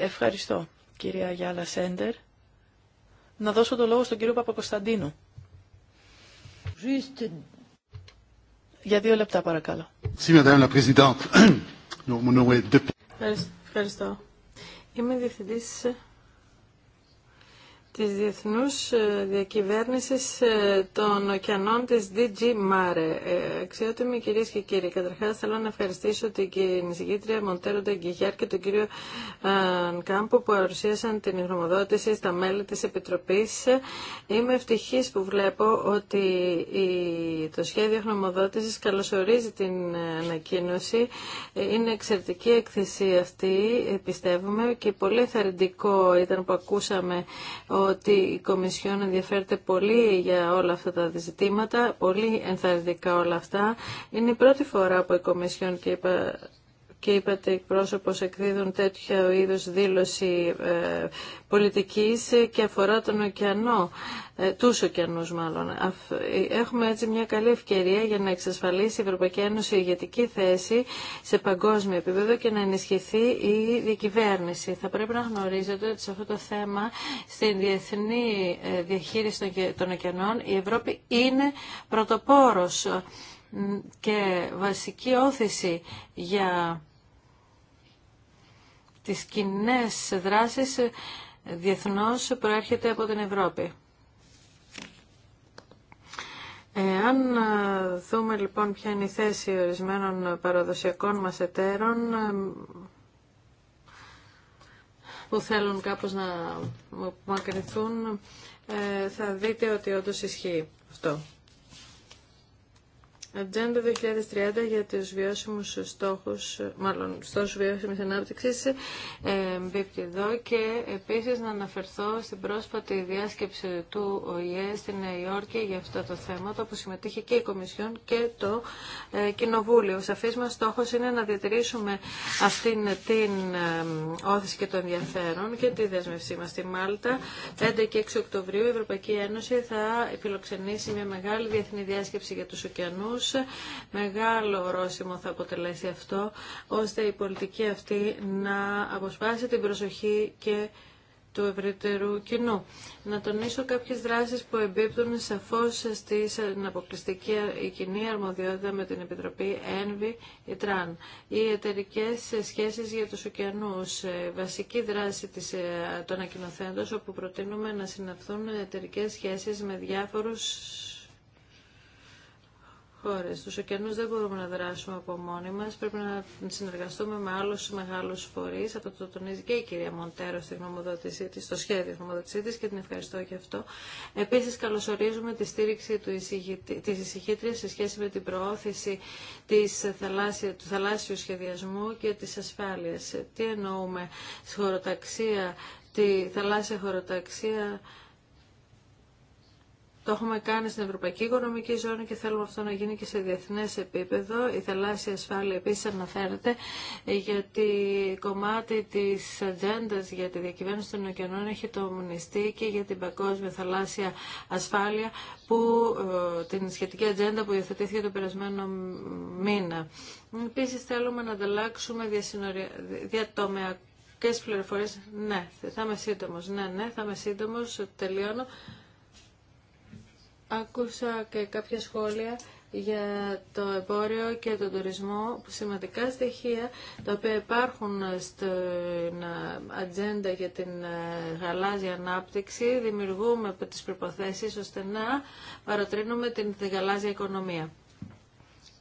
ευχαριστώ, κυρία Γιάλα Σέντερ. Να δώσω το λόγο στον κύριο Παπακοσταντίνου. Για δύο λεπτά παρακαλώ. (coughs) Ευχαριστώ. Είμαι διευθυντής της Διεθνούς ε, Διακυβέρνησης ε, των Ωκεανών της DG Mare. Ε, αξιότιμοι κυρίες και κύριοι, καταρχάς θέλω να ευχαριστήσω την εισηγήτρια Μοντέρο Νταγκηγιάρ και τον κύριο Κάμπο που αρουσίασαν την γνωμοδότηση στα μέλη της Επιτροπής. Είμαι ευτυχής που βλέπω ότι το σχέδιο γνωμοδότησης καλωσορίζει την ανακοίνωση. Είναι εξαιρετική έκθεση αυτή, πιστεύουμε, και πολύ θερητικό ήταν που ακούσαμε ότι η Κομισιόν ενδιαφέρεται πολύ για όλα αυτά τα ζητήματα, πολύ ενθαρρυντικά όλα αυτά. Είναι η πρώτη φορά που η Κομισιόν και και είπατε εκπρόσωπο εκδίδουν τέτοια είδους δήλωση ε, πολιτικής και αφορά τον ωκεανό, ε, τους ωκεανούς μάλλον. Ε, έχουμε έτσι μια καλή ευκαιρία για να εξασφαλίσει η Ευρωπαϊκή Ένωση ηγετική θέση σε παγκόσμιο επίπεδο και να ενισχυθεί η διακυβέρνηση. Θα πρέπει να γνωρίζετε ότι σε αυτό το θέμα, στην διεθνή διαχείριση των ωκεανών, η Ευρώπη είναι πρωτοπόρος και βασική όθηση για τις κοινέ δράσεις διεθνώς προέρχεται από την Ευρώπη. Ε, αν ε, δούμε λοιπόν ποια είναι η θέση ορισμένων παραδοσιακών μας εταίρων ε, που θέλουν κάπως να μακριθούν, θα δείτε ότι όντως ισχύει αυτό. Ατζέντα 2030 για τους βιώσιμους στόχους, μάλλον στόχους βιώσιμης ανάπτυξης, ε, μπήκε εδώ και επίσης να αναφερθώ στην πρόσφατη διάσκεψη του ΟΗΕ στη Νέα Υόρκη για αυτό το θέμα, το που συμμετείχε και η Κομισιόν και το ε, Κοινοβούλιο. Ο σαφής μας στόχος είναι να διατηρήσουμε αυτήν την ε, όθηση και το ενδιαφέρον και τη δέσμευσή μας στη Μάλτα. 5 και 6 Οκτωβρίου η Ευρωπαϊκή Ένωση θα επιλοξενήσει μια μεγάλη διεθνή διάσκεψη για τους ωκεανούς Μεγάλο ορόσημο θα αποτελέσει αυτό, ώστε η πολιτική αυτή να αποσπάσει την προσοχή και του ευρύτερου κοινού. Να τονίσω κάποιες δράσεις που εμπίπτουν σαφώς στην αποκλειστική η κοινή αρμοδιότητα με την Επιτροπή ΕΝΒΙ ή ΤΡΑΝ. Οι εταιρικέ σχέσεις για τους ωκεανούς, ε, βασική δράση της, ε, των ακινοθέντων, όπου προτείνουμε να συναυθούν εταιρικέ σχέσεις με διάφορους χώρε. Στου δεν μπορούμε να δράσουμε από μόνοι μα. πρέπει να συνεργαστούμε με άλλου μεγάλου φορεί, Αυτό το τονίζει και η κυρία Μοντέρο στη γνωμοδότησή της, στο σχέδιο γνωμοδότησή τη και την ευχαριστώ για αυτό. Επίση, καλωσορίζουμε τη στήριξη τη εισηγήτρια σε σχέση με την προώθηση της θαλάσσια, του θαλάσσιου σχεδιασμού και τη ασφάλεια. Τι εννοούμε, χωροταξία, τη θαλάσσια χωροταξία, το έχουμε κάνει στην Ευρωπαϊκή Οικονομική Ζώνη και θέλουμε αυτό να γίνει και σε διεθνέ επίπεδο. Η θαλάσσια ασφάλεια επίση αναφέρεται, γιατί κομμάτι τη ατζέντα για τη διακυβέρνηση των ωκεανών έχει το μνηστή και για την παγκόσμια θαλάσσια ασφάλεια, που, ε, την σχετική ατζέντα που υιοθετήθηκε το περασμένο μήνα. Επίση θέλουμε να ανταλλάξουμε διατομεακέ πληροφορίε. Ναι, θα είμαι σύντομο. Ναι, ναι, θα είμαι σύντομο. Τελειώνω. Άκουσα και κάποια σχόλια για το εμπόριο και τον τουρισμό, σημαντικά στοιχεία τα οποία υπάρχουν στην ατζέντα για την ε, γαλάζια ανάπτυξη, δημιουργούμε τις προποθέσεις ώστε να παροτρύνουμε την γαλάζια οικονομία.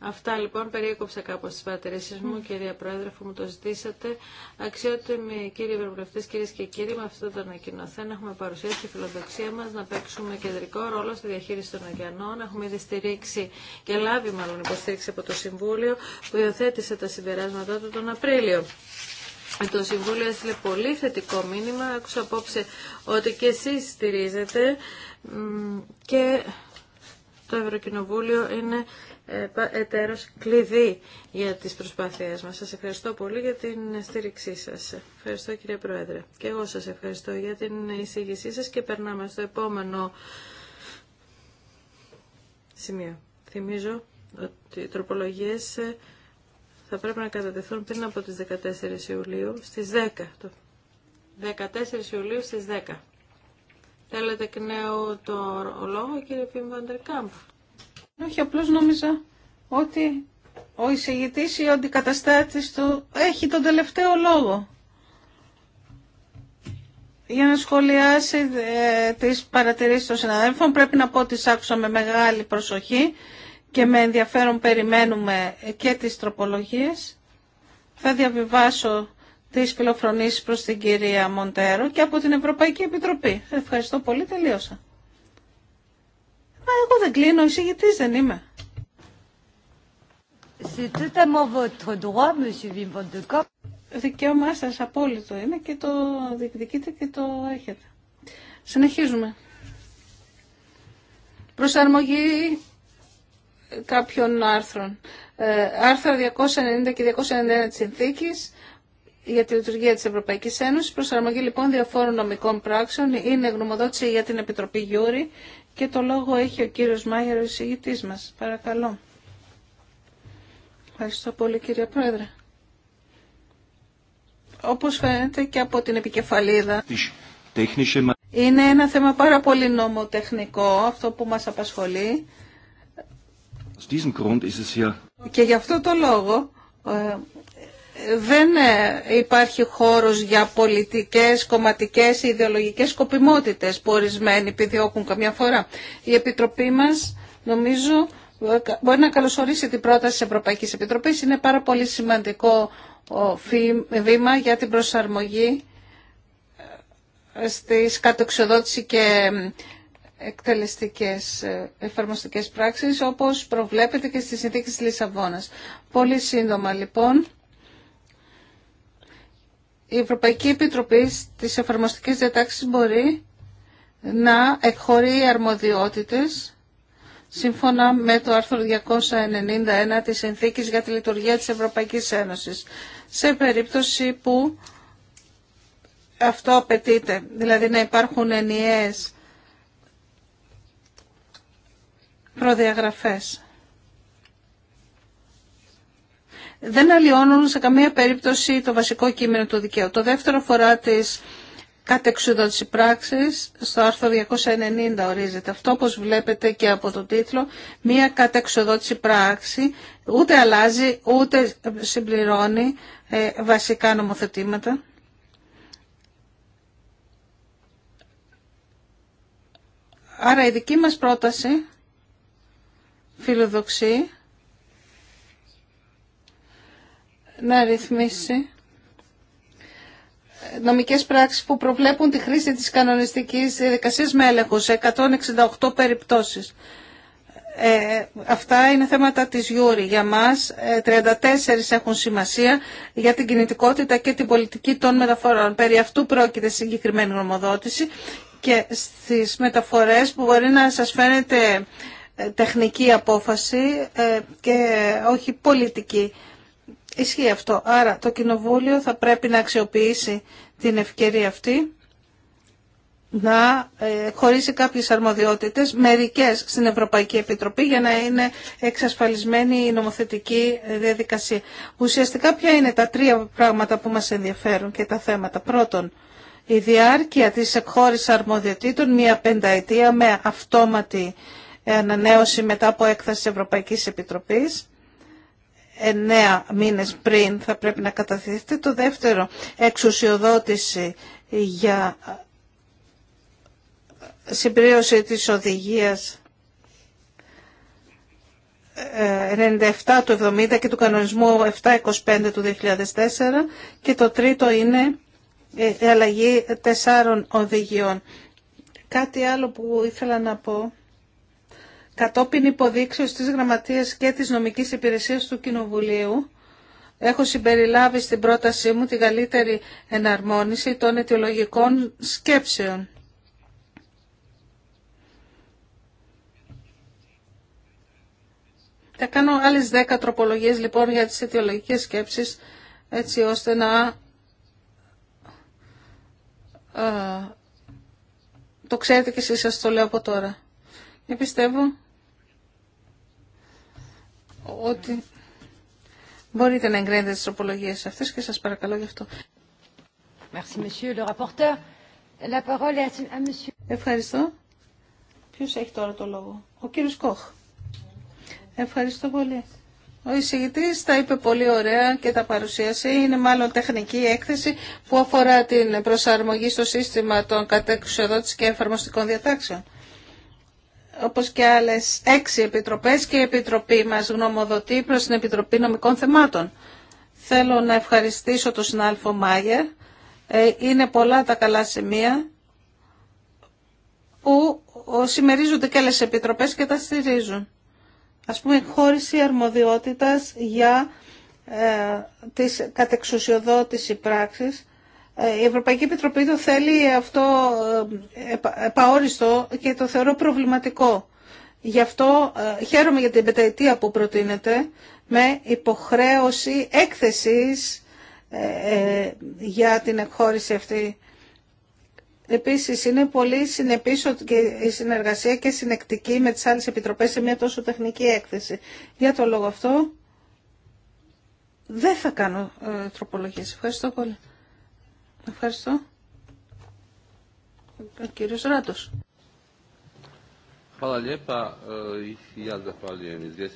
Αυτά λοιπόν περίεκοψα κάπως τις παρατηρήσεις μου, κυρία Πρόεδρε, που μου το ζητήσατε. Αξιότιμοι κύριοι Ευρωβουλευτές, κυρίες και κύριοι, με αυτό το ανακοινωθέν έχουμε παρουσιάσει τη φιλοδοξία μας να παίξουμε κεντρικό ρόλο στη διαχείριση των ωκεανών. Έχουμε ήδη στηρίξει και λάβει μάλλον υποστήριξη από το Συμβούλιο που υιοθέτησε τα συμπεράσματά του τον Απρίλιο. Το Συμβούλιο έστειλε πολύ θετικό μήνυμα. Άκουσα απόψε ότι και εσείς στηρίζετε και το Ευρωκοινοβούλιο είναι εταίρος κλειδί για τις προσπάθειές μας. Σας ευχαριστώ πολύ για την στήριξή σας. Ευχαριστώ κύριε Πρόεδρε. Και εγώ σας ευχαριστώ για την εισήγησή σας και περνάμε στο επόμενο σημείο. Θυμίζω ότι οι τροπολογίες ε, θα πρέπει να κατατεθούν πριν από τις 14 Ιουλίου στις 10. 14 Ιουλίου στις 10. Θέλετε εκ νέου το λόγο κύριε Πιμβαντερκάμπ. Όχι, απλώ νόμιζα ότι ο εισηγητή ή ο αντικαταστάτη του έχει τον τελευταίο λόγο για να σχολιάσει ε, τις παρατηρήσεις των συναδέλφων πρέπει να πω ότι άκουσα με μεγάλη προσοχή και με ενδιαφέρον περιμένουμε και τις τροπολογίες. Θα διαβιβάσω τις φιλοφρονήσεις προς την κυρία Μοντέρο και από την Ευρωπαϊκή Επιτροπή. Ευχαριστώ πολύ. Τελείωσα. Μα εγώ δεν κλείνω, εισηγητής δεν είμαι. Δικαίωμά σα απόλυτο είναι και το διεκδικείτε και το έχετε. Συνεχίζουμε. Προσαρμογή κάποιων άρθρων. Ε, άρθρα 290 και 291 της Συνθήκης για τη λειτουργία της Ευρωπαϊκής Ένωσης. Προσαρμογή λοιπόν διαφόρων νομικών πράξεων είναι γνωμοδότηση για την Επιτροπή Γιούρη και το λόγο έχει ο κύριος Μάγερ, ο εισηγητής μας. Παρακαλώ. Ευχαριστώ πολύ κύριε Πρόεδρε. Όπως φαίνεται και από την επικεφαλίδα, είναι ένα θέμα πάρα πολύ νομοτεχνικό αυτό που μας απασχολεί. Και γι' αυτό το λόγο ε, δεν ε, υπάρχει χώρος για πολιτικές, κομματικές ή ιδεολογικές σκοπιμότητες που ορισμένοι επιδιώκουν καμιά φορά. Η Επιτροπή μας νομίζω μπορεί να καλωσορίσει την πρόταση της Ευρωπαϊκής Επιτροπής. Είναι πάρα πολύ σημαντικό βήμα για την προσαρμογή ε, στις κατοξιοδότηση και εκτελεστικές ε, εφαρμοστικές πράξεις όπως προβλέπεται και στις συνθήκες της Λισαβόνας. Πολύ σύντομα λοιπόν η Ευρωπαϊκή Επιτροπή της εφαρμοστική Διατάξης μπορεί να εκχωρεί αρμοδιότητες σύμφωνα με το άρθρο 291 της Συνθήκης για τη Λειτουργία της Ευρωπαϊκής Ένωσης, σε περίπτωση που αυτό απαιτείται, δηλαδή να υπάρχουν ενιαίες προδιαγραφές. δεν αλλοιώνουν σε καμία περίπτωση το βασικό κείμενο του δικαίου. Το δεύτερο φορά της κατεξοδότηση πράξης, στο άρθρο 290 ορίζεται αυτό, όπως βλέπετε και από τον τίτλο, μία κατεξουδότηση πράξη, ούτε αλλάζει, ούτε συμπληρώνει ε, βασικά νομοθετήματα. Άρα η δική μας πρόταση φιλοδοξεί να ρυθμίσει νομικές πράξεις που προβλέπουν τη χρήση της κανονιστικής διαδικασίας με έλεγχο σε 168 περιπτώσεις. Ε, αυτά είναι θέματα της Γιούρη. Για μας 34 ε, έχουν σημασία για την κινητικότητα και την πολιτική των μεταφορών. Περί αυτού πρόκειται συγκεκριμένη νομοδότηση και στις μεταφορές που μπορεί να σας φαίνεται τεχνική απόφαση ε, και όχι πολιτική Ισχύει αυτό. Άρα το Κοινοβούλιο θα πρέπει να αξιοποιήσει την ευκαιρία αυτή να ε, χωρίσει κάποιες αρμοδιότητες, μερικές στην Ευρωπαϊκή Επιτροπή για να είναι εξασφαλισμένη η νομοθετική διαδικασία. Ουσιαστικά ποια είναι τα τρία πράγματα που μας ενδιαφέρουν και τα θέματα. Πρώτον, η διάρκεια της εκχώρησης αρμοδιοτήτων, μία πενταετία με αυτόματη ανανέωση μετά από έκθεση της Ευρωπαϊκής Επιτροπής εννέα μήνες πριν θα πρέπει να καταθέσετε το δεύτερο εξουσιοδότηση για συμπλήρωση της οδηγίας 97 ε, του 70 και του κανονισμού 725 του 2004 και το τρίτο είναι ε, η αλλαγή τεσσάρων οδηγιών. Κάτι άλλο που ήθελα να πω κατόπιν υποδείξεως της Γραμματείας και της Νομικής Υπηρεσίας του Κοινοβουλίου, έχω συμπεριλάβει στην πρότασή μου τη καλύτερη εναρμόνιση των αιτιολογικών σκέψεων. Θα κάνω άλλες δέκα τροπολογίες λοιπόν για τις αιτιολογικές σκέψεις, έτσι ώστε να ε, το ξέρετε και εσείς σας το λέω από τώρα. Και πιστεύω ότι μπορείτε να εγκρίνετε τις τροπολογίες αυτές και σας παρακαλώ γι' αυτό. Ευχαριστώ. Ποιος έχει τώρα το λόγο. Ο κύριος Κόχ. Ευχαριστώ πολύ. Ο εισηγητής τα είπε πολύ ωραία και τα παρουσίασε. Είναι μάλλον τεχνική έκθεση που αφορά την προσαρμογή στο σύστημα των κατέξουσιοδότης και εφαρμοστικών διατάξεων όπως και άλλες έξι επιτροπές και η Επιτροπή μας γνωμοδοτεί προς την Επιτροπή Νομικών Θεμάτων. Θέλω να ευχαριστήσω τον συνάδελφο Μάγερ. Ε, είναι πολλά τα καλά σημεία που συμμερίζονται και άλλες επιτροπές και τα στηρίζουν. Ας πούμε, χώριση αρμοδιότητας για ε, της κατεξουσιοδότηση πράξης ε, η Ευρωπαϊκή Επιτροπή το θέλει αυτό ε, επαόριστο και το θεωρώ προβληματικό. Γι' αυτό ε, χαίρομαι για την πενταετία που προτείνεται με υποχρέωση έκθεσης για την εκχώρηση αυτή. Επίσης είναι πολύ συνεπής και η συνεργασία και συνεκτική με τις άλλες επιτροπές σε μια τόσο τεχνική έκθεση. Για το λόγο αυτό δεν θα κάνω τροπολογίες. Ευχαριστώ πολύ. Ευχαριστώ. Ο κύριος Ράτος. Eh,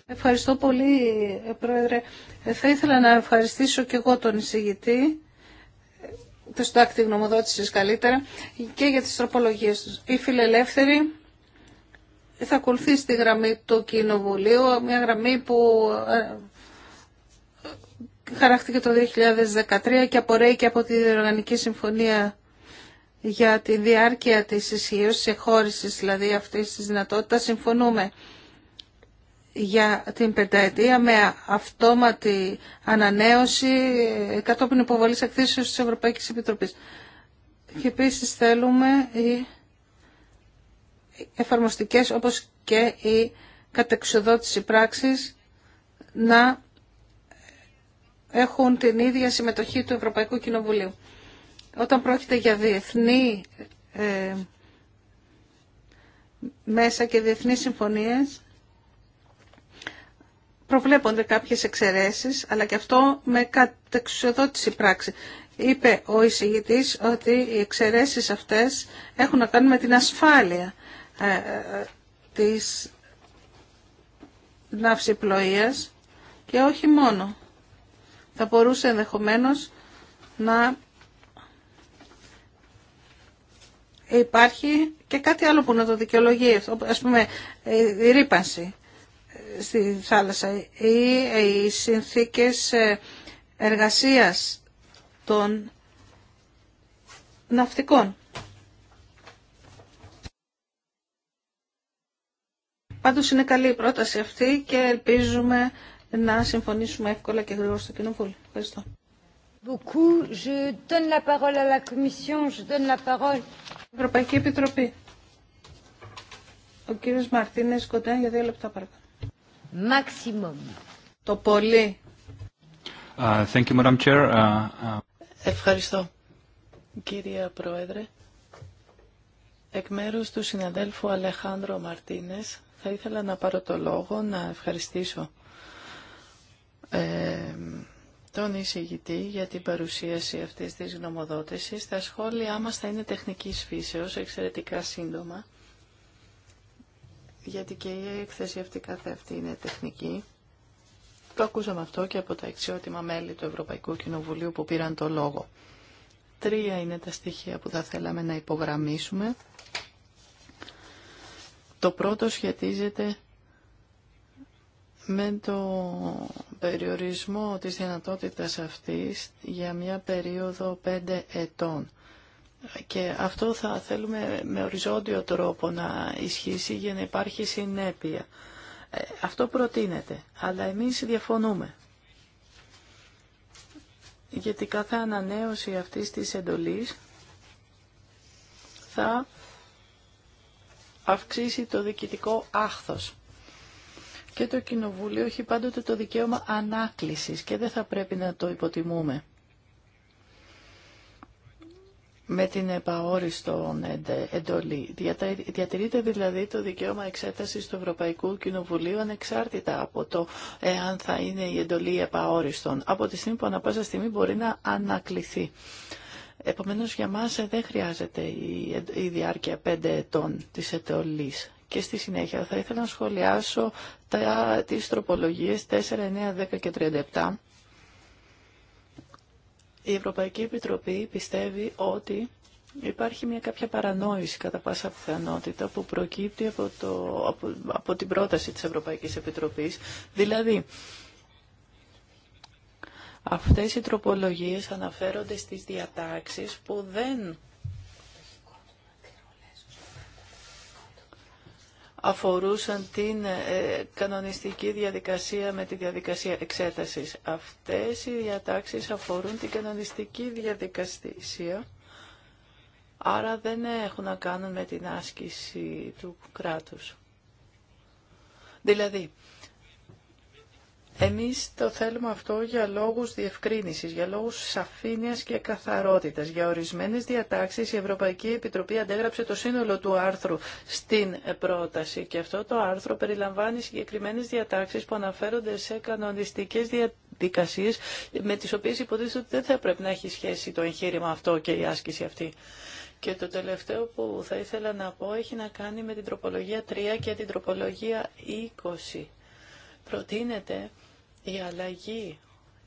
Ευχαριστώ πολύ, ε, Πρόεδρε. Ε, θα ήθελα να ευχαριστήσω και εγώ τον εισηγητή, το στάκτη γνωμοδότησης καλύτερα, και για τις τροπολογίες τους. Η φιλελεύθερη, θα ακολουθήσει τη γραμμή του Κοινοβουλίου, μια γραμμή που ε, χαράχτηκε το 2013 και απορρέει και από τη Διοργανική Συμφωνία για τη διάρκεια της ισχύω εχώρησης δηλαδή αυτής της δυνατότητας συμφωνούμε για την πενταετία με αυτόματη ανανέωση ε, κατόπιν υποβολής εκθέσεως της Ευρωπαϊκής Επιτροπής. Και επίσης θέλουμε οι εφαρμοστικές όπως και η κατεξοδότηση πράξης να έχουν την ίδια συμμετοχή του Ευρωπαϊκού Κοινοβουλίου. Όταν πρόκειται για διεθνή ε, μέσα και διεθνή συμφωνίες, προβλέπονται κάποιες εξαιρέσεις, αλλά και αυτό με κατεξουσιοδότηση πράξη. Είπε ο εισηγητής ότι οι εξαιρέσεις αυτές έχουν να κάνουν με την ασφάλεια ε, ε της ναυσιπλοείας και όχι μόνο θα μπορούσε ενδεχομένως να υπάρχει και κάτι άλλο που να το δικαιολογεί. Ας πούμε, ε, η ρήπανση ε, στη θάλασσα ή ε, οι συνθήκες εργασίας των ναυτικών. Πάντως είναι καλή η πρόταση αυτή και ελπίζουμε να συμφωνήσουμε εύκολα και γρήγορα στο Κοινοβούλιο. Ευχαριστώ. Ευρωπαϊκή Επιτροπή. Ο κύριος Μαρτίνες κοντά για δύο λεπτά παρακαλώ. Maximum. Το πολύ. Uh, thank you, Madam Chair. Uh, uh... Ευχαριστώ, κύριε Πρόεδρε. Εκ μέρους του συναδέλφου Αλεχάνδρο Μαρτίνες θα ήθελα να πάρω το λόγο να ευχαριστήσω ε, τον εισηγητή για την παρουσίαση αυτής της γνωμοδότησης. Τα σχόλιά μας θα είναι τεχνικής φύσεως, εξαιρετικά σύντομα, γιατί και η έκθεση αυτή κάθε αυτή είναι τεχνική. Το ακούσαμε αυτό και από τα εξιότιμα μέλη του Ευρωπαϊκού Κοινοβουλίου που πήραν το λόγο. Τρία είναι τα στοιχεία που θα θέλαμε να υπογραμμίσουμε. Το πρώτο σχετίζεται με το περιορισμό της δυνατότητας αυτής για μια περίοδο 5 ετών. Και αυτό θα θέλουμε με οριζόντιο τρόπο να ισχύσει για να υπάρχει συνέπεια. Ε, αυτό προτείνεται, αλλά εμείς διαφωνούμε. Γιατί κάθε ανανέωση αυτής της εντολής θα αυξήσει το διοικητικό άχθος και το Κοινοβούλιο έχει πάντοτε το δικαίωμα ανάκλησης και δεν θα πρέπει να το υποτιμούμε. Με την επαόριστο εντολή. Διατηρείται δηλαδή το δικαίωμα εξέτασης του Ευρωπαϊκού Κοινοβουλίου ανεξάρτητα από το εάν θα είναι η εντολή επαόριστον. Από τη στιγμή που ανα πάσα στιγμή μπορεί να ανακληθεί. Επομένως για μας δεν χρειάζεται η διάρκεια πέντε ετών της εντολής και στη συνέχεια θα ήθελα να σχολιάσω τα, τις τροπολογίες 4, 9, 10 και 37. Η Ευρωπαϊκή Επιτροπή πιστεύει ότι Υπάρχει μια κάποια παρανόηση κατά πάσα πιθανότητα που προκύπτει από, το, από, από την πρόταση της Ευρωπαϊκής Επιτροπής. Δηλαδή, αυτές οι τροπολογίες αναφέρονται στις διατάξεις που δεν αφορούσαν την ε, κανονιστική διαδικασία με τη διαδικασία εξέτασης. Αυτές οι διατάξεις αφορούν την κανονιστική διαδικασία, άρα δεν έχουν να κάνουν με την άσκηση του κράτους. Δηλαδή, εμείς το θέλουμε αυτό για λόγους διευκρίνησης, για λόγους σαφήνειας και καθαρότητας. Για ορισμένες διατάξεις η Ευρωπαϊκή Επιτροπή αντέγραψε το σύνολο του άρθρου στην πρόταση και αυτό το άρθρο περιλαμβάνει συγκεκριμένες διατάξεις που αναφέρονται σε κανονιστικές διαδικασίες με τις οποίες υποτίθεται ότι δεν θα πρέπει να έχει σχέση το εγχείρημα αυτό και η άσκηση αυτή. Και το τελευταίο που θα ήθελα να πω έχει να κάνει με την τροπολογία 3 και την τροπολογία 20. Προτείνεται η αλλαγή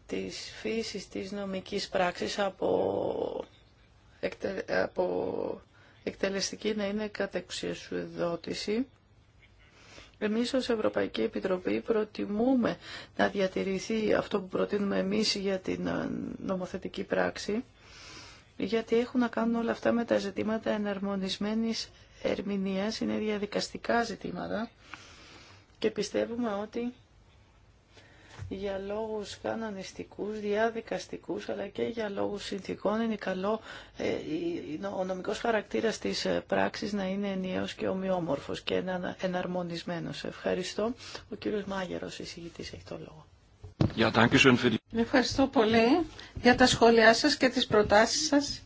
της φύσης της νομικής πράξης από, από εκτελεστική να είναι κατεξουσιοδότηση. Εμείς ως Ευρωπαϊκή Επιτροπή προτιμούμε να διατηρηθεί αυτό που προτείνουμε εμείς για την ε, νομοθετική πράξη, γιατί έχουν να κάνουν όλα αυτά με τα ζητήματα εναρμονισμένης ερμηνείας, είναι διαδικαστικά ζητήματα και πιστεύουμε ότι για λόγους κανονιστικούς, διαδικαστικούς, αλλά και για λόγους συνθήκων είναι καλό ε, ο νομικός χαρακτήρας της ε, πράξης να είναι ενιαίος και ομοιόμορφος και εναρμονισμένος. Ευχαριστώ. Ο κύριος Μάγερος, εισηγητής, έχει το λόγο. Ευχαριστώ πολύ για τα σχόλιά σας και τις προτάσεις σας.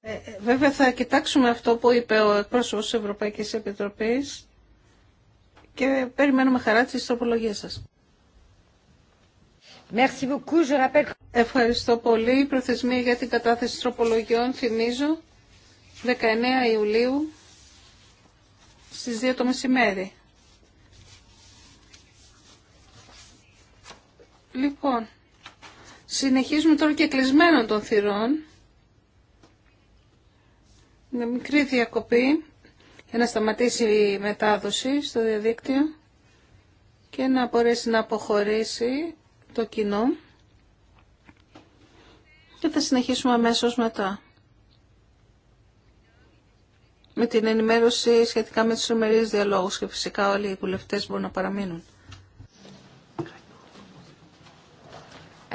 Ε, βέβαια θα κοιτάξουμε αυτό που είπε ο εκπρόσωπος της Ευρωπαϊκής Επιτροπής και περιμένουμε χαρά τι τροπολογίε σα. Ευχαριστώ πολύ. Η προθεσμία για την κατάθεση τροπολογιών θυμίζω 19 Ιουλίου στις 2 το μεσημέρι. Λοιπόν, συνεχίζουμε τώρα και κλεισμένων των θυρών. Με μικρή διακοπή για να σταματήσει η μετάδοση στο διαδίκτυο και να μπορέσει να αποχωρήσει το κοινό και θα συνεχίσουμε αμέσως μετά με την ενημέρωση σχετικά με τους ημερίες διαλόγους και φυσικά όλοι οι βουλευτές μπορούν να παραμείνουν.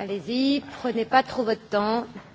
Allez-y, prenez pas trop votre temps.